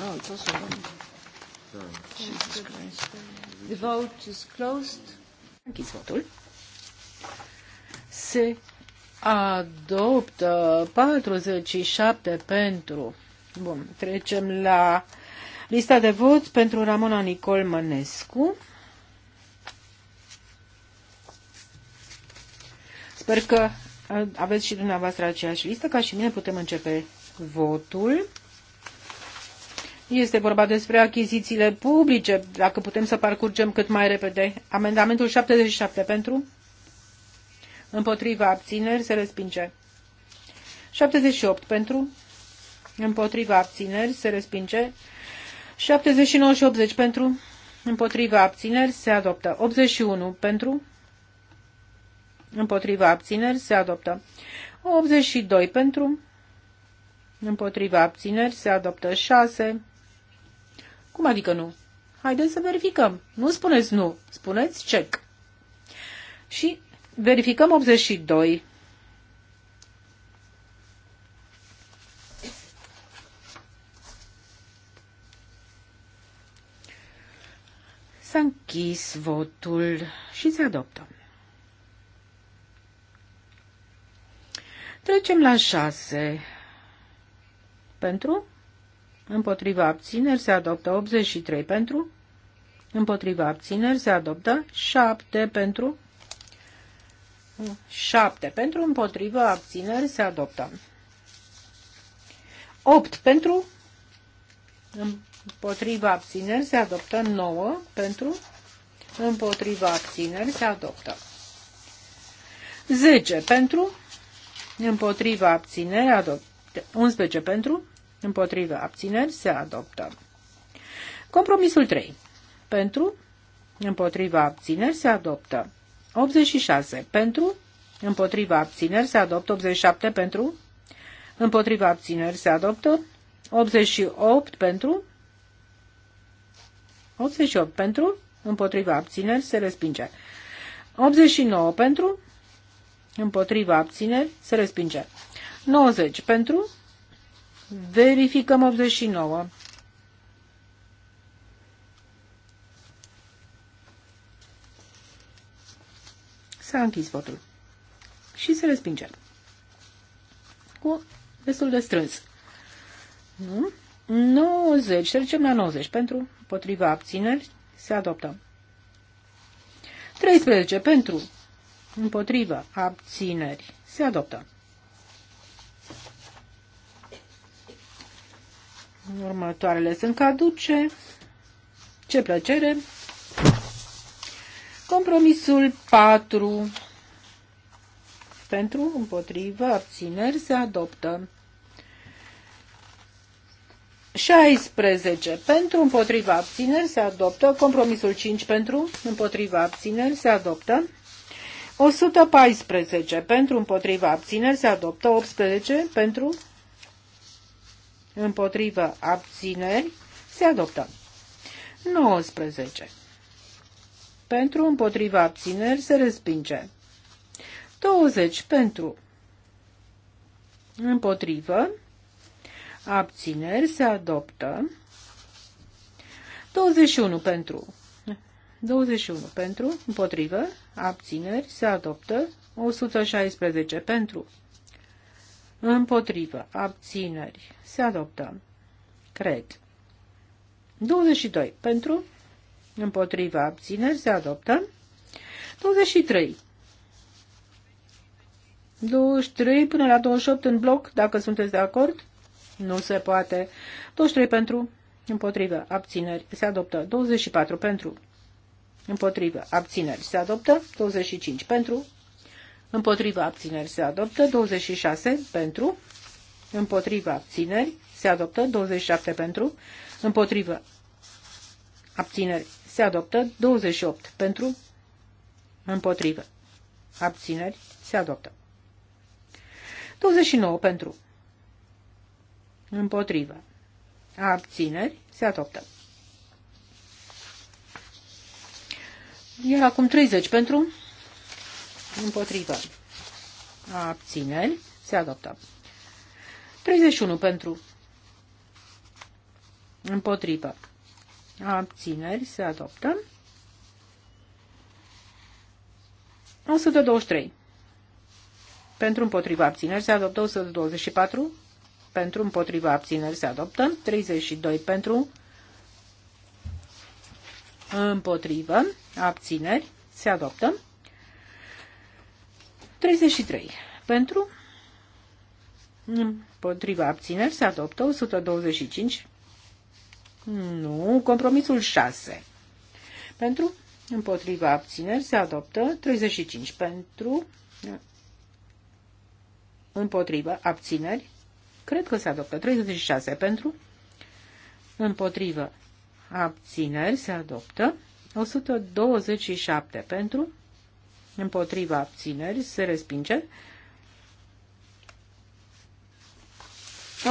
Oh, it's also one. The vote is closed. Închis votul. Se adoptă 47 pentru. Bun, trecem la lista de vot pentru Ramona Nicol Mănescu. Sper că aveți și dumneavoastră aceeași listă, ca și mine putem începe votul. Este vorba despre achizițiile publice, dacă putem să parcurgem cât mai repede. Amendamentul 77 pentru, împotriva abțineri, se respinge. 78 pentru, împotriva abțineri, se respinge. 79 și 80 pentru, împotriva abțineri, se adoptă. 81 pentru, împotriva abțineri, se adoptă. 82 pentru, împotriva abțineri, se adoptă. 6 cum adică nu? Haideți să verificăm. Nu spuneți nu, spuneți check. Și verificăm 82. S-a închis votul și se adoptă. Trecem la 6. Pentru? împotriva abțineri se adoptă 83 pentru, împotriva abțineri se adoptă 7 pentru, 7 pentru, împotriva abțineri se adoptă 8 pentru, împotriva abțineri se adoptă 9 pentru, împotriva abțineri se adoptă 10 pentru, împotriva abțineri adoptă 11 pentru, Împotrivă abțineri se adoptă. Compromisul 3. Pentru. Împotrivă abțineri se adoptă. 86. Pentru. Împotrivă abțineri se adoptă. 87. Pentru. Împotrivă abțineri se adoptă. 88 pentru. 88 pentru. Împotriva abțineri se respinge. 89 pentru. Împotriva abțineri se respinge. 90 pentru. Verificăm 89. S-a închis votul. Și se respinge. Cu destul de strâns. Nu? 90. Trecem la 90. Pentru, potriva abțineri, se adoptă. 13. Pentru, împotriva abțineri, se adoptă. Următoarele sunt caduce. Ce plăcere! Compromisul 4. Pentru, împotrivă, abțineri se adoptă. 16. Pentru, împotriva, abțineri se adoptă. Compromisul 5 pentru, împotriva, abțineri se adoptă. 114. Pentru, împotriva, abțineri se adoptă. 18. Pentru, împotrivă, abțineri, se adoptă. 19. Pentru, împotriva, abțineri, se respinge. 20. Pentru, împotrivă, abțineri, se adoptă. 21. Pentru, 21. Pentru, împotrivă, abțineri, se adoptă. 116. Pentru, Împotrivă. Abțineri. Se adoptă. Cred. 22. Pentru. Împotrivă. Abțineri. Se adoptă. 23. 23 până la 28 în bloc, dacă sunteți de acord. Nu se poate. 23 pentru. Împotrivă. Abțineri. Se adoptă. 24 pentru. Împotrivă. Abțineri. Se adoptă. 25 pentru împotriva abțineri se adoptă, 26 pentru, împotriva abțineri se adoptă, 27 pentru, împotriva abțineri se adoptă, 28 pentru, împotriva abțineri se adoptă. 29 pentru, împotriva abțineri se adoptă. Iar acum 30 pentru, Împotrivă. Abțineri. Se adoptă. 31 pentru. Împotrivă. Abțineri. Se adoptă. 123. Pentru împotriva abțineri se adoptă 124. Pentru împotriva abțineri se adoptă 32. Pentru împotrivă abțineri se adoptă 33. Pentru? Împotriva abțineri se adoptă 125. Nu. Compromisul 6. Pentru? Împotriva abțineri se adoptă 35. Pentru? Împotriva abțineri. Cred că se adoptă 36. Pentru? împotriva abțineri se adoptă 127 pentru, împotriva abțineri se respinge.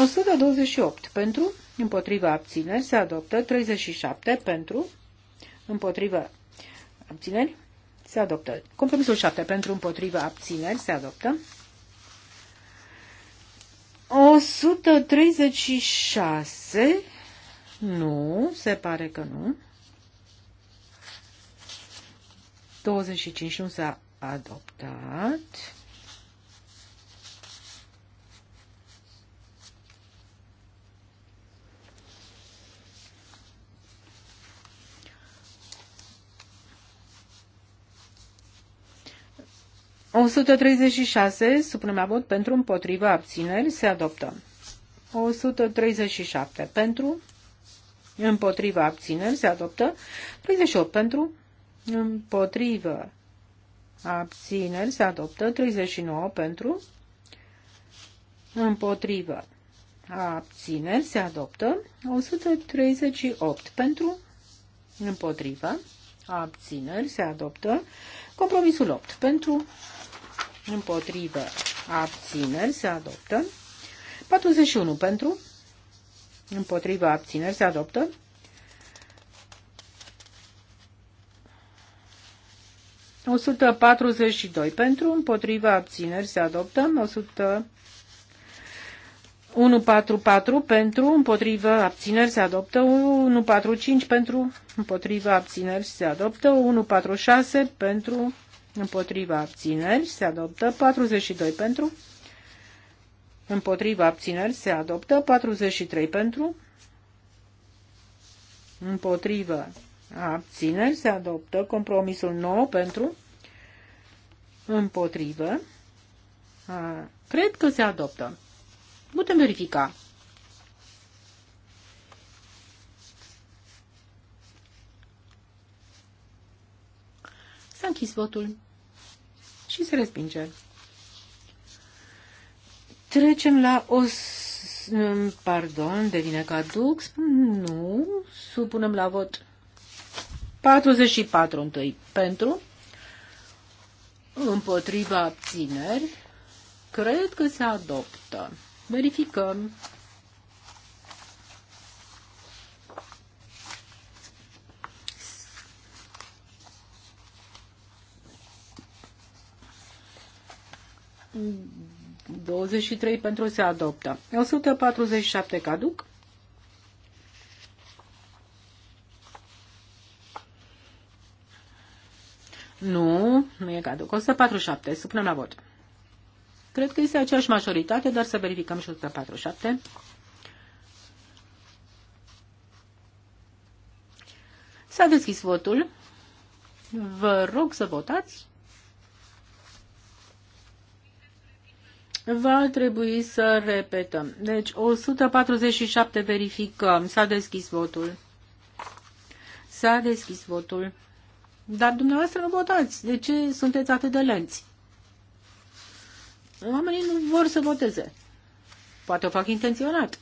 128 pentru, împotriva abțineri se adoptă, 37 pentru, împotriva abțineri se adoptă. Compromisul 7 pentru împotriva abțineri se adoptă. 136 nu, se pare că nu. 25 nu s-a adoptat. O 136, supunem la vot pentru împotriva abțineri, se adoptă. 137 pentru, împotriva abțineri, se adoptă. 38 pentru, împotrivă, abțineri, se adoptă 39 pentru, împotrivă, abțineri, se adoptă 138 pentru, împotrivă, abțineri, se adoptă compromisul 8 pentru, împotrivă, abțineri, se adoptă 41 pentru, împotrivă, abțineri, se adoptă 142 pentru, împotriva abțineri se adoptă, 144 pentru, împotriva abțineri se adoptă, 145 pentru, împotriva abțineri se adoptă, 146 pentru, împotriva abțineri se adoptă, 42 pentru, împotriva abțineri se adoptă, 43 pentru, împotriva abțineri se adoptă. Compromisul 9 pentru împotrivă. A, cred că se adoptă. Putem verifica. S-a închis votul și se respinge. Trecem la o... Pardon, devine caduc. Nu, supunem la vot 44 întâi pentru, împotriva abțineri, cred că se adoptă. Verificăm. Douăzeci și trei pentru se adoptă. 147 caduc. Nu, nu e caduc. 147. Să punem la vot. Cred că este aceeași majoritate, dar să verificăm și 147. S-a deschis votul. Vă rog să votați. Va trebui să repetăm. Deci 147 verificăm. S-a deschis votul. S-a deschis votul. Dar dumneavoastră nu votați. De ce sunteți atât de lenți? Oamenii nu vor să voteze. Poate o fac intenționat.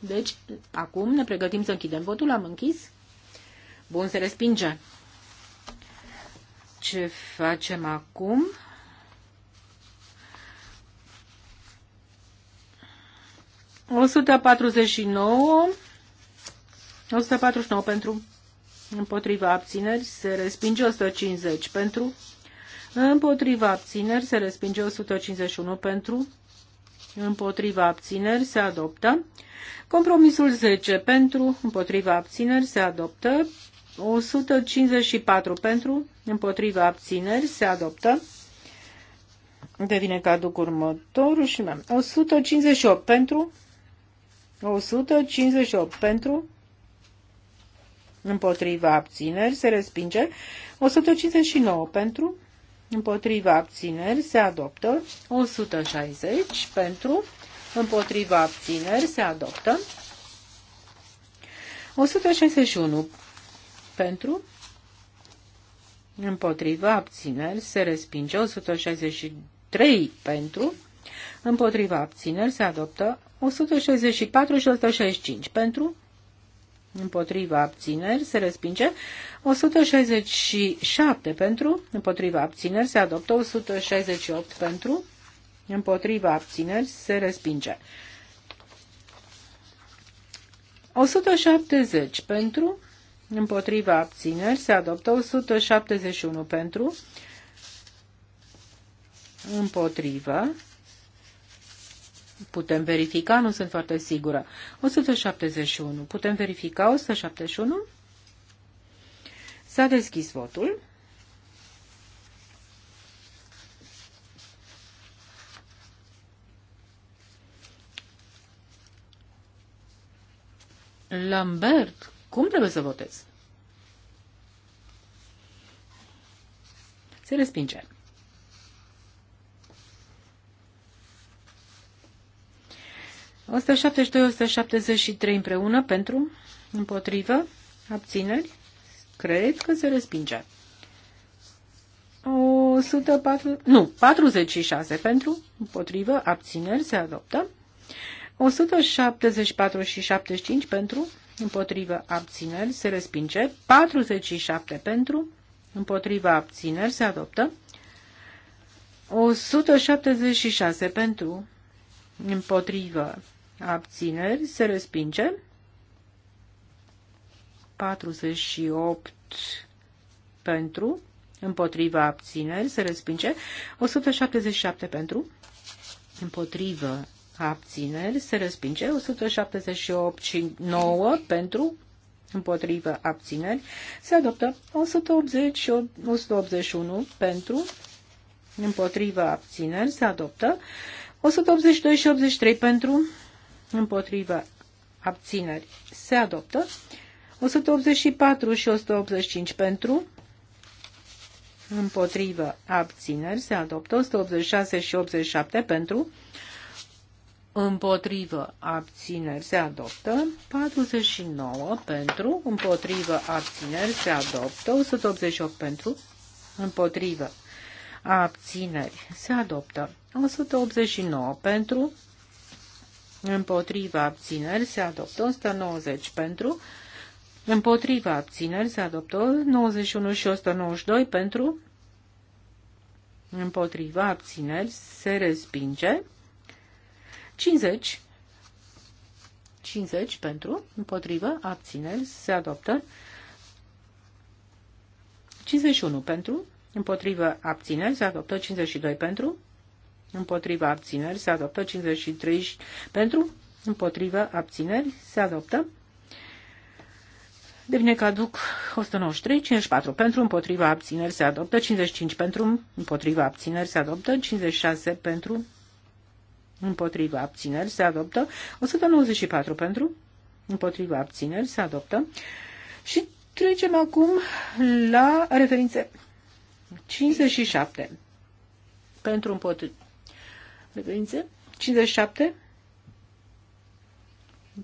Deci, acum ne pregătim să închidem votul. Am închis. Bun, se respinge. Ce facem acum? O 149 149 pentru împotriva abțineri se respinge 150 pentru, împotriva abțineri se respinge 151 pentru, împotriva abțineri se adoptă, compromisul 10 pentru, împotriva abțineri se adoptă, 154 pentru, împotriva abțineri se adoptă, devine caduc următorul și mai 158 pentru, 158 pentru, împotriva abțineri se respinge. 159 pentru, împotriva abțineri se adoptă. 160 pentru, împotriva abțineri se adoptă. 161 pentru, împotriva abțineri se respinge. 163 pentru, împotriva abțineri se adoptă. 164 și 165 pentru, împotriva abțineri se respinge, 167 pentru, împotriva abțineri se adoptă, 168 pentru, împotriva abțineri se respinge. 170 pentru, împotriva abțineri se adoptă, 171 pentru, Împotriva Putem verifica, nu sunt foarte sigură. 171. Putem verifica 171? S-a deschis votul. Lambert, cum trebuie să votez? Se respinge. 172-173 împreună pentru, împotrivă, abțineri, cred că se respinge. 104, nu, 46 pentru, împotrivă, abțineri, se adoptă. 174 și 75 pentru, împotrivă, abțineri, se respinge. 47 pentru, împotrivă, abțineri, se adoptă. 176 pentru, împotrivă, abțineri, se respinge. 48 pentru, împotriva abțineri, se respinge. 177 pentru, împotrivă abțineri, se respinge. 178 și 9 pentru, împotrivă abțineri, se adoptă 180 și 181 pentru, împotrivă abțineri, se adoptă 182 și 83 pentru, împotrivă, abțineri, se adoptă. 184 și 185 pentru, împotrivă, abțineri, se adoptă. 186 și 87 pentru, împotrivă, abțineri, se adoptă. 49 pentru, împotrivă, abțineri, se adoptă. 188 pentru, împotrivă, abțineri, se adoptă. 189 pentru, împotriva abțineri se adoptă 190 pentru, împotriva abțineri se adoptă 91 și 192 pentru, împotriva abțineri se respinge 50 50 pentru, Împotriva abțineri, se adoptă. 51 pentru, Împotriva abțineri, se adoptă. 52 pentru, împotriva abțineri se adoptă, 53 pentru, împotriva abțineri se adoptă. Devine caduc 193, 54 pentru, împotriva abțineri se adoptă, 55 pentru, împotriva abțineri se adoptă, 56 pentru, împotriva abțineri se adoptă, 194 pentru, împotriva abțineri se adoptă. Și trecem acum la referințe 57 pentru împotriva de credințe. 57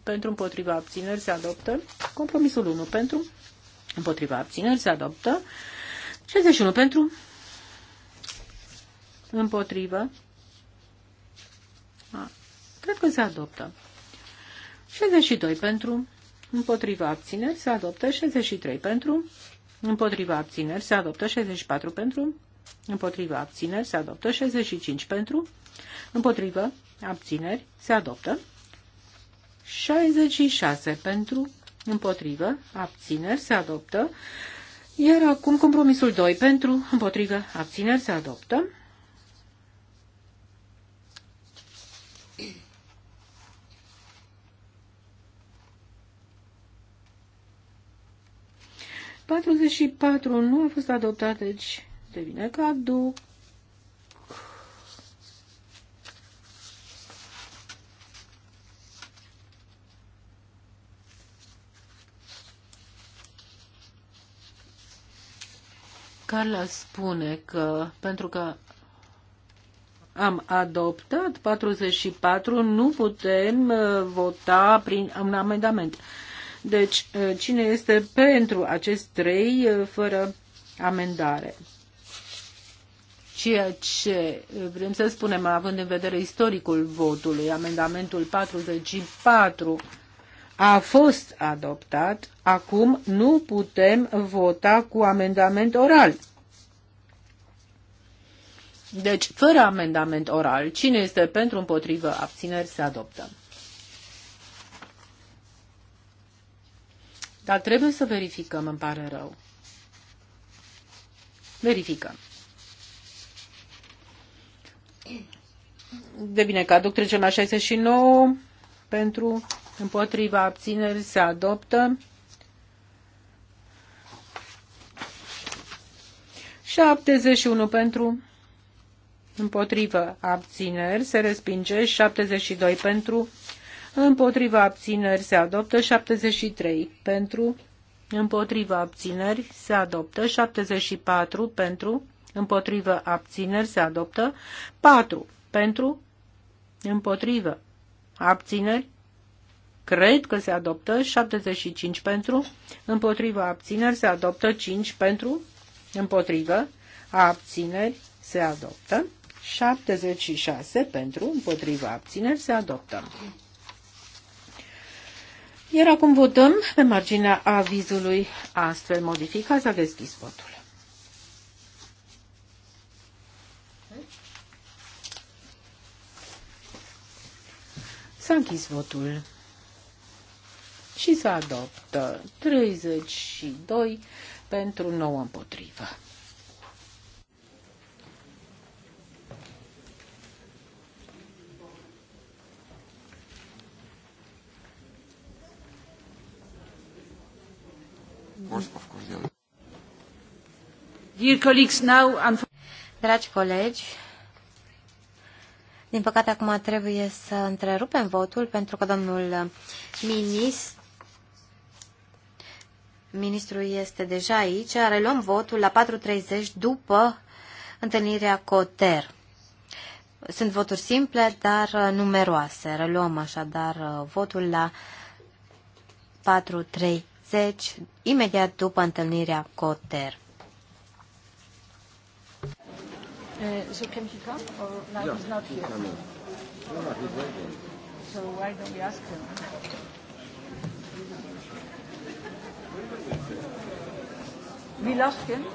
pentru împotriva abțineri se adoptă. Compromisul 1 pentru împotriva abțineri se adoptă. 61 pentru împotrivă. A, cred că se adoptă. 62 pentru împotriva abțineri se adoptă. 63 pentru împotriva abțineri se adoptă. 64 pentru Împotrivă abțineri se adoptă. 65 pentru. Împotrivă abțineri se adoptă. 66 pentru. Împotrivă abțineri se adoptă. Iar acum compromisul 2 pentru. Împotrivă abțineri se adoptă. Patruzeci și patru nu a fost adoptat, deci devine caduc. Carla spune că pentru că am adoptat 44, nu putem uh, vota prin un amendament. Deci, uh, cine este pentru acest 3 uh, fără amendare? Ceea ce eh, vrem să spunem, având în vedere istoricul votului, amendamentul 44 a fost adoptat, acum nu putem vota cu amendament oral. Deci, fără amendament oral, cine este pentru împotrivă abțineri se adoptă. Dar trebuie să verificăm, îmi pare rău. Verificăm. de că aduc Trecem la 69 pentru împotriva abțineri se adoptă. și 71 pentru împotrivă abțineri se respinge, 72 pentru împotriva abțineri se adoptă, 73 pentru împotriva abțineri se adoptă, 74 pentru împotrivă abțineri se adoptă, 4 pentru, împotrivă, abțineri, cred că se adoptă 75 pentru, împotrivă, abțineri, se adoptă 5 pentru, împotrivă, abțineri, se adoptă 76 pentru, împotrivă, abțineri, se adoptă. Iar acum votăm pe marginea avizului astfel modificat. S-a deschis votul. S-a închis votul și se adoptă 32 pentru 9 împotrivă. Dragi colegi, din păcate, acum trebuie să întrerupem votul pentru că domnul ministru Ministrul este deja aici. are luăm votul la 4.30 după întâlnirea COTER. Sunt voturi simple, dar uh, numeroase. Reluăm așadar uh, votul la 4.30 imediat după întâlnirea COTER. Uh, so can he come or now yeah, he's not he's here? Coming. No, no, he's So why don't we ask him? We lost him.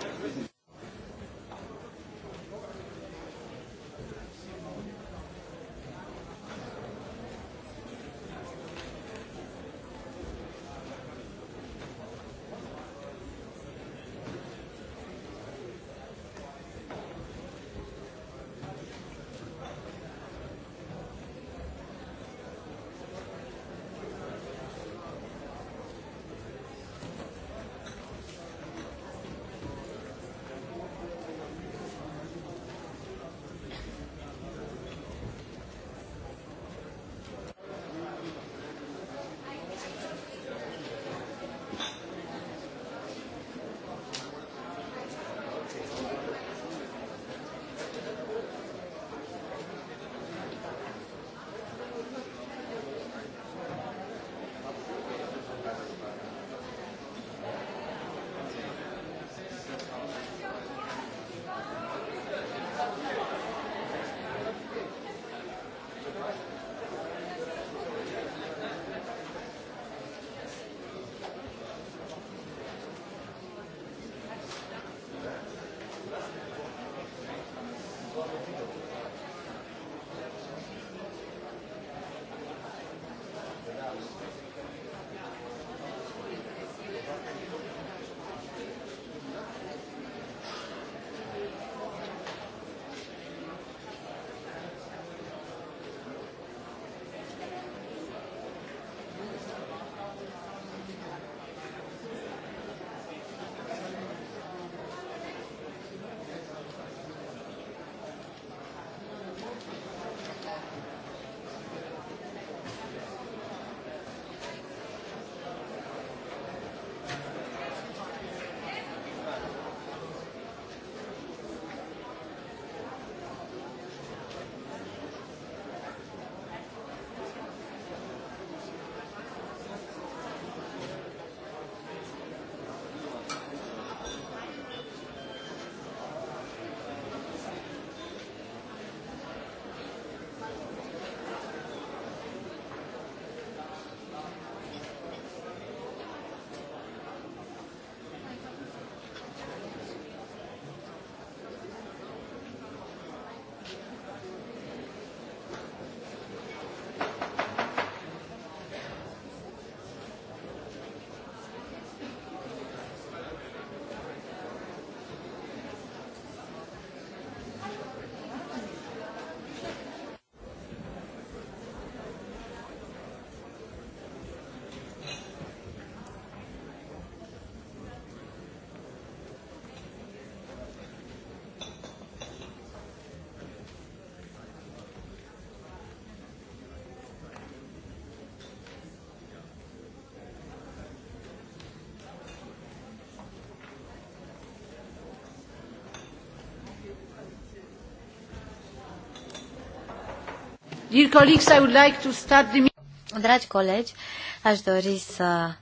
Dragi colegi, aș dori să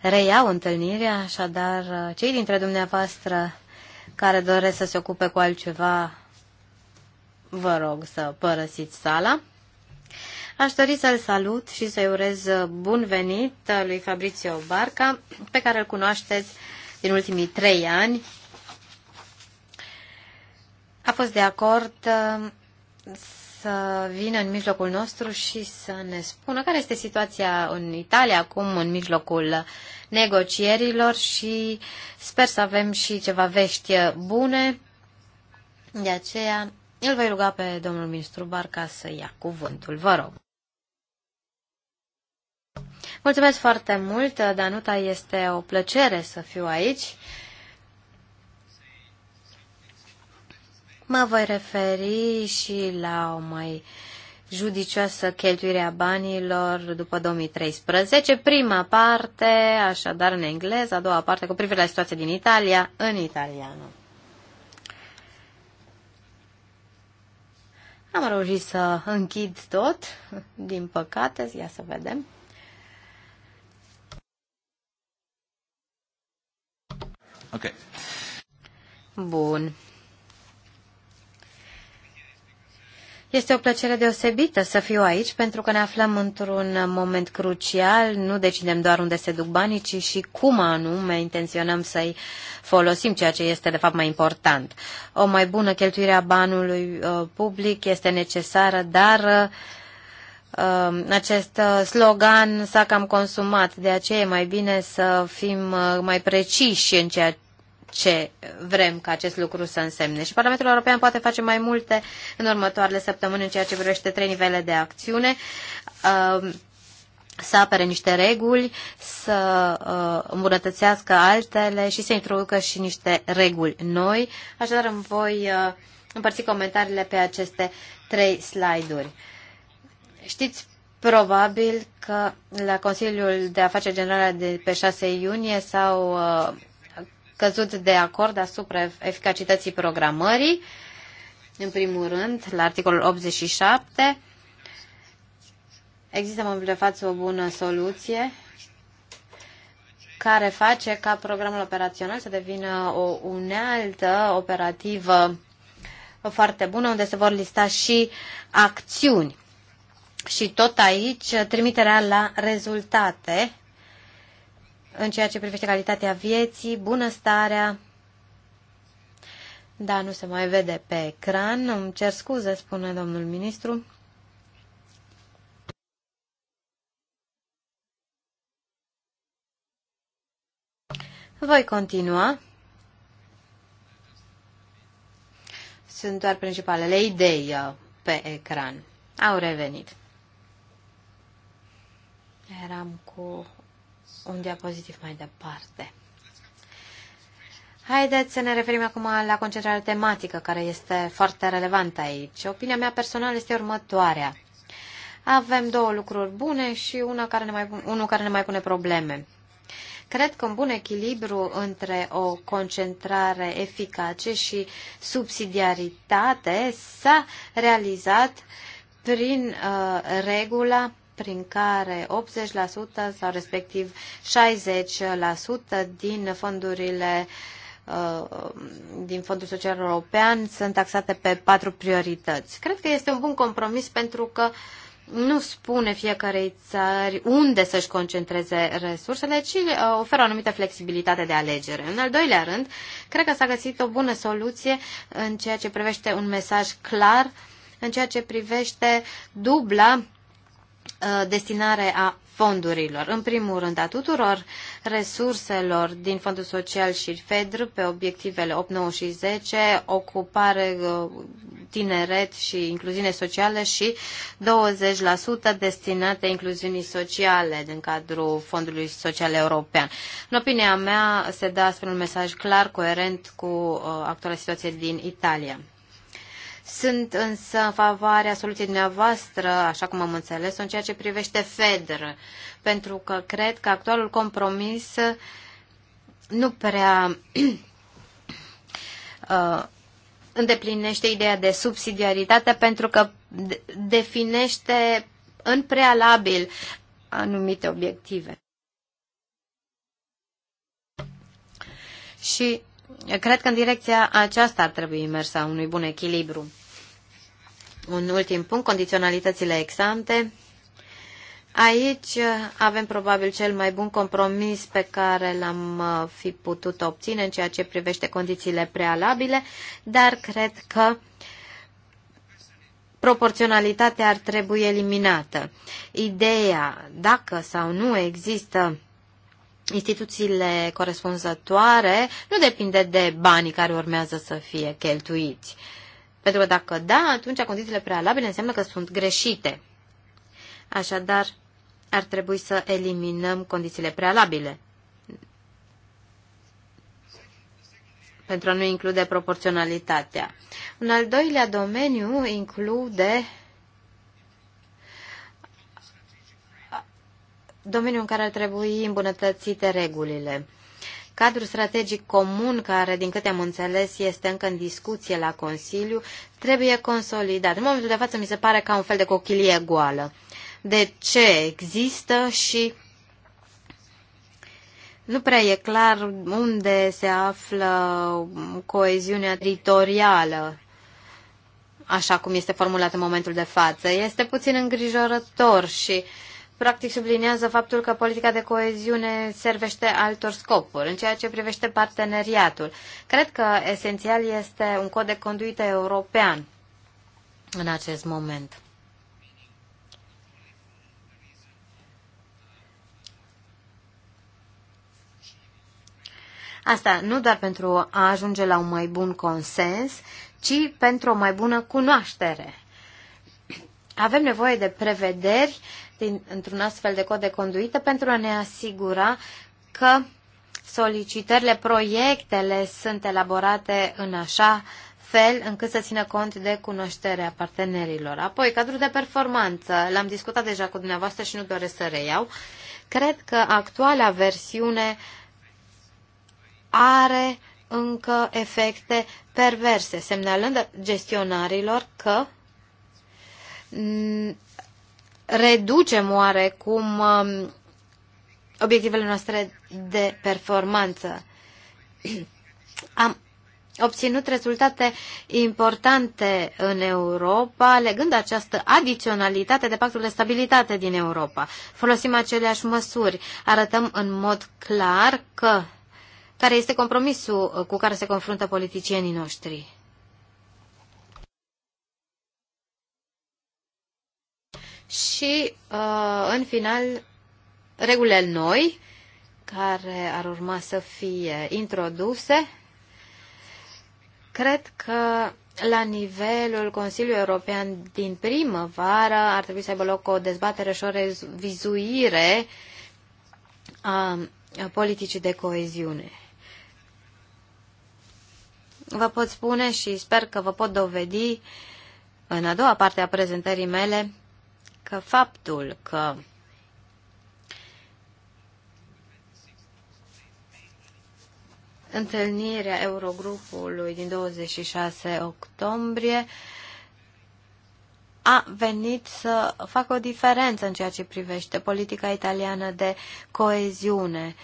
reiau întâlnirea, așadar uh, cei dintre dumneavoastră care doresc să se ocupe cu altceva, vă rog să părăsiți sala. Aș dori să-l salut și să-i urez uh, bun venit uh, lui Fabrizio Barca, pe care îl cunoașteți din ultimii trei ani. A fost de acord să vină în mijlocul nostru și să ne spună care este situația în Italia acum, în mijlocul negocierilor și sper să avem și ceva vești bune. De aceea îl voi ruga pe domnul ministru Barca să ia cuvântul. Vă rog. Mulțumesc foarte mult, Danuta, este o plăcere să fiu aici Mă voi referi și la o mai judicioasă cheltuire a banilor după 2013. Prima parte, așadar în engleză, a doua parte cu privire la situația din Italia, în italiană. Am reușit să închid tot, din păcate, ia să vedem. Ok. Bun. Este o plăcere deosebită să fiu aici pentru că ne aflăm într-un moment crucial. Nu decidem doar unde se duc banii, ci și cum anume intenționăm să-i folosim, ceea ce este de fapt mai important. O mai bună cheltuire a banului uh, public este necesară, dar uh, um, acest uh, slogan s-a cam consumat, de aceea e mai bine să fim mai preciși în ceea ce ce vrem ca acest lucru să însemne. Și Parlamentul European poate face mai multe în următoarele săptămâni în ceea ce privește trei nivele de acțiune, um, să apere niște reguli, să uh, îmbunătățească altele și să introducă și niște reguli noi. Așadar îmi voi uh, împărți comentariile pe aceste trei slide-uri. Știți probabil că la Consiliul de Afaceri Generale de pe 6 iunie s-au uh, căzut de acord asupra eficacității programării, în primul rând, la articolul 87, există în de față o bună soluție care face ca programul operațional să devină o unealtă operativă foarte bună, unde se vor lista și acțiuni. Și tot aici trimiterea la rezultate în ceea ce privește calitatea vieții, bunăstarea. Da, nu se mai vede pe ecran. Îmi cer scuze, spune domnul ministru. Voi continua. Sunt doar principalele idei uh, pe ecran. Au revenit. Eram cu un diapozitiv mai departe. Haideți să ne referim acum la concentrarea tematică, care este foarte relevantă aici. Opinia mea personală este următoarea. Avem două lucruri bune și una care ne mai, unul care ne mai pune probleme. Cred că un bun echilibru între o concentrare eficace și subsidiaritate s-a realizat prin uh, regula prin care 80% sau respectiv 60% din fondurile uh, din Fondul Social European sunt taxate pe patru priorități. Cred că este un bun compromis pentru că nu spune fiecarei țări unde să-și concentreze resursele, ci uh, oferă o anumită flexibilitate de alegere. În al doilea rând, cred că s-a găsit o bună soluție în ceea ce privește un mesaj clar, în ceea ce privește dubla Uh, destinare a fondurilor. În primul rând, a tuturor resurselor din Fondul Social și FEDR pe obiectivele 8, 9 și 10, ocupare, uh, tineret și incluziune socială și 20% destinate incluziunii sociale din cadrul Fondului Social European. În opinia mea, se dă astfel un mesaj clar, coerent cu uh, actuala situație din Italia. Sunt însă în favoarea soluției dumneavoastră, așa cum am înțeles, în ceea ce privește FEDER, pentru că cred că actualul compromis nu prea uh, îndeplinește ideea de subsidiaritate pentru că definește în prealabil anumite obiective. Și cred că în direcția aceasta ar trebui imersa unui bun echilibru un ultim punct, condiționalitățile exante. Aici avem probabil cel mai bun compromis pe care l-am uh, fi putut obține în ceea ce privește condițiile prealabile, dar cred că proporționalitatea ar trebui eliminată. Ideea dacă sau nu există instituțiile corespunzătoare nu depinde de banii care urmează să fie cheltuiți. Uh, pentru că dacă da, atunci condițiile prealabile înseamnă că sunt greșite. Așadar, ar trebui să eliminăm condițiile prealabile. pentru a nu include proporționalitatea. Un al doilea domeniu include domeniul în care ar trebui îmbunătățite regulile. Cadrul strategic comun, care, din câte am înțeles, este încă în discuție la Consiliu, trebuie consolidat. În momentul de față mi se pare ca un fel de cochilie goală. De ce există și nu prea e clar unde se află coeziunea teritorială, așa cum este formulat în momentul de față. Este puțin îngrijorător și uh, practic subliniază faptul că politica de coeziune servește altor scopuri în ceea ce privește parteneriatul. Cred că esențial este un cod de conduită european în acest moment. Asta nu doar pentru a ajunge la un mai bun consens, ci pentru o mai bună cunoaștere. Avem nevoie de prevederi uh, într-un astfel de cod de conduită pentru a ne asigura că solicitările, proiectele sunt elaborate în așa fel încât să țină cont de cunoașterea partenerilor. Apoi, cadrul de performanță, l-am discutat deja cu dumneavoastră și nu doresc să reiau. Cred că actuala versiune are încă efecte perverse, semnalând gestionarilor că reducem oarecum um, obiectivele noastre de performanță. Am obținut rezultate importante în Europa, legând această adiționalitate de pactul de stabilitate din Europa. Folosim aceleași măsuri, arătăm în mod clar că care este compromisul cu care se confruntă politicienii noștri. și, uh, în final, regulile noi care ar urma să fie introduse, cred că la nivelul Consiliului European din primăvară ar trebui să aibă loc o dezbatere și o revizuire a politicii de coeziune. Vă pot spune și sper că vă pot dovedi în a doua parte a prezentării mele că faptul că întâlnirea Eurogrupului din 26 octombrie a venit să facă o diferență în ceea ce privește politica italiană de coeziune.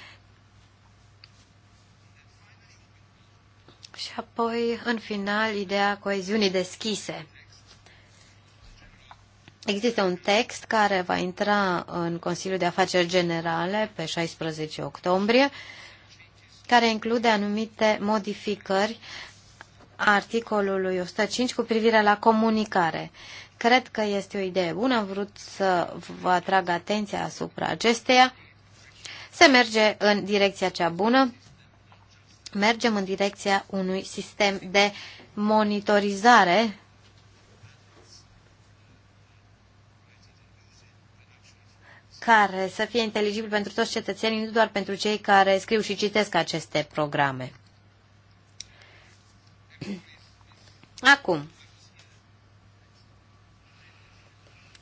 Și apoi, în final, ideea coeziunii deschise. Există un text care va intra în Consiliul de Afaceri Generale pe 16 octombrie, care include anumite modificări articolului 105 cu privire la comunicare. Cred că este o idee bună, am vrut să vă atrag atenția asupra acesteia. Se merge în direcția cea bună, mergem în direcția unui sistem de monitorizare care să fie inteligibil pentru toți cetățenii, nu doar pentru cei care scriu și citesc aceste programe. Acum,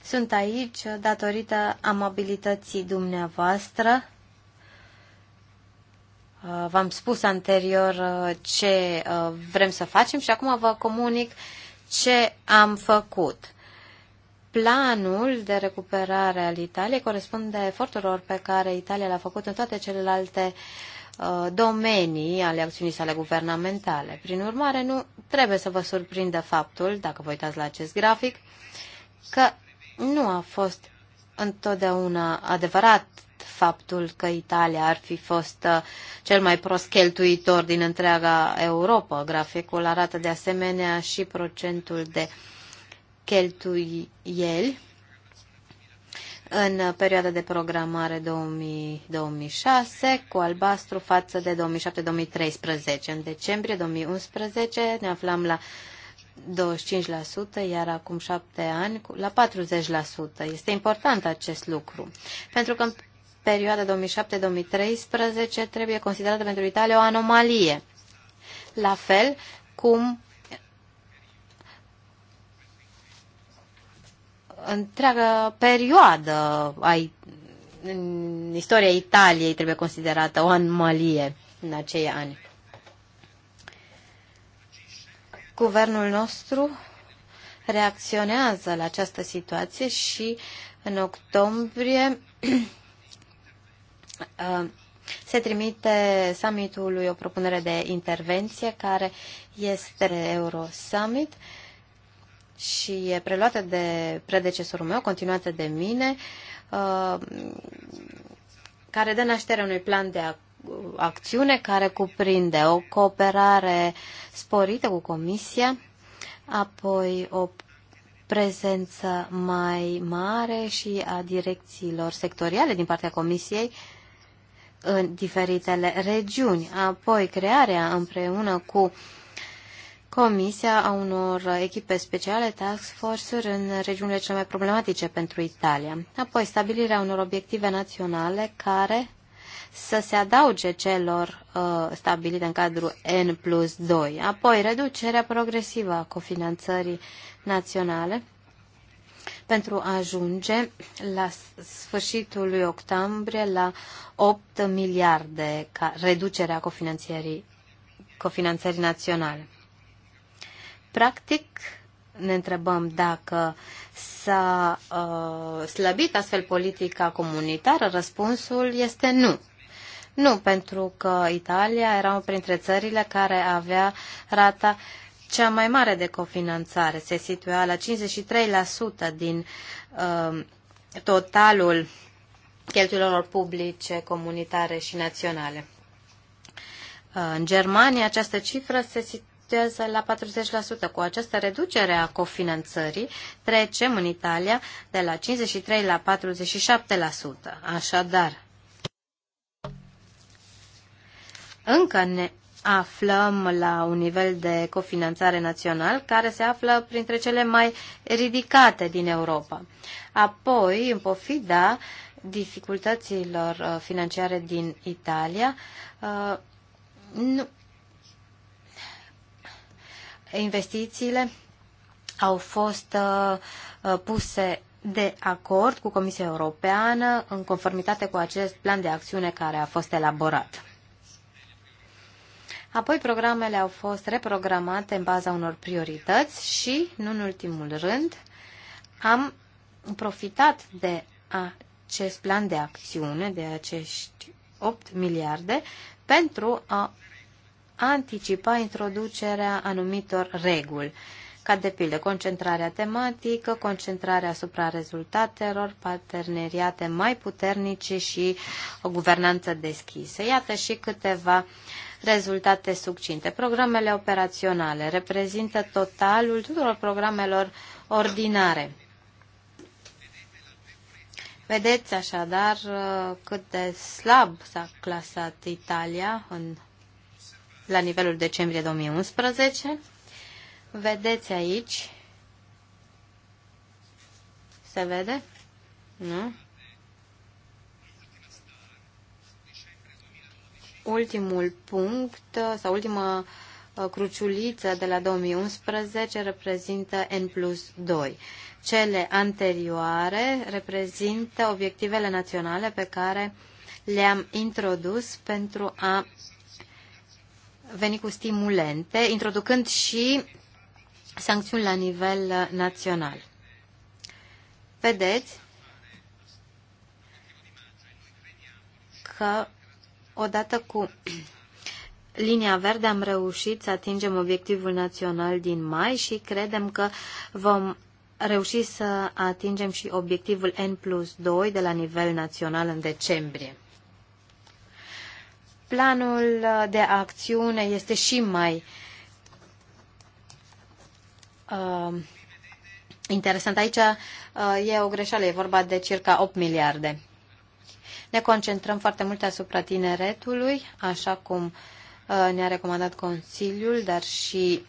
sunt aici datorită amabilității dumneavoastră. Uh, v-am spus anterior uh, ce uh, vrem să facem și acum vă comunic ce am făcut. Planul de recuperare al Italiei corespunde eforturilor pe care Italia le-a făcut în toate celelalte uh, domenii ale acțiunii sale guvernamentale. Prin urmare, nu trebuie să vă surprindă faptul, dacă vă uitați la acest grafic, că nu a fost întotdeauna adevărat faptul că Italia ar fi fost uh, cel mai prost cheltuitor din întreaga Europa. Graficul arată de asemenea și procentul de uh, cheltuieli în perioada de programare 2006 cu albastru față de 2007-2013. În decembrie 2011 ne aflam la 25%, iar acum 7 ani la 40%. Este important acest lucru, pentru că în perioada 2007-2013 trebuie considerată pentru Italia o anomalie. La fel cum întreagă perioadă ai, în istoria Italiei trebuie considerată o anomalie în acei ani. Guvernul nostru reacționează la această situație și în octombrie uh, se trimite summitului o propunere de intervenție care este Euro Summit și e preluată de predecesorul meu, continuată de mine, uh, care dă naștere unui plan de acțiune care cuprinde o cooperare sporită cu Comisia, apoi o prezență mai mare și a direcțiilor sectoriale din partea Comisiei în diferitele regiuni, apoi crearea împreună cu comisia a unor echipe speciale, task force în regiunile cele mai problematice pentru Italia. Apoi, stabilirea unor obiective naționale care să se adauge celor uh, stabilite în cadrul N plus 2. Apoi, reducerea progresivă a cofinanțării naționale pentru a ajunge la sfârșitul lui octombrie la 8 miliarde ca reducerea cofinanțării cofinanțării naționale. Practic, ne întrebăm dacă s-a uh, slăbit astfel politica comunitară, răspunsul este nu. Nu, pentru că Italia era printre țările care avea rata cea mai mare de cofinanțare. Se situa la 53% din uh, totalul cheltuielor publice, comunitare și naționale. Uh, în Germania această cifră se 40 la 40%. Cu această reducere a cofinanțării trecem în Italia de la 53 la 47%. Așadar, încă ne aflăm la un nivel de cofinanțare național care se află printre cele mai ridicate din Europa. Apoi, în pofida dificultăților uh, financiare din Italia, uh, nu, investițiile au fost uh, puse de acord cu Comisia Europeană în conformitate cu acest plan de acțiune care a fost elaborat. Apoi programele au fost reprogramate în baza unor priorități și, nu în ultimul rând, am profitat de acest plan de acțiune, de acești 8 miliarde, pentru a anticipa introducerea anumitor reguli, ca de pildă concentrarea tematică, concentrarea asupra rezultatelor, parteneriate mai puternice și o guvernanță deschisă. Iată și câteva rezultate succinte. Programele operaționale reprezintă totalul tuturor programelor ordinare. Vedeți așadar uh, cât de slab s-a clasat Italia în la nivelul decembrie 2011. Vedeți aici. Se vede? Nu? Ultimul punct uh, sau ultima uh, cruciuliță de la 2011 reprezintă N plus 2. Cele anterioare reprezintă obiectivele naționale pe care le-am introdus pentru a veni cu stimulente, introducând și sancțiuni la nivel uh, național. Vedeți că odată cu linia verde am reușit să atingem obiectivul național din mai și credem că vom reuși să atingem și obiectivul N plus 2 de la nivel național în decembrie planul de acțiune este și mai uh, interesant. Aici uh, e o greșeală, e vorba de circa 8 miliarde. Ne concentrăm foarte mult asupra tineretului, așa cum uh, ne-a recomandat Consiliul, dar și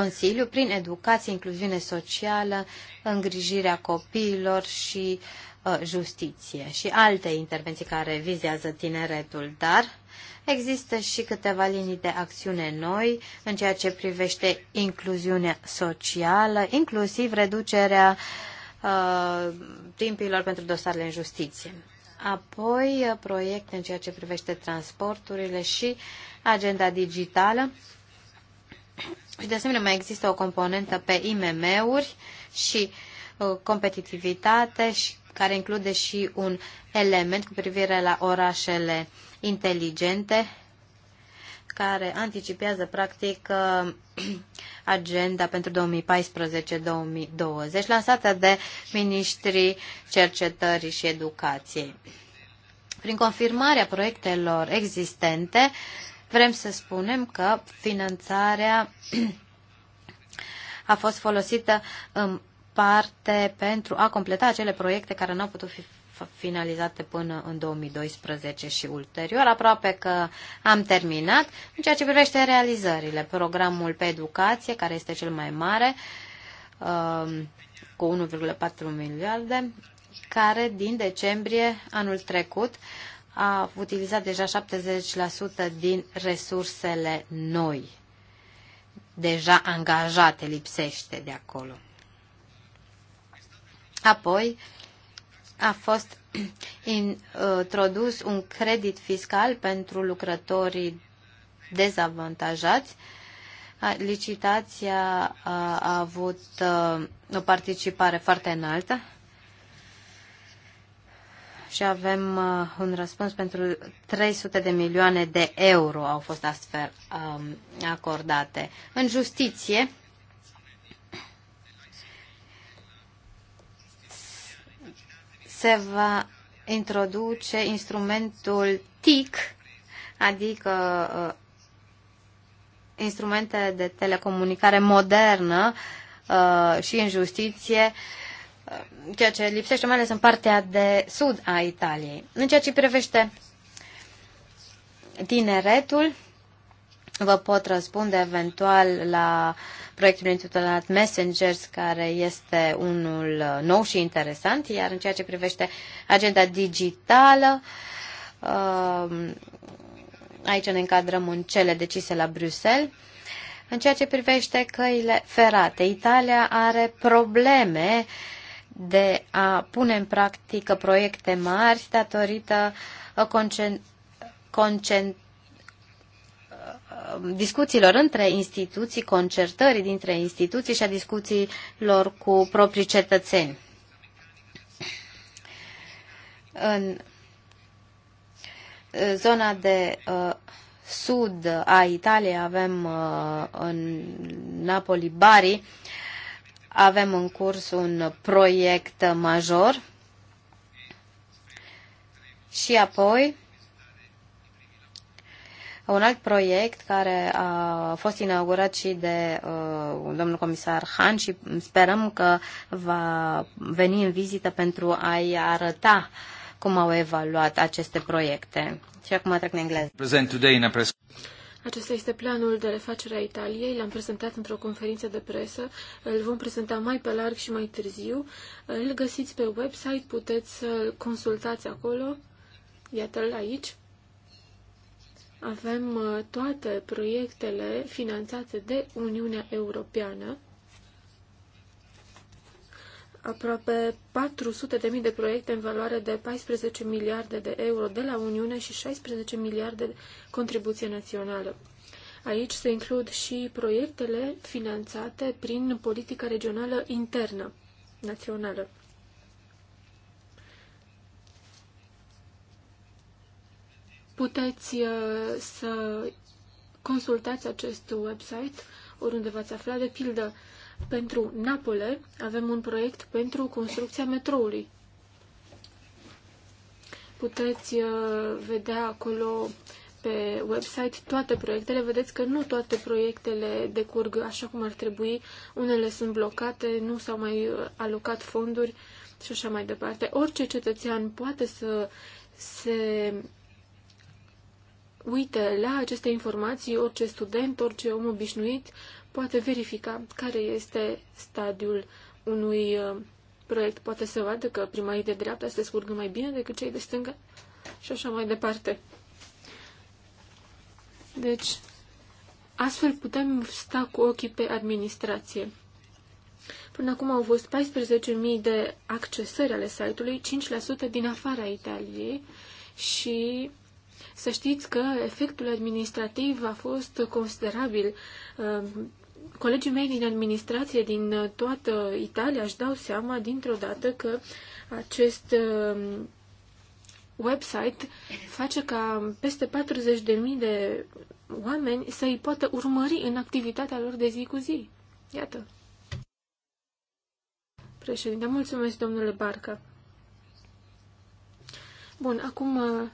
Consiliu prin educație, incluziune socială, îngrijirea copiilor și uh, justiție și alte intervenții care vizează tineretul, dar există și câteva linii de acțiune noi în ceea ce privește incluziunea socială, inclusiv reducerea uh, timpilor pentru dosarele în justiție. Apoi uh, proiecte în ceea ce privește transporturile și agenda digitală și de asemenea mai există o componentă pe IMM-uri și uh, competitivitate și care include și un element cu privire la orașele inteligente care anticipează practic uh, agenda pentru 2014-2020 lansată de ministrii cercetării și educației. Prin confirmarea proiectelor existente, Vrem să spunem că finanțarea a fost folosită în parte pentru a completa acele proiecte care nu au putut fi finalizate până în 2012 și ulterior. Aproape că am terminat. În ceea ce privește realizările, programul pe educație, care este cel mai mare, um, cu 1,4 miliarde, care din decembrie anul trecut a utilizat deja 70% din resursele noi, deja angajate, lipsește de acolo. Apoi a fost introdus un credit fiscal pentru lucrătorii dezavantajați. Licitația a avut o participare foarte înaltă, și avem uh, un răspuns pentru 300 de milioane de euro au fost astfel um, acordate. În justiție, se va introduce instrumentul TIC, adică uh, instrumente de telecomunicare modernă uh, și în justiție Uh, ceea ce lipsește mai ales în partea de sud a Italiei. În ceea ce privește tineretul, vă pot răspunde eventual la proiectul intitulat Messengers, care este unul uh, nou și interesant, iar în ceea ce privește agenda digitală, uh, aici ne încadrăm în cele decise la Bruxelles. În ceea ce privește căile ferate, Italia are probleme uh, de a pune în practică proiecte mari datorită concent... Uh, concent... Uh, discuțiilor între instituții, concertării dintre instituții și a discuțiilor cu proprii cetățeni. În uh, zona de uh, sud a Italiei avem uh, în Napoli Bari avem în curs un proiect major și apoi un alt proiect care a fost inaugurat și de uh, domnul comisar Han și sperăm că va veni în vizită pentru a-i arăta cum au evaluat aceste proiecte. Și acum trec în engleză. Present today in a press acesta este planul de refacere a Italiei. L-am prezentat într-o conferință de presă. Îl vom prezenta mai pe larg și mai târziu. Îl găsiți pe website, puteți să-l consultați acolo. Iată-l aici. Avem uh, toate proiectele finanțate de Uniunea Europeană aproape 400.000 de proiecte în valoare de 14 miliarde de euro de la Uniune și 16 miliarde de contribuție națională. Aici se includ și proiectele finanțate prin politica regională internă națională. Puteți uh, să consultați acest website oriunde v-ați afla, de pildă pentru Napole avem un proiect pentru construcția metroului. Puteți uh, vedea acolo pe website toate proiectele. Vedeți că nu toate proiectele decurg așa cum ar trebui. Unele sunt blocate, nu s-au mai uh, alocat fonduri și așa mai departe. Orice cetățean poate să se uite la aceste informații, orice student, orice om obișnuit poate verifica care este stadiul unui uh, proiect. Poate să vadă că primarii de dreapta se scurgă mai bine decât cei de stânga și așa mai departe. Deci, astfel putem sta cu ochii pe administrație. Până acum au fost 14.000 de accesări ale site-ului, 5% din afara Italiei și să știți că efectul administrativ a fost considerabil. Uh, colegii mei din administrație, din uh, toată Italia, își dau seama dintr-o dată că acest uh, website face ca peste 40.000 de oameni să îi poată urmări în activitatea lor de zi cu zi. Iată. Președinte, mulțumesc, domnule Barca. Bun, acum uh,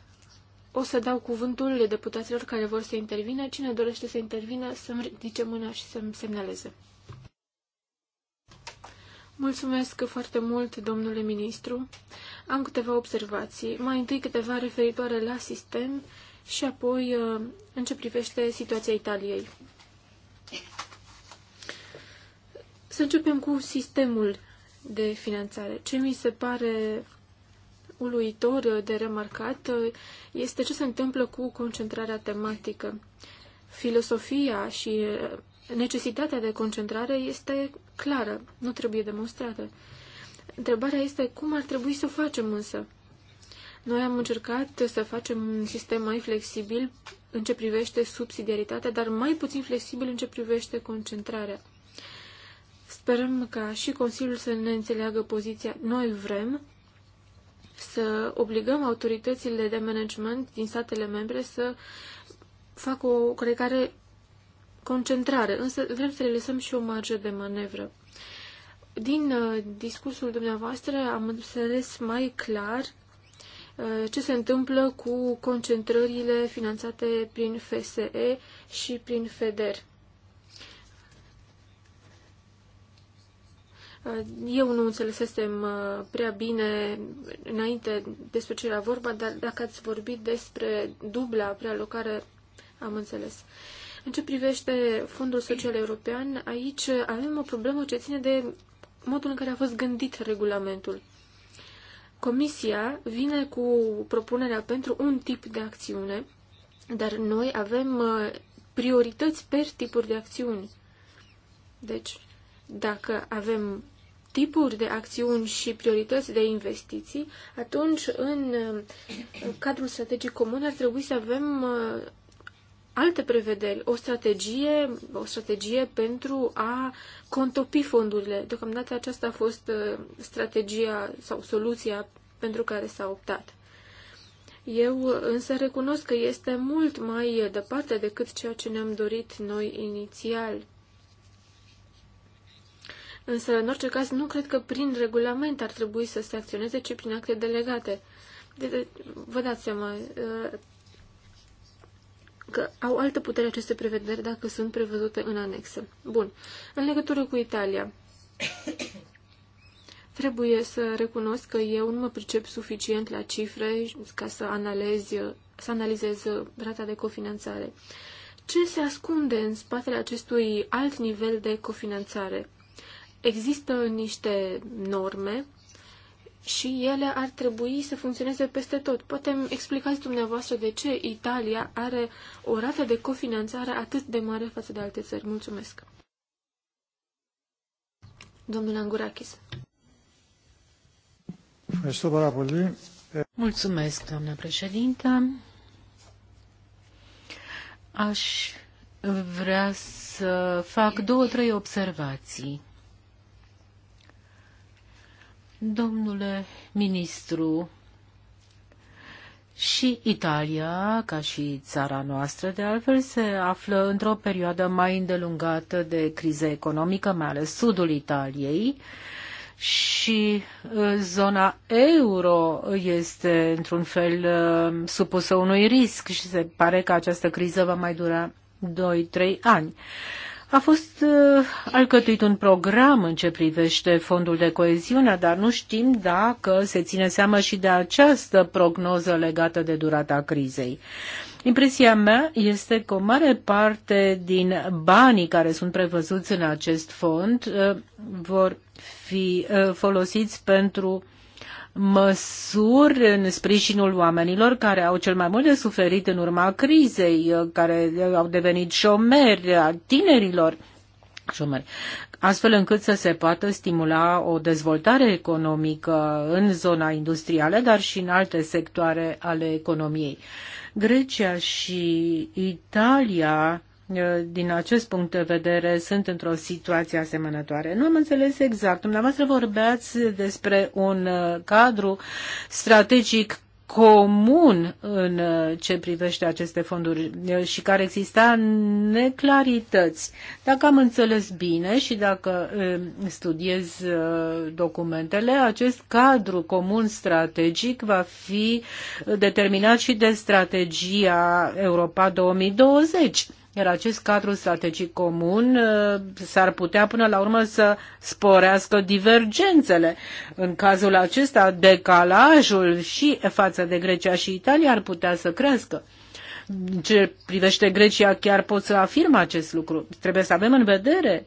o să dau cuvântul deputaților care vor să intervină. Cine dorește să intervină, să-mi ridice mâna și să-mi semnaleze. Mulțumesc foarte mult, domnule ministru. Am câteva observații. Mai întâi câteva referitoare la sistem și apoi uh, în ce privește situația Italiei. Să începem cu sistemul de finanțare. Ce mi se pare uluitor de remarcat este ce se întâmplă cu concentrarea tematică. Filosofia și necesitatea de concentrare este clară, nu trebuie demonstrată. Întrebarea este cum ar trebui să o facem însă. Noi am încercat să facem un sistem mai flexibil în ce privește subsidiaritatea, dar mai puțin flexibil în ce privește concentrarea. Sperăm ca și Consiliul să ne înțeleagă poziția. Noi vrem să obligăm autoritățile de management din statele membre să facă o oarecare concentrare, însă vrem să le lăsăm și o marjă de manevră. Din uh, discursul dumneavoastră am înțeles mai clar uh, ce se întâmplă cu concentrările finanțate prin FSE și prin FEDER. Uh, eu nu înțelesem uh, prea bine înainte despre ce era vorba, dar dacă ați vorbit despre dubla prealocare, am înțeles. În ce privește Fondul Social European, aici avem o problemă ce ține de modul în care a fost gândit regulamentul. Comisia vine cu propunerea pentru un tip de acțiune, dar noi avem uh, priorități per tipuri de acțiuni. Deci, dacă avem tipuri de acțiuni și priorități de investiții, atunci în cadrul strategic comun ar trebui să avem uh, alte prevederi, o strategie, o strategie pentru a contopi fondurile. Deocamdată aceasta a fost uh, strategia sau soluția pentru care s-a optat. Eu însă recunosc că este mult mai departe decât ceea ce ne-am dorit noi inițial Însă, în orice caz, nu cred că prin regulament ar trebui să se acționeze, ci prin acte delegate. De, de, vă dați seama uh, că au altă putere aceste prevederi dacă sunt prevăzute în anexă. Bun. În legătură cu Italia, trebuie să recunosc că eu nu mă pricep suficient la cifre ca să, analez, să analizez rata de cofinanțare. Ce se ascunde în spatele acestui alt nivel de cofinanțare? Există niște norme și ele ar trebui să funcționeze peste tot. Poate îmi explicați dumneavoastră de ce Italia are o rată de cofinanțare atât de mare față de alte țări. Mulțumesc. Domnul Angurakis. Mulțumesc, doamnă președintă. Aș vrea să fac două, trei observații. Domnule ministru, și Italia, ca și țara noastră, de altfel, se află într-o perioadă mai îndelungată de criză economică, mai ales sudul Italiei, și uh, zona euro este, într-un fel, uh, supusă unui risc și se pare că această criză va mai dura 2-3 ani. A fost uh, alcătuit un program în ce privește fondul de coeziune, dar nu știm dacă se ține seama și de această prognoză legată de durata crizei. Impresia mea este că o mare parte din banii care sunt prevăzuți în acest fond uh, vor fi uh, folosiți pentru măsuri în sprijinul oamenilor care au cel mai mult de suferit în urma crizei, uh, care au devenit șomeri, a tinerilor șomeri, astfel încât să se poată stimula o dezvoltare economică în zona industrială, dar și în alte sectoare ale economiei. Grecia și Italia Eh, din acest punct de vedere, sunt într-o situație asemănătoare. Nu am înțeles exact. Dumneavoastră vorbeați despre un eh, cadru strategic comun în eh, ce privește aceste fonduri și care exista neclarități. Dacă am înțeles bine și dacă studiez documentele, acest cadru comun strategic va fi determinat și de strategia Europa 2020 iar acest cadru strategic comun uh, s-ar putea până la urmă să sporească divergențele. În cazul acesta, decalajul și față de Grecia și Italia ar putea să crească. Ce privește Grecia, chiar pot să afirm acest lucru. Trebuie să avem în vedere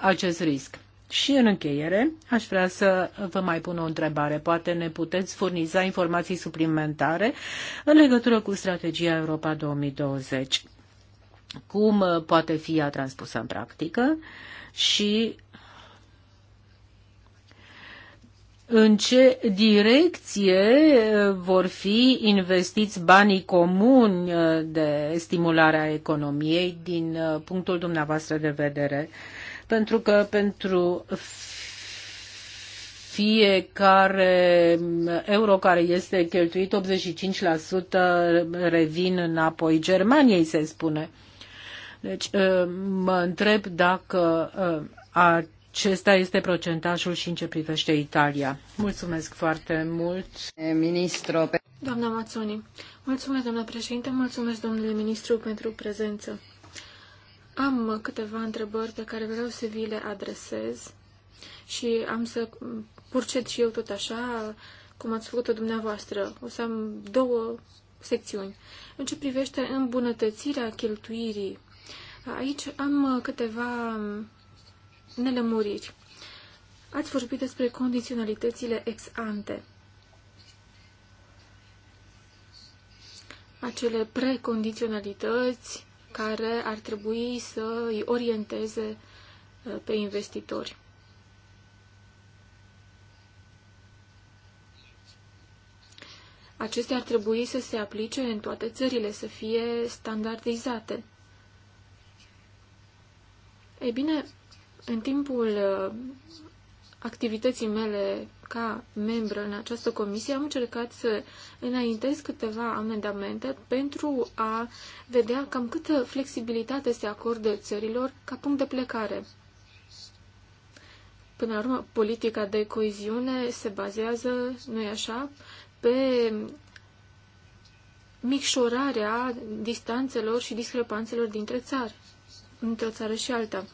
acest risc. Și în încheiere, aș vrea să vă mai pun o întrebare. Poate ne puteți furniza informații suplimentare în legătură cu strategia Europa 2020 cum uh, poate fi ea transpusă în practică și în ce direcție uh, vor fi investiți banii comuni uh, de stimulare a economiei din punctul dumneavoastră de vedere? Pentru că pentru fiecare euro care este cheltuit, 85% revin înapoi Germaniei, se spune. Deci uh, mă întreb dacă uh, acesta este procentajul și în ce privește Italia. Mulțumesc foarte mult. Ministru. Doamna Mazzoni, mulțumesc, doamna președinte, mulțumesc, domnule ministru, pentru prezență. Am câteva întrebări pe care vreau să vi le adresez și am să purcet și eu tot așa, cum ați făcut-o dumneavoastră. O să am două secțiuni. În ce privește îmbunătățirea cheltuirii Aici am uh, câteva um, nelămuriri. Ați vorbit despre condiționalitățile ex ante. Acele precondiționalități care ar trebui să îi orienteze uh, pe investitori. Acestea ar trebui să se aplice în toate țările, să fie standardizate. Ei bine, în timpul uh, activității mele ca membră în această comisie, am încercat să înaintez câteva amendamente pentru a vedea cam câtă flexibilitate se acordă țărilor ca punct de plecare. Până la urmă, politica de coeziune se bazează, nu e așa, pe micșorarea distanțelor și discrepanțelor dintre țări într-o țară și alta.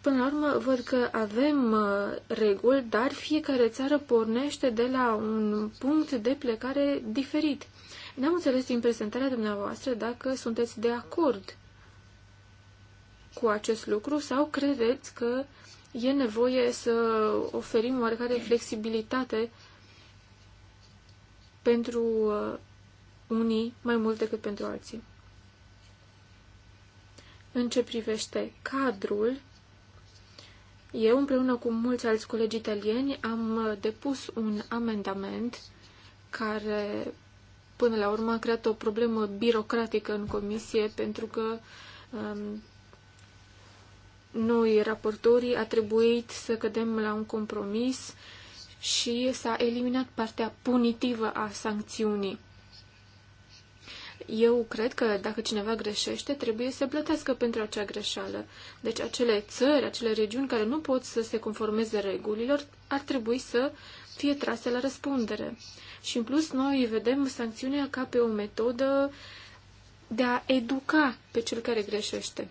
Până la urmă, văd că avem uh, reguli, dar fiecare țară pornește de la un punct de plecare diferit. N-am înțeles din prezentarea dumneavoastră dacă sunteți de acord cu acest lucru sau credeți că e nevoie să oferim oarecare flexibilitate pentru uh, unii mai mult decât pentru alții. În ce privește cadrul, eu, împreună cu mulți alți colegi italieni, am depus un amendament care, până la urmă, a creat o problemă birocratică în comisie, pentru că um, noi, raportorii, a trebuit să cădem la un compromis și s-a eliminat partea punitivă a sancțiunii. Eu cred că dacă cineva greșește, trebuie să plătească pentru acea greșeală. Deci acele țări, acele regiuni care nu pot să se conformeze regulilor, ar trebui să fie trase la răspundere. Și în plus, noi vedem sancțiunea ca pe o metodă de a educa pe cel care greșește.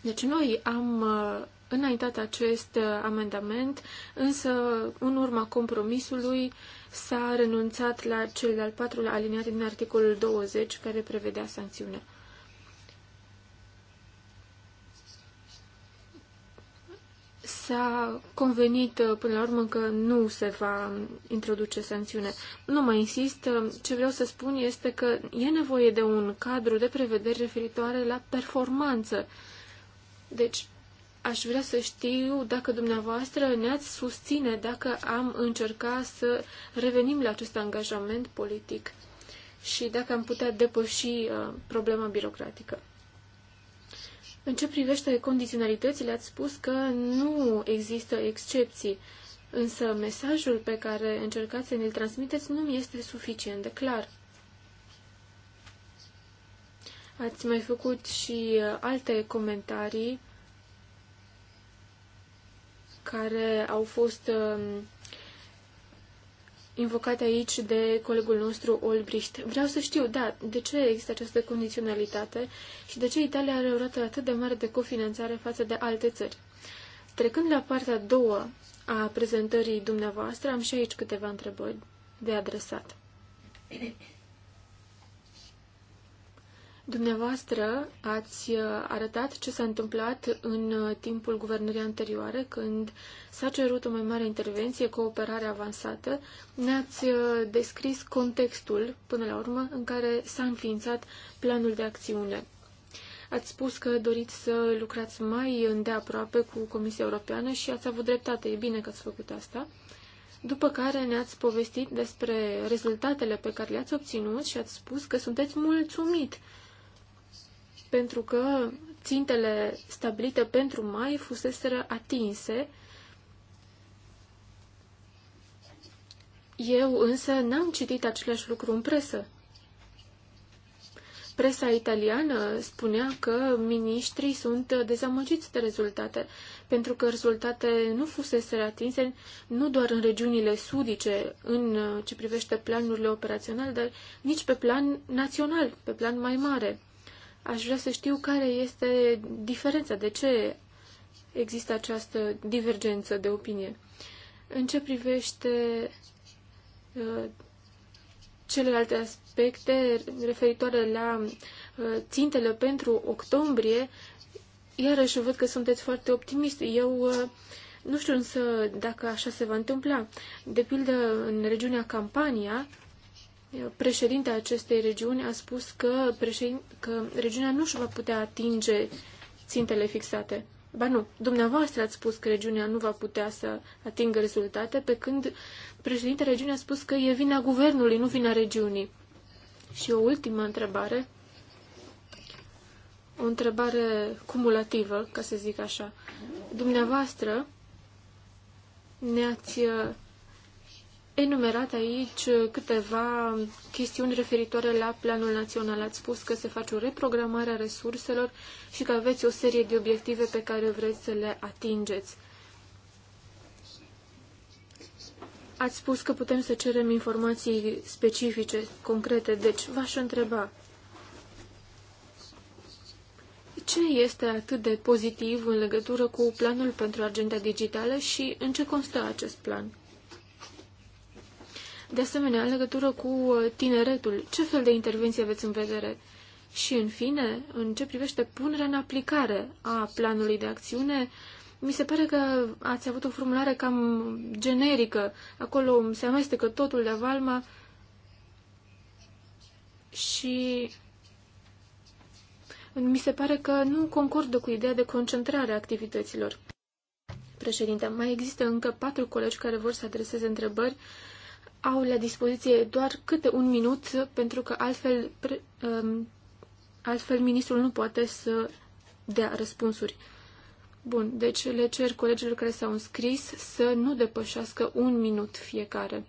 Deci noi am uh, înaintat acest uh, amendament, însă în urma compromisului s-a renunțat la cel de-al patrulea aliniat din articolul 20 care prevedea sancțiunea. S-a convenit uh, până la urmă că nu se va introduce sancțiune. Nu mai insist, uh, ce vreau să spun este că e nevoie de un cadru de prevederi referitoare la performanță. Deci, Aș vrea să știu dacă dumneavoastră ne-ați susține dacă am încercat să revenim la acest angajament politic și dacă am putea depăși uh, problema birocratică. În ce privește condiționalitățile, ați spus că nu există excepții, însă mesajul pe care încercați să ne-l transmiteți nu mi este suficient de clar. Ați mai făcut și uh, alte comentarii care au fost um, invocate aici de colegul nostru Olbricht. Vreau să știu, da, de ce există această condiționalitate și de ce Italia are o rată atât de mare de cofinanțare față de alte țări. Trecând la partea a doua a prezentării dumneavoastră, am și aici câteva întrebări de adresat. Dumneavoastră ați uh, arătat ce s-a întâmplat în uh, timpul guvernării anterioare, când s-a cerut o mai mare intervenție, cooperare avansată. Ne-ați uh, descris contextul, până la urmă, în care s-a înființat planul de acțiune. Ați spus că doriți să lucrați mai îndeaproape cu Comisia Europeană și ați avut dreptate. E bine că ați făcut asta. După care ne-ați povestit despre rezultatele pe care le-ați obținut și ați spus că sunteți mulțumit pentru că țintele stabilite pentru mai fuseseră atinse. Eu însă n-am citit același lucru în presă. Presa italiană spunea că miniștrii sunt dezamăgiți de rezultate, pentru că rezultate nu fusese atinse nu doar în regiunile sudice, în uh, ce privește planurile operaționale, dar nici pe plan național, pe plan mai mare. Aș vrea să știu care este diferența, de ce există această divergență de opinie. În ce privește uh, celelalte aspecte referitoare la uh, țintele pentru octombrie, iarăși văd că sunteți foarte optimist. Eu uh, nu știu însă dacă așa se va întâmpla. De pildă, în regiunea Campania, președintele acestei regiuni a spus că, președin... că regiunea nu și va putea atinge țintele fixate. Ba nu, dumneavoastră ați spus că regiunea nu va putea să atingă rezultate, pe când președintele regiunii a spus că e vina guvernului, nu vina regiunii. Și o ultimă întrebare, o întrebare cumulativă, ca să zic așa. Dumneavoastră ne-ați enumerat aici câteva chestiuni referitoare la Planul Național. Ați spus că se face o reprogramare a resurselor și că aveți o serie de obiective pe care vreți să le atingeți. Ați spus că putem să cerem informații specifice, concrete, deci v-aș întreba ce este atât de pozitiv în legătură cu planul pentru agenda digitală și în ce constă acest plan? De asemenea, în legătură cu uh, tineretul, ce fel de intervenție aveți în vedere? Și, în fine, în ce privește punerea în aplicare a planului de acțiune, mi se pare că ați avut o formulare cam generică. Acolo se amestecă totul de valma și mi se pare că nu concordă cu ideea de concentrare a activităților. Președinte, mai există încă patru colegi care vor să adreseze întrebări au la dispoziție doar câte un minut, pentru că altfel, pre, um, altfel ministrul nu poate să dea răspunsuri. Bun, deci le cer colegilor care s-au înscris să nu depășească un minut fiecare.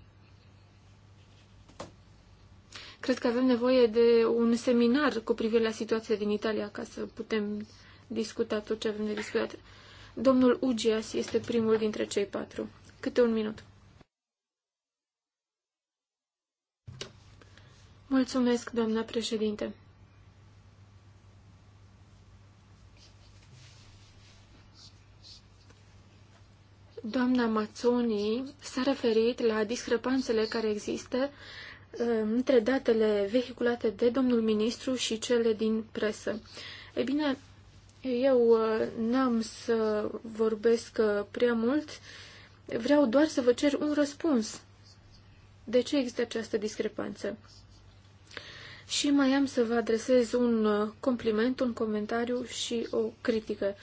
Cred că avem nevoie de un seminar cu privire la situația din Italia ca să putem discuta tot ce avem de discutat. Domnul Ugias este primul dintre cei patru. Câte un minut. Mulțumesc, doamna președinte. Doamna Mazzoni s-a referit la discrepanțele care există um, între datele vehiculate de domnul ministru și cele din presă. E bine, eu uh, n-am să vorbesc uh, prea mult, vreau doar să vă cer un răspuns. De ce există această discrepanță? Și mai am să vă adresez un uh, compliment, un comentariu și o critică.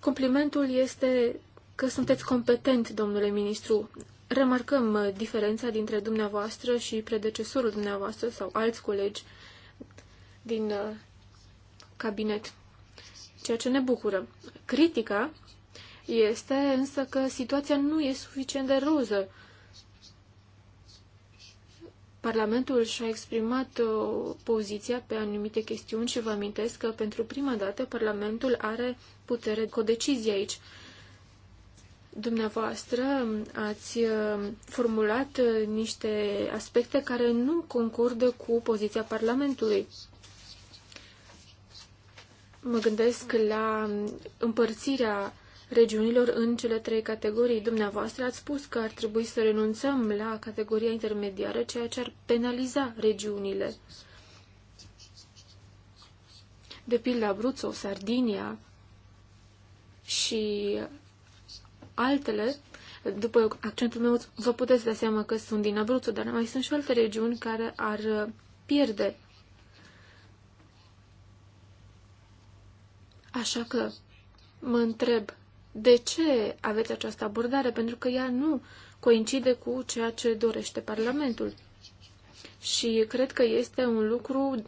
Complimentul este că sunteți competent, domnule ministru. Remarcăm uh, diferența dintre dumneavoastră și predecesorul dumneavoastră sau alți colegi din uh, cabinet, ceea ce ne bucură. Critica este însă că situația nu e suficient de roză. Parlamentul și-a exprimat uh, poziția pe anumite chestiuni și vă amintesc că pentru prima dată Parlamentul are putere cu o decizie aici. Dumneavoastră um, ați uh, formulat uh, niște aspecte care nu concordă cu poziția Parlamentului. Mă gândesc la um, împărțirea regiunilor în cele trei categorii. Dumneavoastră ați spus că ar trebui să renunțăm la categoria intermediară, ceea ce ar penaliza regiunile. De pildă Abruzzo, Sardinia și altele, după accentul meu vă puteți da seama că sunt din Abruzzo, dar mai sunt și alte regiuni care ar pierde. Așa că mă întreb de ce aveți această abordare, pentru că ea nu coincide cu ceea ce dorește Parlamentul. Și cred că este un lucru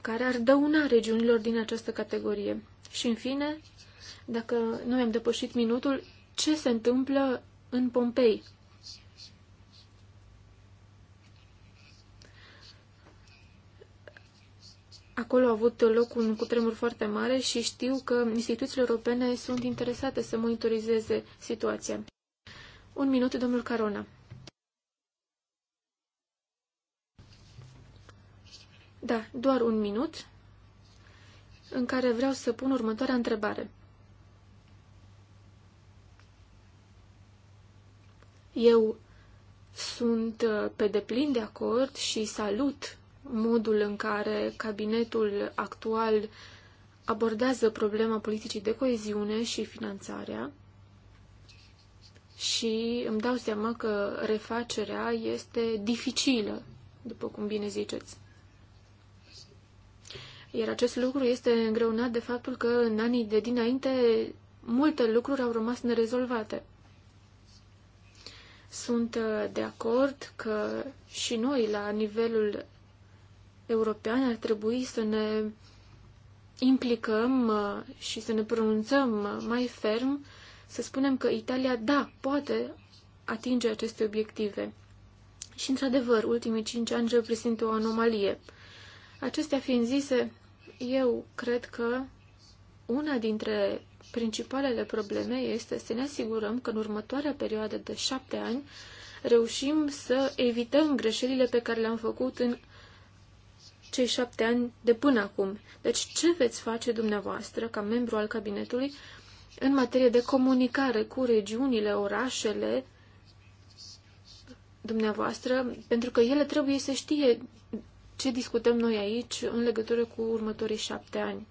care ar dăuna regiunilor din această categorie. Și, în fine, dacă nu am depășit minutul, ce se întâmplă în Pompei? Acolo a avut loc un cutremur foarte mare și știu că instituțiile europene sunt interesate să monitorizeze situația. Un minut, domnul Carona. Da, doar un minut, în care vreau să pun următoarea întrebare. Eu sunt uh, pe deplin de acord și salut modul în care cabinetul actual abordează problema politicii de coeziune și finanțarea și îmi dau seama că refacerea este dificilă, după cum bine ziceți. Iar acest lucru este îngreunat de faptul că în anii de dinainte multe lucruri au rămas nerezolvate. Sunt uh, de acord că și noi, la nivelul european ar trebui să ne implicăm uh, și să ne pronunțăm uh, mai ferm, să spunem că Italia, da, poate atinge aceste obiective. Și, într-adevăr, ultimii cinci ani reprezintă o anomalie. Acestea fiind zise, eu cred că una dintre principalele probleme este să ne asigurăm că în următoarea perioadă de șapte ani reușim să evităm greșelile pe care le-am făcut în cei șapte ani de până acum. Deci ce veți face dumneavoastră, ca membru al cabinetului, în materie de comunicare cu regiunile, orașele dumneavoastră, pentru că ele trebuie să știe ce discutăm noi aici în legătură cu următorii șapte ani.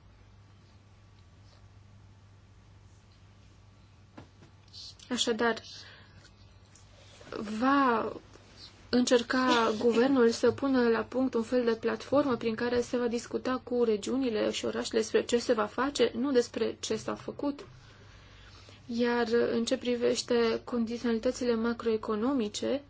Așadar, va încerca guvernul să pună la punct un fel de platformă prin care se va discuta cu regiunile și orașele despre ce se va face, nu despre ce s-a făcut. Iar în ce privește condiționalitățile macroeconomice,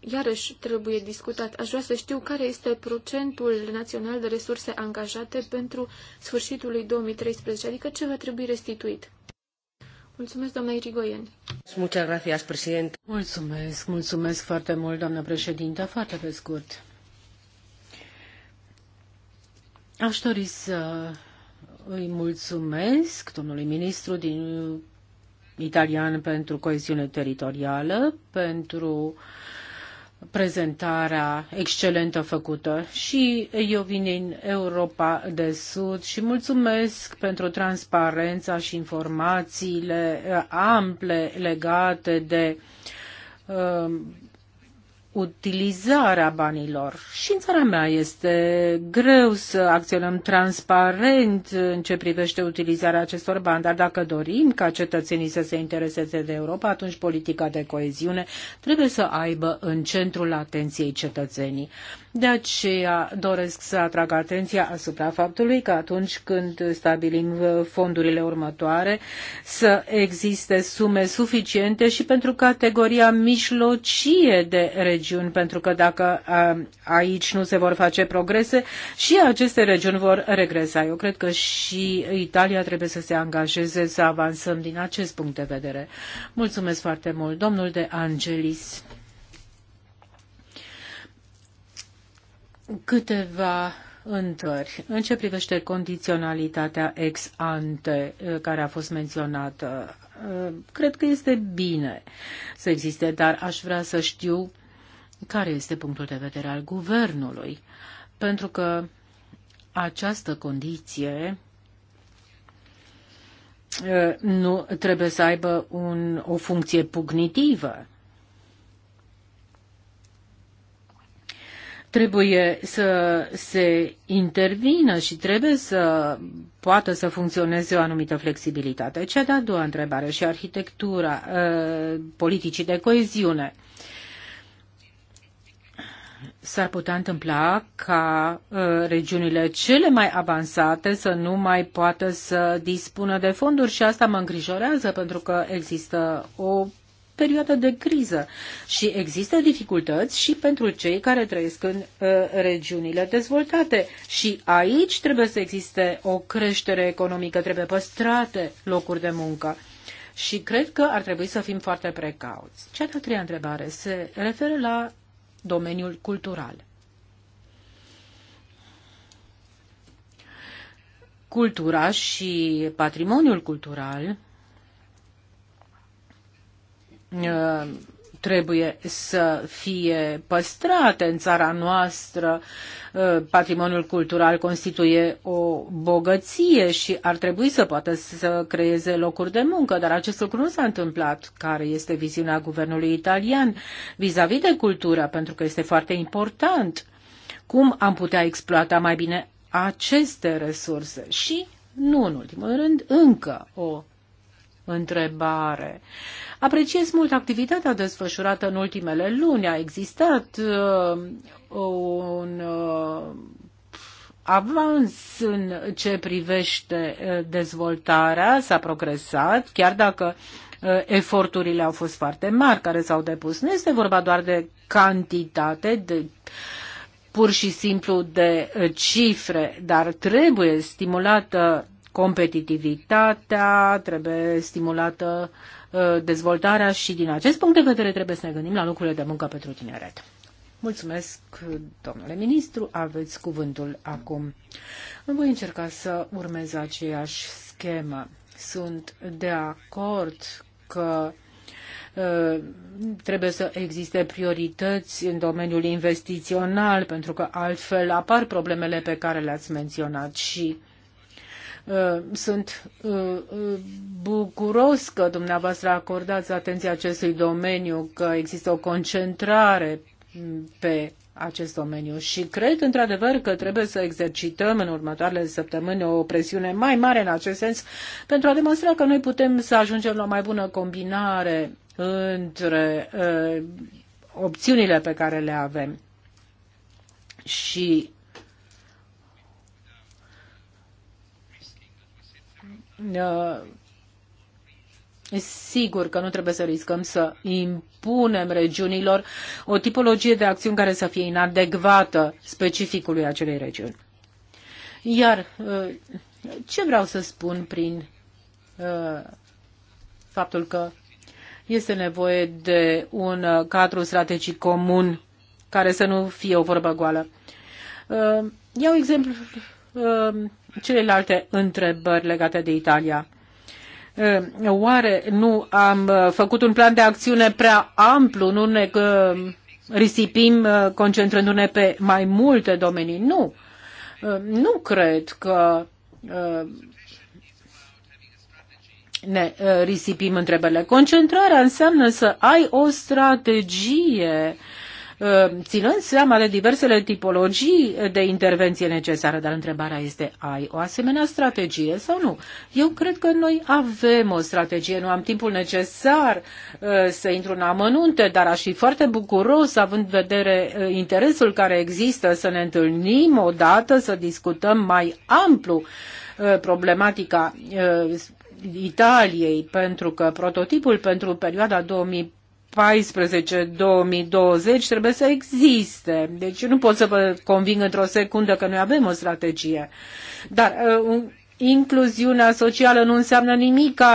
iarăși trebuie discutat. Aș vrea să știu care este procentul național de resurse angajate pentru sfârșitul lui 2013, adică ce va trebui restituit. Mulțumesc, doamna Irigoyen. Muchas gracias, președinte. Mulțumesc, mulțumesc foarte mult, doamnă președinte. Foarte pe scurt. Aș dori să îi mulțumesc domnului ministru din italian pentru coeziune teritorială, pentru uh, prezentarea excelentă făcută și eu vin din Europa de Sud și mulțumesc pentru transparența și informațiile ample legate de uh, utilizarea banilor. Și în țara mea este greu să acționăm transparent în ce privește utilizarea acestor bani, dar dacă dorim ca cetățenii să se intereseze de Europa, atunci politica de coeziune trebuie să aibă în centrul atenției cetățenii. De aceea doresc să atrag atenția asupra faptului că atunci când stabilim fondurile următoare să existe sume suficiente și pentru categoria mijlocie de regiune regiuni, pentru că dacă aici nu se vor face progrese, și aceste regiuni vor regresa. Eu cred că și Italia trebuie să se angajeze să avansăm din acest punct de vedere. Mulțumesc foarte mult, domnul de Angelis. Câteva întări. În ce privește condiționalitatea ex ante eh, care a fost menționată, eh, cred că este bine să existe, dar aș vrea să știu care este punctul de vedere al guvernului, pentru că această condiție nu trebuie să aibă un, o funcție pugnitivă. Trebuie să se intervină și trebuie să poată să funcționeze o anumită flexibilitate. Cea de-a doua întrebare și arhitectura politicii de coeziune s-ar putea întâmpla ca uh, regiunile cele mai avansate să nu mai poată să dispună de fonduri și asta mă îngrijorează pentru că există o perioadă de criză și există dificultăți și pentru cei care trăiesc în uh, regiunile dezvoltate și aici trebuie să existe o creștere economică, trebuie păstrate locuri de muncă și cred că ar trebui să fim foarte precauți. Cea de-a treia întrebare se referă la domeniul cultural. Cultura și patrimoniul cultural uh, trebuie să fie păstrate în țara noastră. Uh, patrimoniul cultural constituie o bogăție și ar trebui să poată să creeze locuri de muncă, dar acest lucru nu s-a întâmplat, care este viziunea guvernului italian vis-a-vis -vis de cultură, pentru că este foarte important cum am putea exploata mai bine aceste resurse și, nu în ultimul rând, încă o întrebare. Apreciez mult activitatea desfășurată în ultimele luni. A existat uh, un uh, avans în ce privește uh, dezvoltarea, s-a progresat, chiar dacă uh, eforturile au fost foarte mari care s-au depus. Nu este vorba doar de cantitate, de pur și simplu de uh, cifre, dar trebuie stimulată competitivitatea, trebuie stimulată uh, dezvoltarea și din acest punct de vedere trebuie să ne gândim la lucrurile de muncă pentru tineret. Mulțumesc, domnule ministru, aveți cuvântul acum. Voi încerca să urmez aceeași schemă. Sunt de acord că uh, trebuie să existe priorități în domeniul investițional, pentru că altfel apar problemele pe care le-ați menționat și Uh, sunt uh, uh, bucuros că dumneavoastră acordați atenția acestui domeniu, că există o concentrare pe acest domeniu și cred într-adevăr că trebuie să exercităm în următoarele săptămâni o presiune mai mare în acest sens pentru a demonstra că noi putem să ajungem la o mai bună combinare între uh, opțiunile pe care le avem. Și Sigur că nu trebuie să riscăm să impunem regiunilor o tipologie de acțiuni care să fie inadecvată specificului acelei regiuni. Iar uh, ce vreau să spun prin uh, faptul că este nevoie de un uh, cadru strategic comun care să nu fie o vorbă goală. Iau exemplu celelalte întrebări legate de Italia. Eh, oare nu am eh, făcut un plan de acțiune prea amplu, nu ne eh, risipim concentrându-ne pe mai multe domenii? Nu. Nu cred că ne risipim întrebările. Concentrarea înseamnă să ai o strategie Uh, ținând seama de diversele tipologii de intervenție necesară. Dar întrebarea este, ai o asemenea strategie sau nu? Eu cred că noi avem o strategie, nu am timpul necesar uh, să intru în amănunte, dar aș fi foarte bucuros, având vedere uh, interesul care există, să ne întâlnim odată, să discutăm mai amplu problematica Italiei, pentru că prototipul pentru perioada 2000- 2014-2020 trebuie să existe. Deci nu pot să vă conving într-o secundă că noi avem o strategie. Dar uh, incluziunea socială nu înseamnă nimic uh,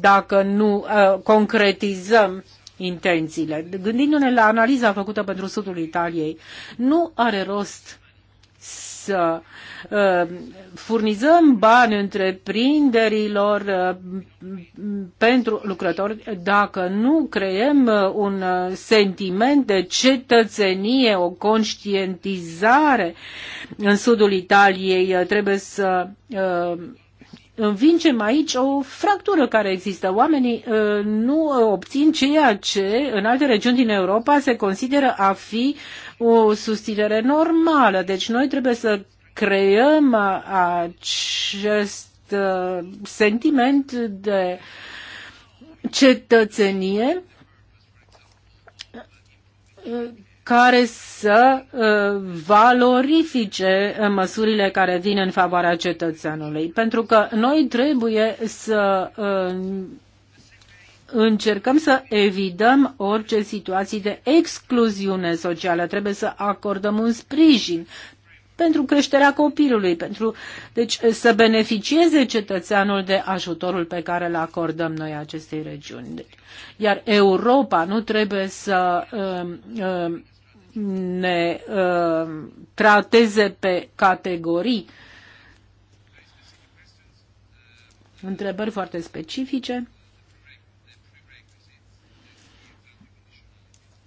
dacă nu uh, concretizăm intențiile. Gândindu-ne la analiza făcută pentru sudul Italiei, nu are rost să uh, furnizăm bani întreprinderilor uh, pentru lucrători dacă nu creăm uh, un sentiment de cetățenie, o conștientizare în sudul Italiei. Trebuie să învingem aici o fractură care există. Oamenii nu obțin ceea ce în alte regiuni din Europa se consideră a fi uh, o susținere normală. Deci noi trebuie să creăm acest sentiment de cetățenie care să valorifice măsurile care vin în favoarea cetățeanului. Pentru că noi trebuie să încercăm să evităm orice situații de excluziune socială. Trebuie să acordăm un sprijin pentru creșterea copilului, pentru, deci să beneficieze cetățeanul de ajutorul pe care îl acordăm noi acestei regiuni. Deci, iar Europa nu trebuie să uh, uh, ne uh, trateze pe categorii. Întrebări foarte specifice.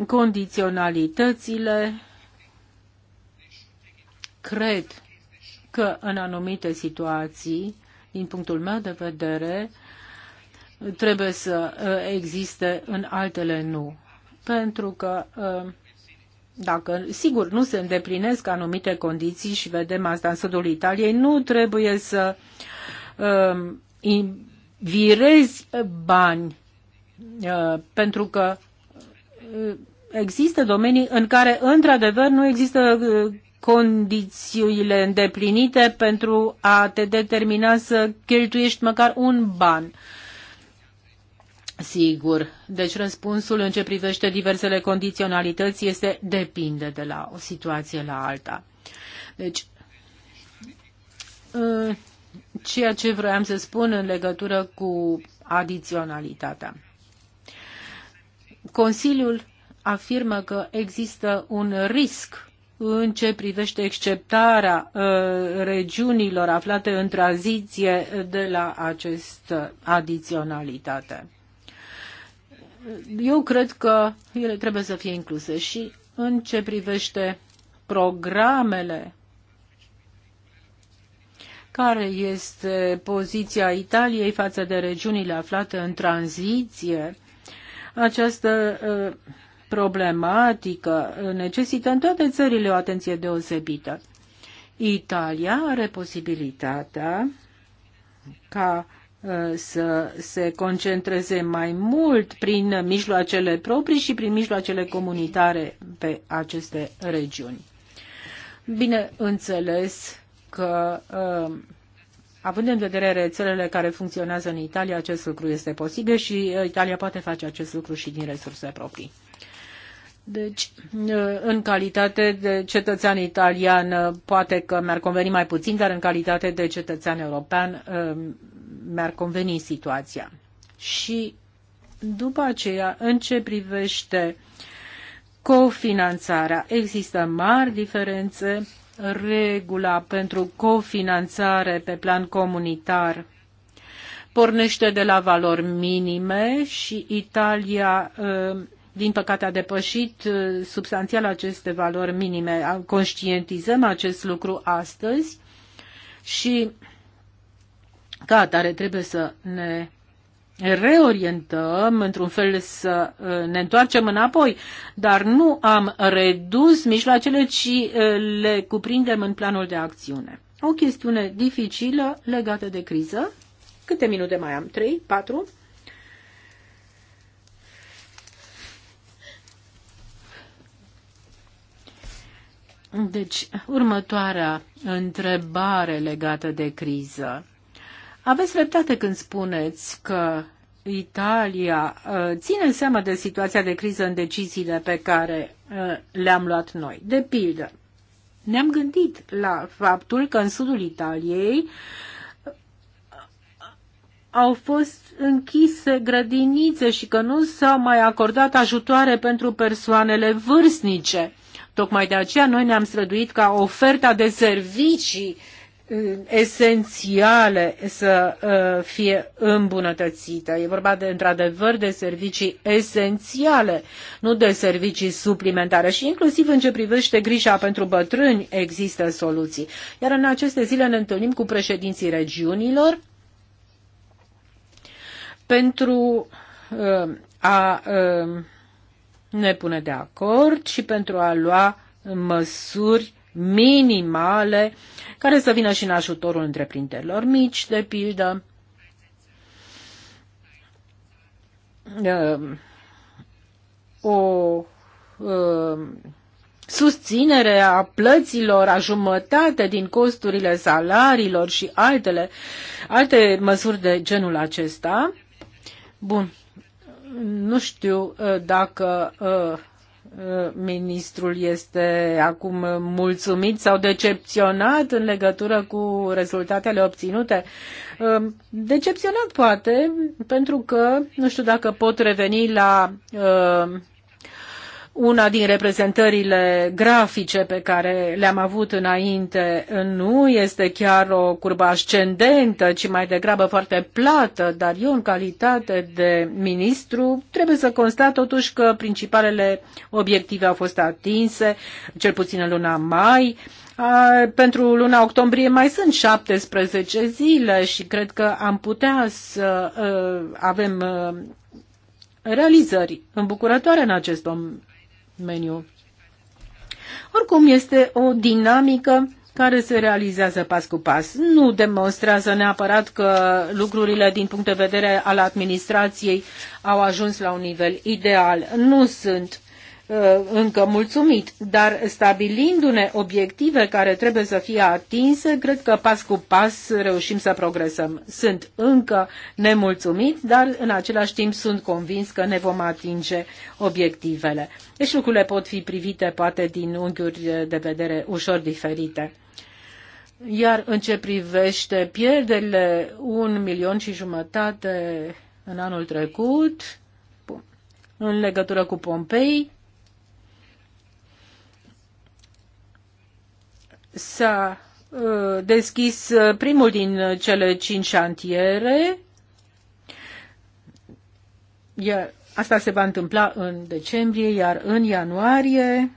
condiționalitățile, cred că în anumite situații, din punctul meu de vedere, trebuie să uh, existe, în altele nu. Pentru că uh, dacă, sigur, nu se îndeplinesc anumite condiții și vedem asta în sudul Italiei, nu trebuie să um, virezi bani uh, pentru că există domenii în care, într-adevăr, nu există uh, condițiile îndeplinite pentru a te determina să cheltuiești măcar un ban. Sigur. Deci răspunsul în ce privește diversele condiționalități este depinde de la o situație la alta. Deci, uh, ceea ce vroiam să spun în legătură cu adiționalitatea. Consiliul afirmă că există un risc în ce privește exceptarea uh, regiunilor aflate în tranziție de la această adiționalitate. Eu cred că ele trebuie să fie incluse și în ce privește programele care este poziția Italiei față de regiunile aflate în tranziție. Această uh, problematică necesită în toate țările o atenție deosebită. Italia are posibilitatea ca uh, să se concentreze mai mult prin mijloacele proprii și prin mijloacele comunitare pe aceste regiuni. Bine înțeles că uh, având în vedere rețelele care funcționează în Italia, acest lucru este posibil și uh, Italia poate face acest lucru și din resurse proprii. Deci, în calitate de cetățean italian, poate că mi-ar conveni mai puțin, dar în calitate de cetățean european um, mi-ar conveni situația. Și după aceea, în ce privește cofinanțarea, există mari diferențe. Regula pentru cofinanțare pe plan comunitar pornește de la valori minime și Italia um, din păcate, a depășit uh, substanțial aceste valori minime. Conștientizăm acest lucru astăzi și, ca atare, trebuie să ne reorientăm, într-un fel să uh, ne întoarcem înapoi, dar nu am redus mijloacele, ci uh, le cuprindem în planul de acțiune. O chestiune dificilă legată de criză. Câte minute mai am? 3? 4? Deci, următoarea întrebare legată de criză. Aveți dreptate când spuneți că Italia uh, ține seama de situația de criză în deciziile pe care uh, le-am luat noi. De pildă, ne-am gândit la faptul că în sudul Italiei uh, au fost închise grădinițe și că nu s-au mai acordat ajutoare pentru persoanele vârstnice. Tocmai de aceea noi ne-am străduit ca oferta de servicii uh, esențiale să uh, fie îmbunătățită. E vorba de, într-adevăr, de servicii esențiale, nu de servicii suplimentare. Și inclusiv în ce privește grija pentru bătrâni există soluții. Iar în aceste zile ne întâlnim cu președinții regiunilor pentru uh, a ne pune de acord și pentru a lua măsuri minimale care să vină și în ajutorul întreprinderilor mici, de pildă. Ehm, o ehm, susținere a plăților a jumătate din costurile salariilor și altele, alte măsuri de genul acesta. Bun. Nu știu uh, dacă uh, uh, ministrul este acum mulțumit sau decepționat în legătură cu rezultatele obținute. Um, decepționat poate, pentru că nu știu dacă pot reveni la uh, una din reprezentările grafice pe care le-am avut înainte nu este chiar o curbă ascendentă, ci mai degrabă foarte plată, dar eu în calitate de ministru trebuie să constat totuși că principalele obiective au fost atinse, cel puțin în luna mai, pentru luna octombrie mai sunt 17 zile și cred că am putea să avem realizări îmbucurătoare în acest domeniu meniu. Oricum, este o dinamică care se realizează pas cu pas. Nu demonstrează neapărat că lucrurile din punct de vedere al administrației au ajuns la un nivel ideal. Nu sunt Uh, încă mulțumit, dar stabilindu-ne obiective care trebuie să fie atinse, cred că pas cu pas reușim să progresăm. Sunt încă nemulțumit, dar în același timp sunt convins că ne vom atinge obiectivele. Deci lucrurile pot fi privite poate din unghiuri de vedere ușor diferite. Iar în ce privește pierderile, un milion și jumătate în anul trecut, în legătură cu Pompei, s-a uh, deschis uh, primul din uh, cele cinci șantiere, iar asta se va întâmpla în decembrie, iar în ianuarie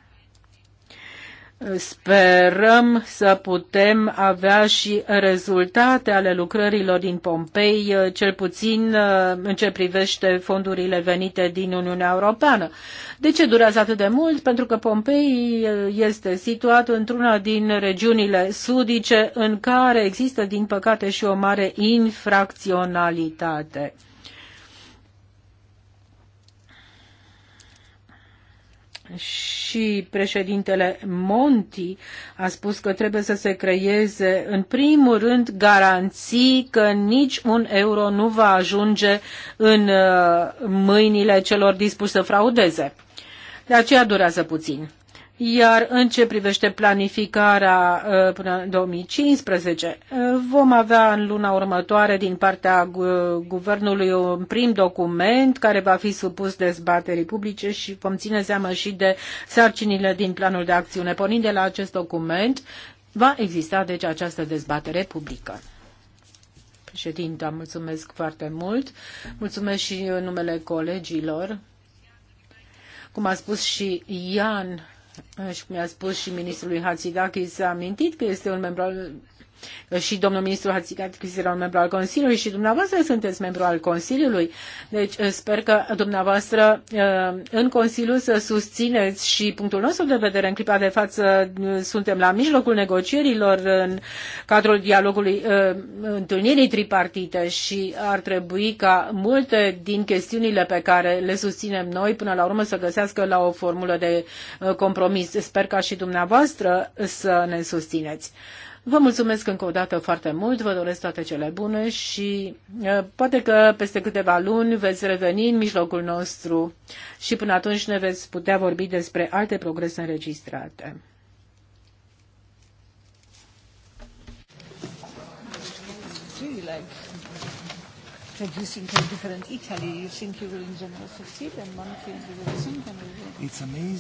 Sperăm să putem avea și rezultate ale lucrărilor din Pompei, cel puțin uh, în ce privește fondurile venite din Uniunea Europeană. De ce durează atât de mult? Pentru că Pompei uh, este situat într-una din regiunile sudice în care există, din păcate, și o mare infracționalitate. și președintele Monti a spus că trebuie să se creeze, în primul rând, garanții că nici un euro nu va ajunge în uh, mâinile celor dispuși să fraudeze. De aceea durează puțin. Iar în ce privește planificarea uh, până în 2015, uh, vom avea în luna următoare din partea guvernului un prim document care va fi supus dezbaterii publice și vom ține seama și de sarcinile din planul de acțiune. Pornind de la acest document, va exista deci această dezbatere publică. Președinte, mulțumesc foarte mult. Mulțumesc și în numele colegilor. Cum a spus și Ian, și mi-a spus și ministrului Hatzidakis, s-a amintit că este un membru al și domnul ministru Hatzicatis era un membru al Consiliului și dumneavoastră sunteți membru al Consiliului. Deci eh, sper că dumneavoastră eh, în Consiliu să susțineți și punctul nostru de vedere în clipa de față eh, suntem la mijlocul negocierilor în cadrul dialogului întâlnirii tripartite și ar trebui ca multe din chestiunile pe care le susținem noi până la urmă să găsească la o formulă de compromis. Sper ca și dumneavoastră să ne susțineți. Vă mulțumesc încă o dată foarte mult, vă doresc toate cele bune și uh, poate că peste câteva luni veți reveni în mijlocul nostru și până atunci ne veți putea vorbi despre alte progrese înregistrate. It's amazing.